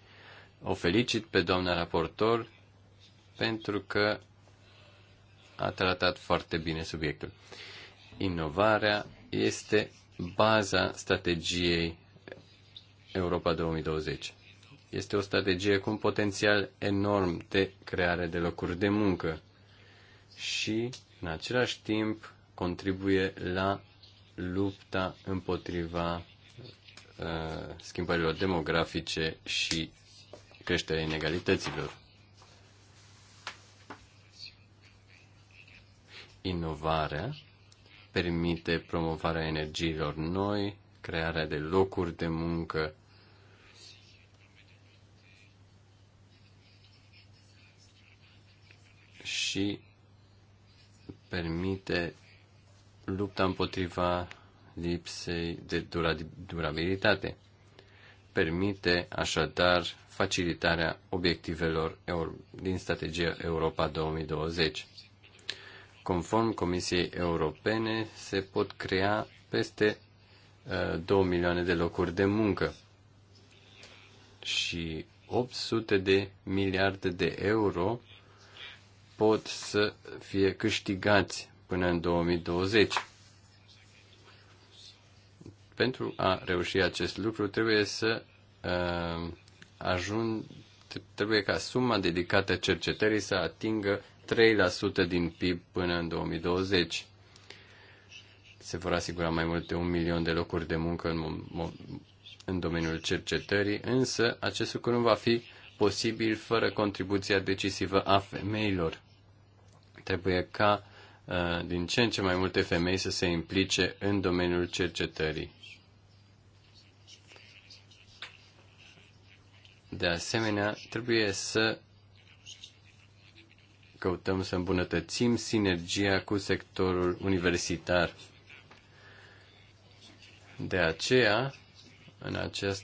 o felicit pe doamna raportor pentru că a tratat foarte bine subiectul. Inovarea este baza strategiei Europa 2020. Este o strategie cu un potențial enorm de creare de locuri de muncă și, în același timp, contribuie la lupta împotriva uh, schimbărilor demografice și creșterea inegalităților. Inovarea permite promovarea energiilor noi, crearea de locuri de muncă. și permite lupta împotriva lipsei de durabilitate. Permite așadar facilitarea obiectivelor din strategia Europa 2020. Conform Comisiei Europene, se pot crea peste 2 uh, milioane de locuri de muncă și 800 de miliarde de euro pot să fie câștigați până în 2020. Pentru a reuși acest lucru trebuie să uh, ajung, trebuie ca suma dedicată cercetării să atingă 3% din PIB până în 2020. Se vor asigura mai mult de un milion de locuri de muncă în, în domeniul cercetării, însă acest lucru nu va fi posibil fără contribuția decisivă a femeilor. Trebuie ca uh, din ce în ce mai multe femei să se implice în domeniul cercetării. De asemenea, trebuie să căutăm să îmbunătățim sinergia cu sectorul universitar. De aceea, în acest,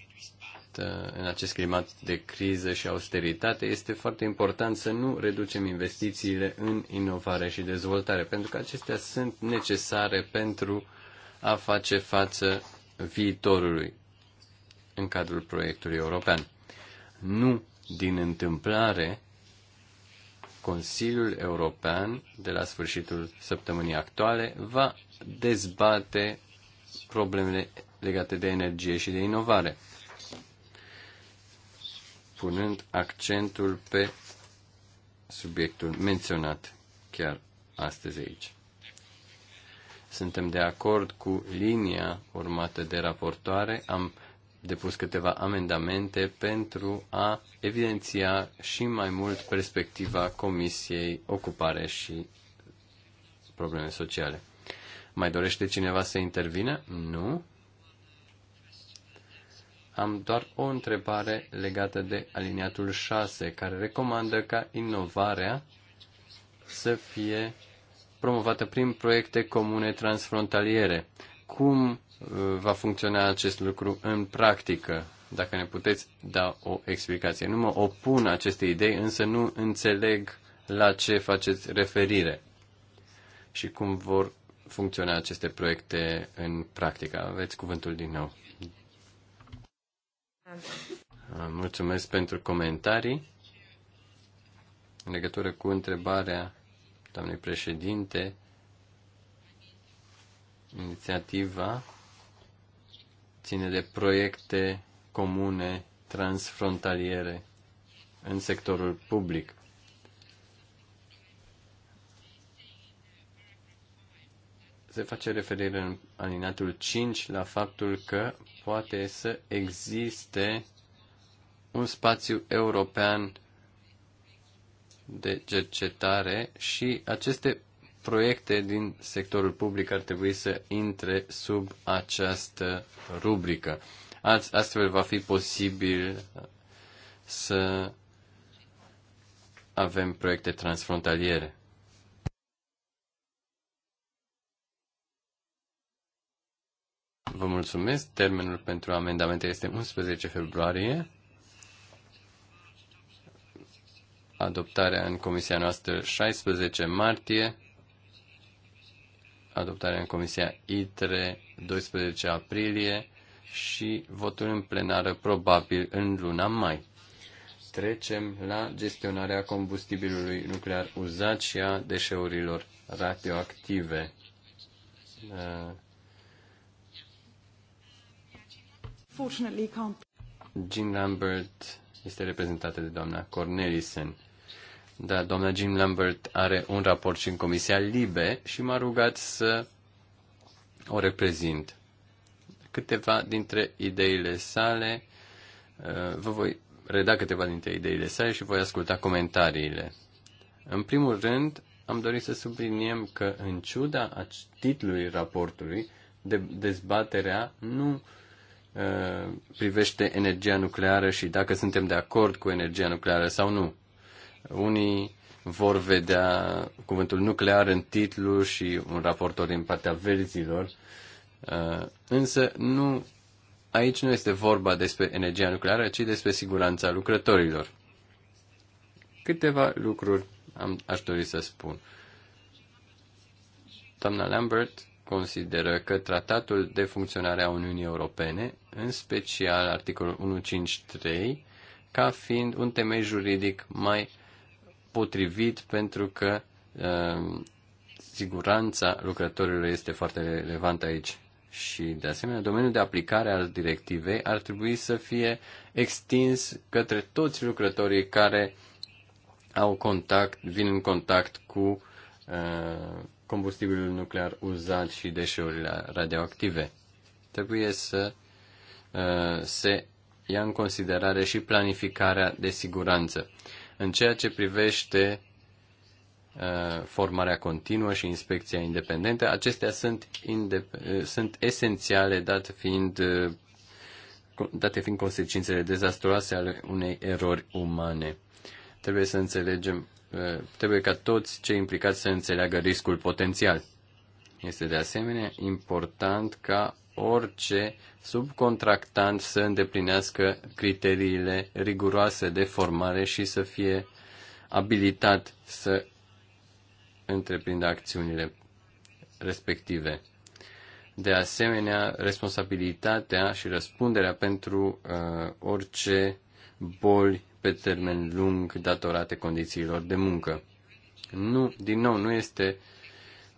în acest climat de criză și austeritate, este foarte important să nu reducem investițiile în inovare și dezvoltare, pentru că acestea sunt necesare pentru a face față viitorului în cadrul proiectului european. Nu din întâmplare Consiliul European de la sfârșitul săptămânii actuale va dezbate problemele legate de energie și de inovare, punând accentul pe subiectul menționat chiar astăzi aici. Suntem de acord cu linia urmată de raportoare, am depus câteva amendamente pentru a evidenția și mai mult perspectiva Comisiei Ocupare și Probleme Sociale. Mai dorește cineva să intervină? Nu. Am doar o întrebare legată de aliniatul 6, care recomandă ca inovarea să fie promovată prin proiecte comune transfrontaliere. Cum va funcționa acest lucru în practică? Dacă ne puteți da o explicație. Nu mă opun acestei idei, însă nu înțeleg la ce faceți referire și cum vor funcționa aceste proiecte în practică. Aveți cuvântul din nou. Mulțumesc pentru comentarii. În legătură cu întrebarea doamnei președinte, inițiativa ține de proiecte comune transfrontaliere în sectorul public. Se face referire în alinatul 5 la faptul că poate să existe un spațiu european de cercetare și aceste proiecte din sectorul public ar trebui să intre sub această rubrică. Astfel va fi posibil să avem proiecte transfrontaliere. Vă mulțumesc. Termenul pentru amendamente este 11 februarie. Adoptarea în comisia noastră 16 martie adoptarea în Comisia ITRE 12 aprilie și votul în plenară probabil în luna mai. Trecem la gestionarea combustibilului nuclear uzat și a deșeurilor radioactive. Jean Lambert este reprezentată de doamna Cornelissen. Da, doamna Jim Lambert are un raport și în Comisia Libe și m-a rugat să o reprezint. Câteva dintre ideile sale, uh, vă voi reda câteva dintre ideile sale și voi asculta comentariile. În primul rând, am dorit să subliniem că, în ciuda a titlului raportului, de, dezbaterea nu uh, privește energia nucleară și dacă suntem de acord cu energia nucleară sau nu. Unii vor vedea cuvântul nuclear în titlu și un raportor din partea verzilor, uh, însă nu, aici nu este vorba despre energia nucleară, ci despre siguranța lucrătorilor. Câteva lucruri am, aș dori să spun. Doamna Lambert consideră că tratatul de funcționare a Uniunii Europene, în special articolul 153, ca fiind un temei juridic mai potrivit pentru că uh, siguranța lucrătorilor este foarte relevantă aici. Și, de asemenea, domeniul de aplicare al directivei ar trebui să fie extins către toți lucrătorii care au contact, vin în contact cu uh, combustibilul nuclear uzat și deșeurile radioactive. Trebuie să uh, se ia în considerare și planificarea de siguranță în ceea ce privește uh, formarea continuă și inspecția independentă. Acestea sunt, indep- uh, sunt esențiale, dat fiind, uh, date fiind consecințele dezastroase ale unei erori umane. Trebuie să înțelegem, trebuie ca toți cei implicați să înțeleagă riscul potențial. Este de asemenea important ca orice subcontractant să îndeplinească criteriile riguroase de formare și să fie abilitat să întreprindă acțiunile respective. De asemenea, responsabilitatea și răspunderea pentru uh, orice boli pe termen lung datorate condițiilor de muncă. Nu, din nou, nu este uh,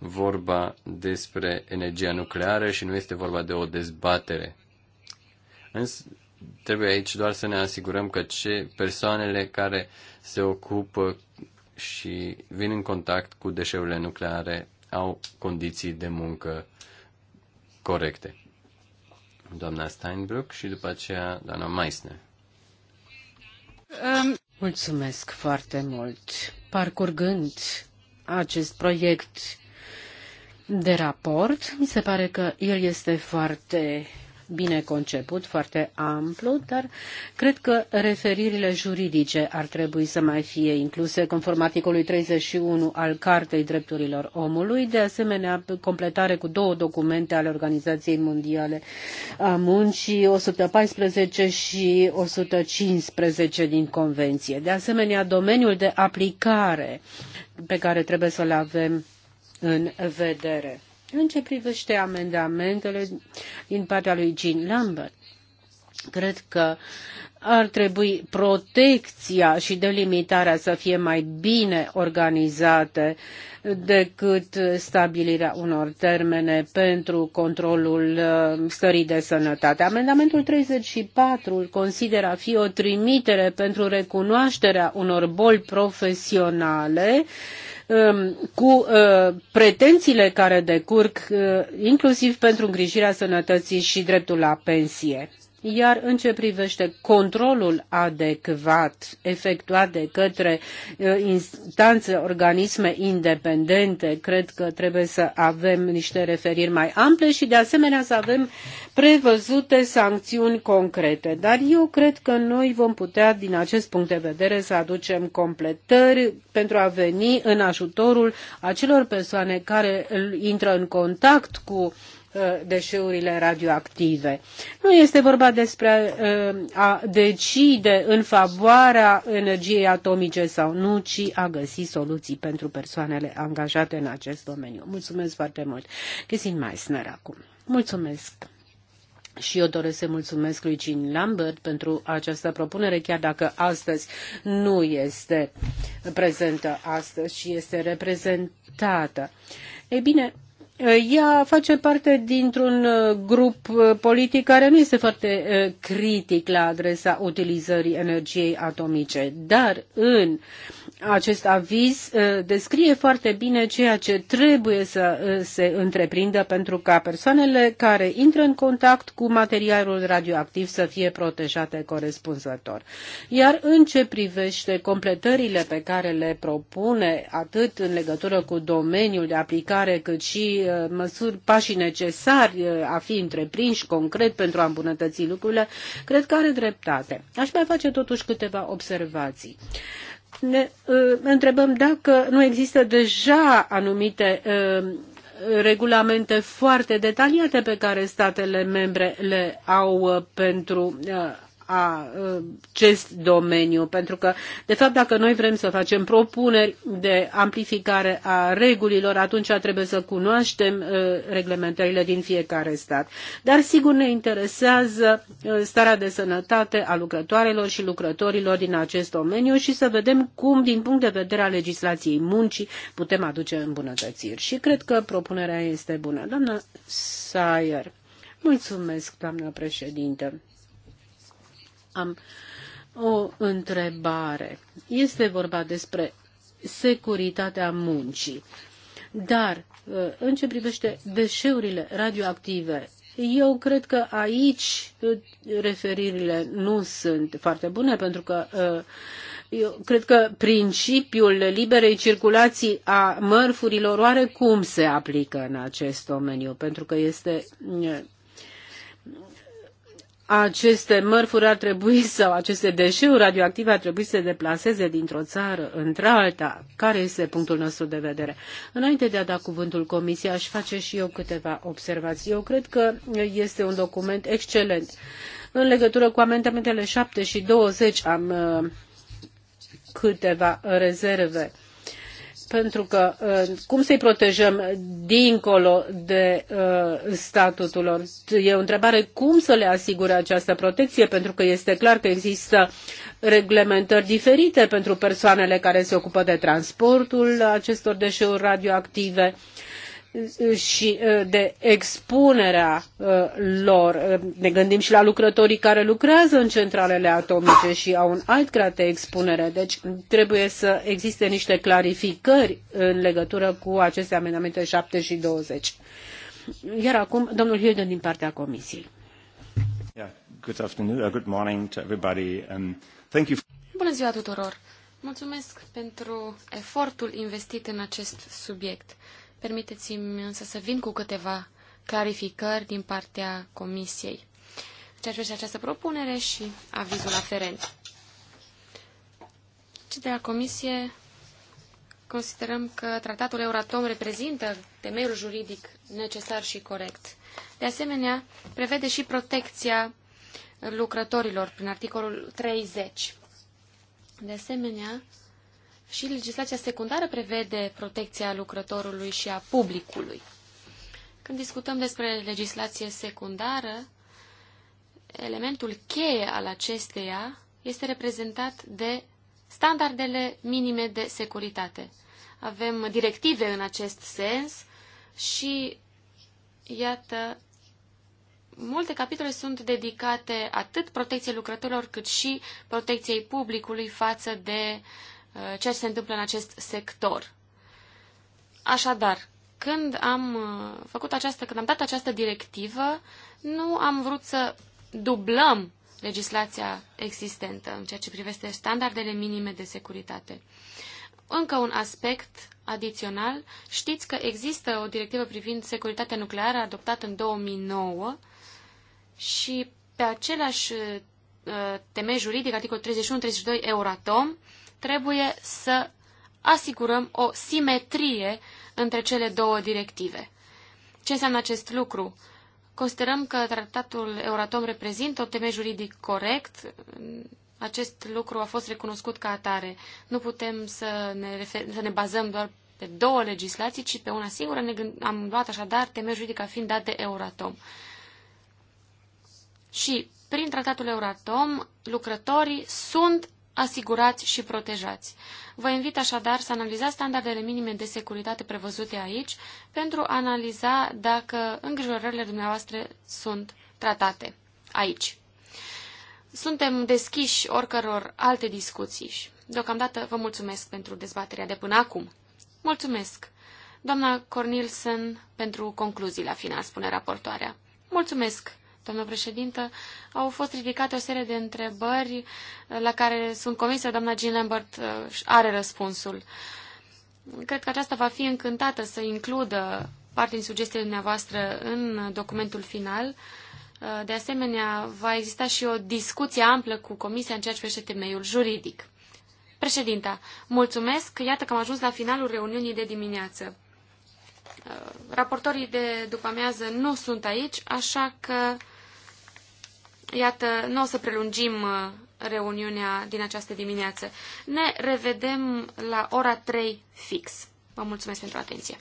vorba despre energia nucleară și nu este vorba de o dezbatere. Însă, trebuie aici doar să ne asigurăm că ce persoanele care se ocupă și vin în contact cu deșeurile nucleare au condiții de muncă corecte. Doamna Steinbrück și după aceea doamna Meissner. Um, mulțumesc foarte mult. Parcurgând acest proiect de raport. Mi se pare că el este foarte bine conceput, foarte amplu, dar cred că referirile juridice ar trebui să mai fie incluse conform articolului 31 al Cartei Drepturilor Omului, de asemenea completare cu două documente ale Organizației Mondiale a Muncii, 114 și 115 din Convenție. De asemenea, domeniul de aplicare pe care trebuie să-l avem în vedere. În ce privește amendamentele din partea lui Jean Lambert, cred că ar trebui protecția și delimitarea să fie mai bine organizate decât stabilirea unor termene pentru controlul uh, stării de sănătate. Amendamentul 34 îl consideră a fi o trimitere pentru recunoașterea unor boli profesionale uh, Um, cu uh, pretențiile care decurg uh, inclusiv pentru îngrijirea sănătății și dreptul la pensie. Iar în ce privește controlul adecvat efectuat de către uh, instanțe, organisme independente, cred că trebuie să avem niște referiri mai ample și de asemenea să avem prevăzute sancțiuni concrete. Dar eu cred că noi vom putea, din acest punct de vedere, să aducem completări pentru a veni în ajutorul acelor persoane care intră în contact cu Uh, deșeurile radioactive. Nu este vorba despre uh, a decide în favoarea energiei atomice sau nu, ci a găsi soluții pentru persoanele angajate în acest domeniu. Mulțumesc foarte mult. Ghesin Meissner acum. Mulțumesc. Și eu doresc să mulțumesc lui Jean Lambert pentru această propunere, chiar dacă astăzi nu este prezentă astăzi și este reprezentată. Ei bine, ea face parte dintr-un uh, grup uh, politic care nu este foarte uh, critic la adresa utilizării energiei atomice, dar în acest aviz uh, descrie foarte bine ceea ce trebuie să uh, se întreprindă pentru ca persoanele care intră în contact cu materialul radioactiv să fie protejate corespunzător. Iar în ce privește completările pe care le propune, atât în legătură cu domeniul de aplicare, cât și uh, măsuri, pașii necesari a fi întreprinși concret pentru a îmbunătăți lucrurile, cred că are dreptate. Aș mai face totuși câteva observații ne uh, întrebăm dacă nu există deja anumite uh, regulamente foarte detaliate pe care statele membre le au uh, pentru acest domeniu, pentru că, de fapt, dacă noi vrem să facem propuneri de amplificare a regulilor, atunci trebuie să cunoaștem reglementările din fiecare stat. Dar, sigur, ne interesează starea de sănătate a lucrătoarelor și lucrătorilor din acest domeniu și să vedem cum, din punct de vedere a legislației muncii, putem aduce îmbunătățiri. Și cred că propunerea este bună. Doamna Sayer. Mulțumesc, doamnă președinte. Am o întrebare. Este vorba despre securitatea muncii. Dar uh, în ce privește deșeurile radioactive, eu cred că aici uh, referirile nu sunt foarte bune pentru că uh, eu cred că principiul liberei circulații a mărfurilor oarecum se aplică în acest domeniu, pentru că este aceste mărfuri ar trebui [LAUGHS] sau aceste deșeuri radioactive ar trebui să se deplaseze dintr-o țară într-alta. Care este punctul nostru de vedere? Înainte de a da cuvântul Comisiei, aș face și eu câteva observații. Eu cred că este un document excelent. În legătură cu amendamentele 7 și 20 am uh, câteva rezerve pentru că uh, cum să-i protejăm dincolo de uh, statutul lor? E o întrebare cum să le asigure această protecție, pentru că este clar că există reglementări diferite pentru persoanele care se ocupă de transportul acestor deșeuri radioactive. Uh, și uh, de expunerea uh, lor. Uh, ne gândim și la lucrătorii care lucrează în centralele atomice și au un alt grad de expunere. Deci trebuie să existe niște clarificări în legătură cu aceste amendamente 7 și 20. Iar acum, domnul Hilden din partea Comisiei. Yeah, good afternoon, good morning to everybody. Um, thank you. Bună ziua tuturor! Mulțumesc pentru efortul investit în acest subiect. Permiteți-mi însă să vin cu câteva clarificări din partea Comisiei. Ceea ce această propunere și avizul aferent. Ce deci, de la Comisie considerăm că tratatul Euratom reprezintă temeiul juridic necesar și corect. De asemenea, prevede și protecția lucrătorilor prin articolul 30. De asemenea, și legislația secundară prevede protecția lucrătorului și a publicului. Când discutăm despre legislație secundară, elementul cheie al acesteia este reprezentat de standardele minime de securitate. Avem directive în acest sens și, iată, multe capitole sunt dedicate atât protecției lucrătorilor cât și protecției publicului față de Uh, ce se întâmplă în acest sector. Așadar, când am uh, făcut această, când am dat această directivă, nu am vrut să dublăm legislația existentă în ceea ce privește standardele minime de securitate. Încă un aspect adițional, știți că există o directivă privind securitatea nucleară adoptată în 2009 și pe același uh, temei juridic, articolul 31-32 Euratom, trebuie să asigurăm o simetrie între cele două directive. Ce înseamnă acest lucru? Considerăm că tratatul Euratom reprezintă o temei juridic corect. Acest lucru a fost recunoscut ca atare. Nu putem să ne, refer- să ne bazăm doar pe două legislații, ci pe una singură. Ne gând- am luat așadar temei juridic ca fiind dat de Euratom. Și prin tratatul Euratom, lucrătorii sunt asigurați și protejați. Vă invit așadar să analizați standardele minime de securitate prevăzute aici pentru a analiza dacă îngrijorările dumneavoastră sunt tratate aici. Suntem deschiși oricăror alte discuții și deocamdată vă mulțumesc pentru dezbaterea de până acum. Mulțumesc! Doamna Cornilson pentru concluzii la final, spune raportoarea. Mulțumesc! doamnă președintă, au fost ridicate o serie de întrebări la care sunt convinsă doamna Jean Lambert uh, are răspunsul. Cred că aceasta va fi încântată să includă parte din sugestiile dumneavoastră în documentul final. Uh, de asemenea, va exista și o discuție amplă cu Comisia în ceea ce privește temeiul juridic. Președinta, mulțumesc. Iată că am ajuns la finalul reuniunii de dimineață. Uh, raportorii de după amiază nu sunt aici, așa că Iată, nu o să prelungim uh, reuniunea din această dimineață. Ne revedem la ora 3 fix. Vă mulțumesc pentru atenție.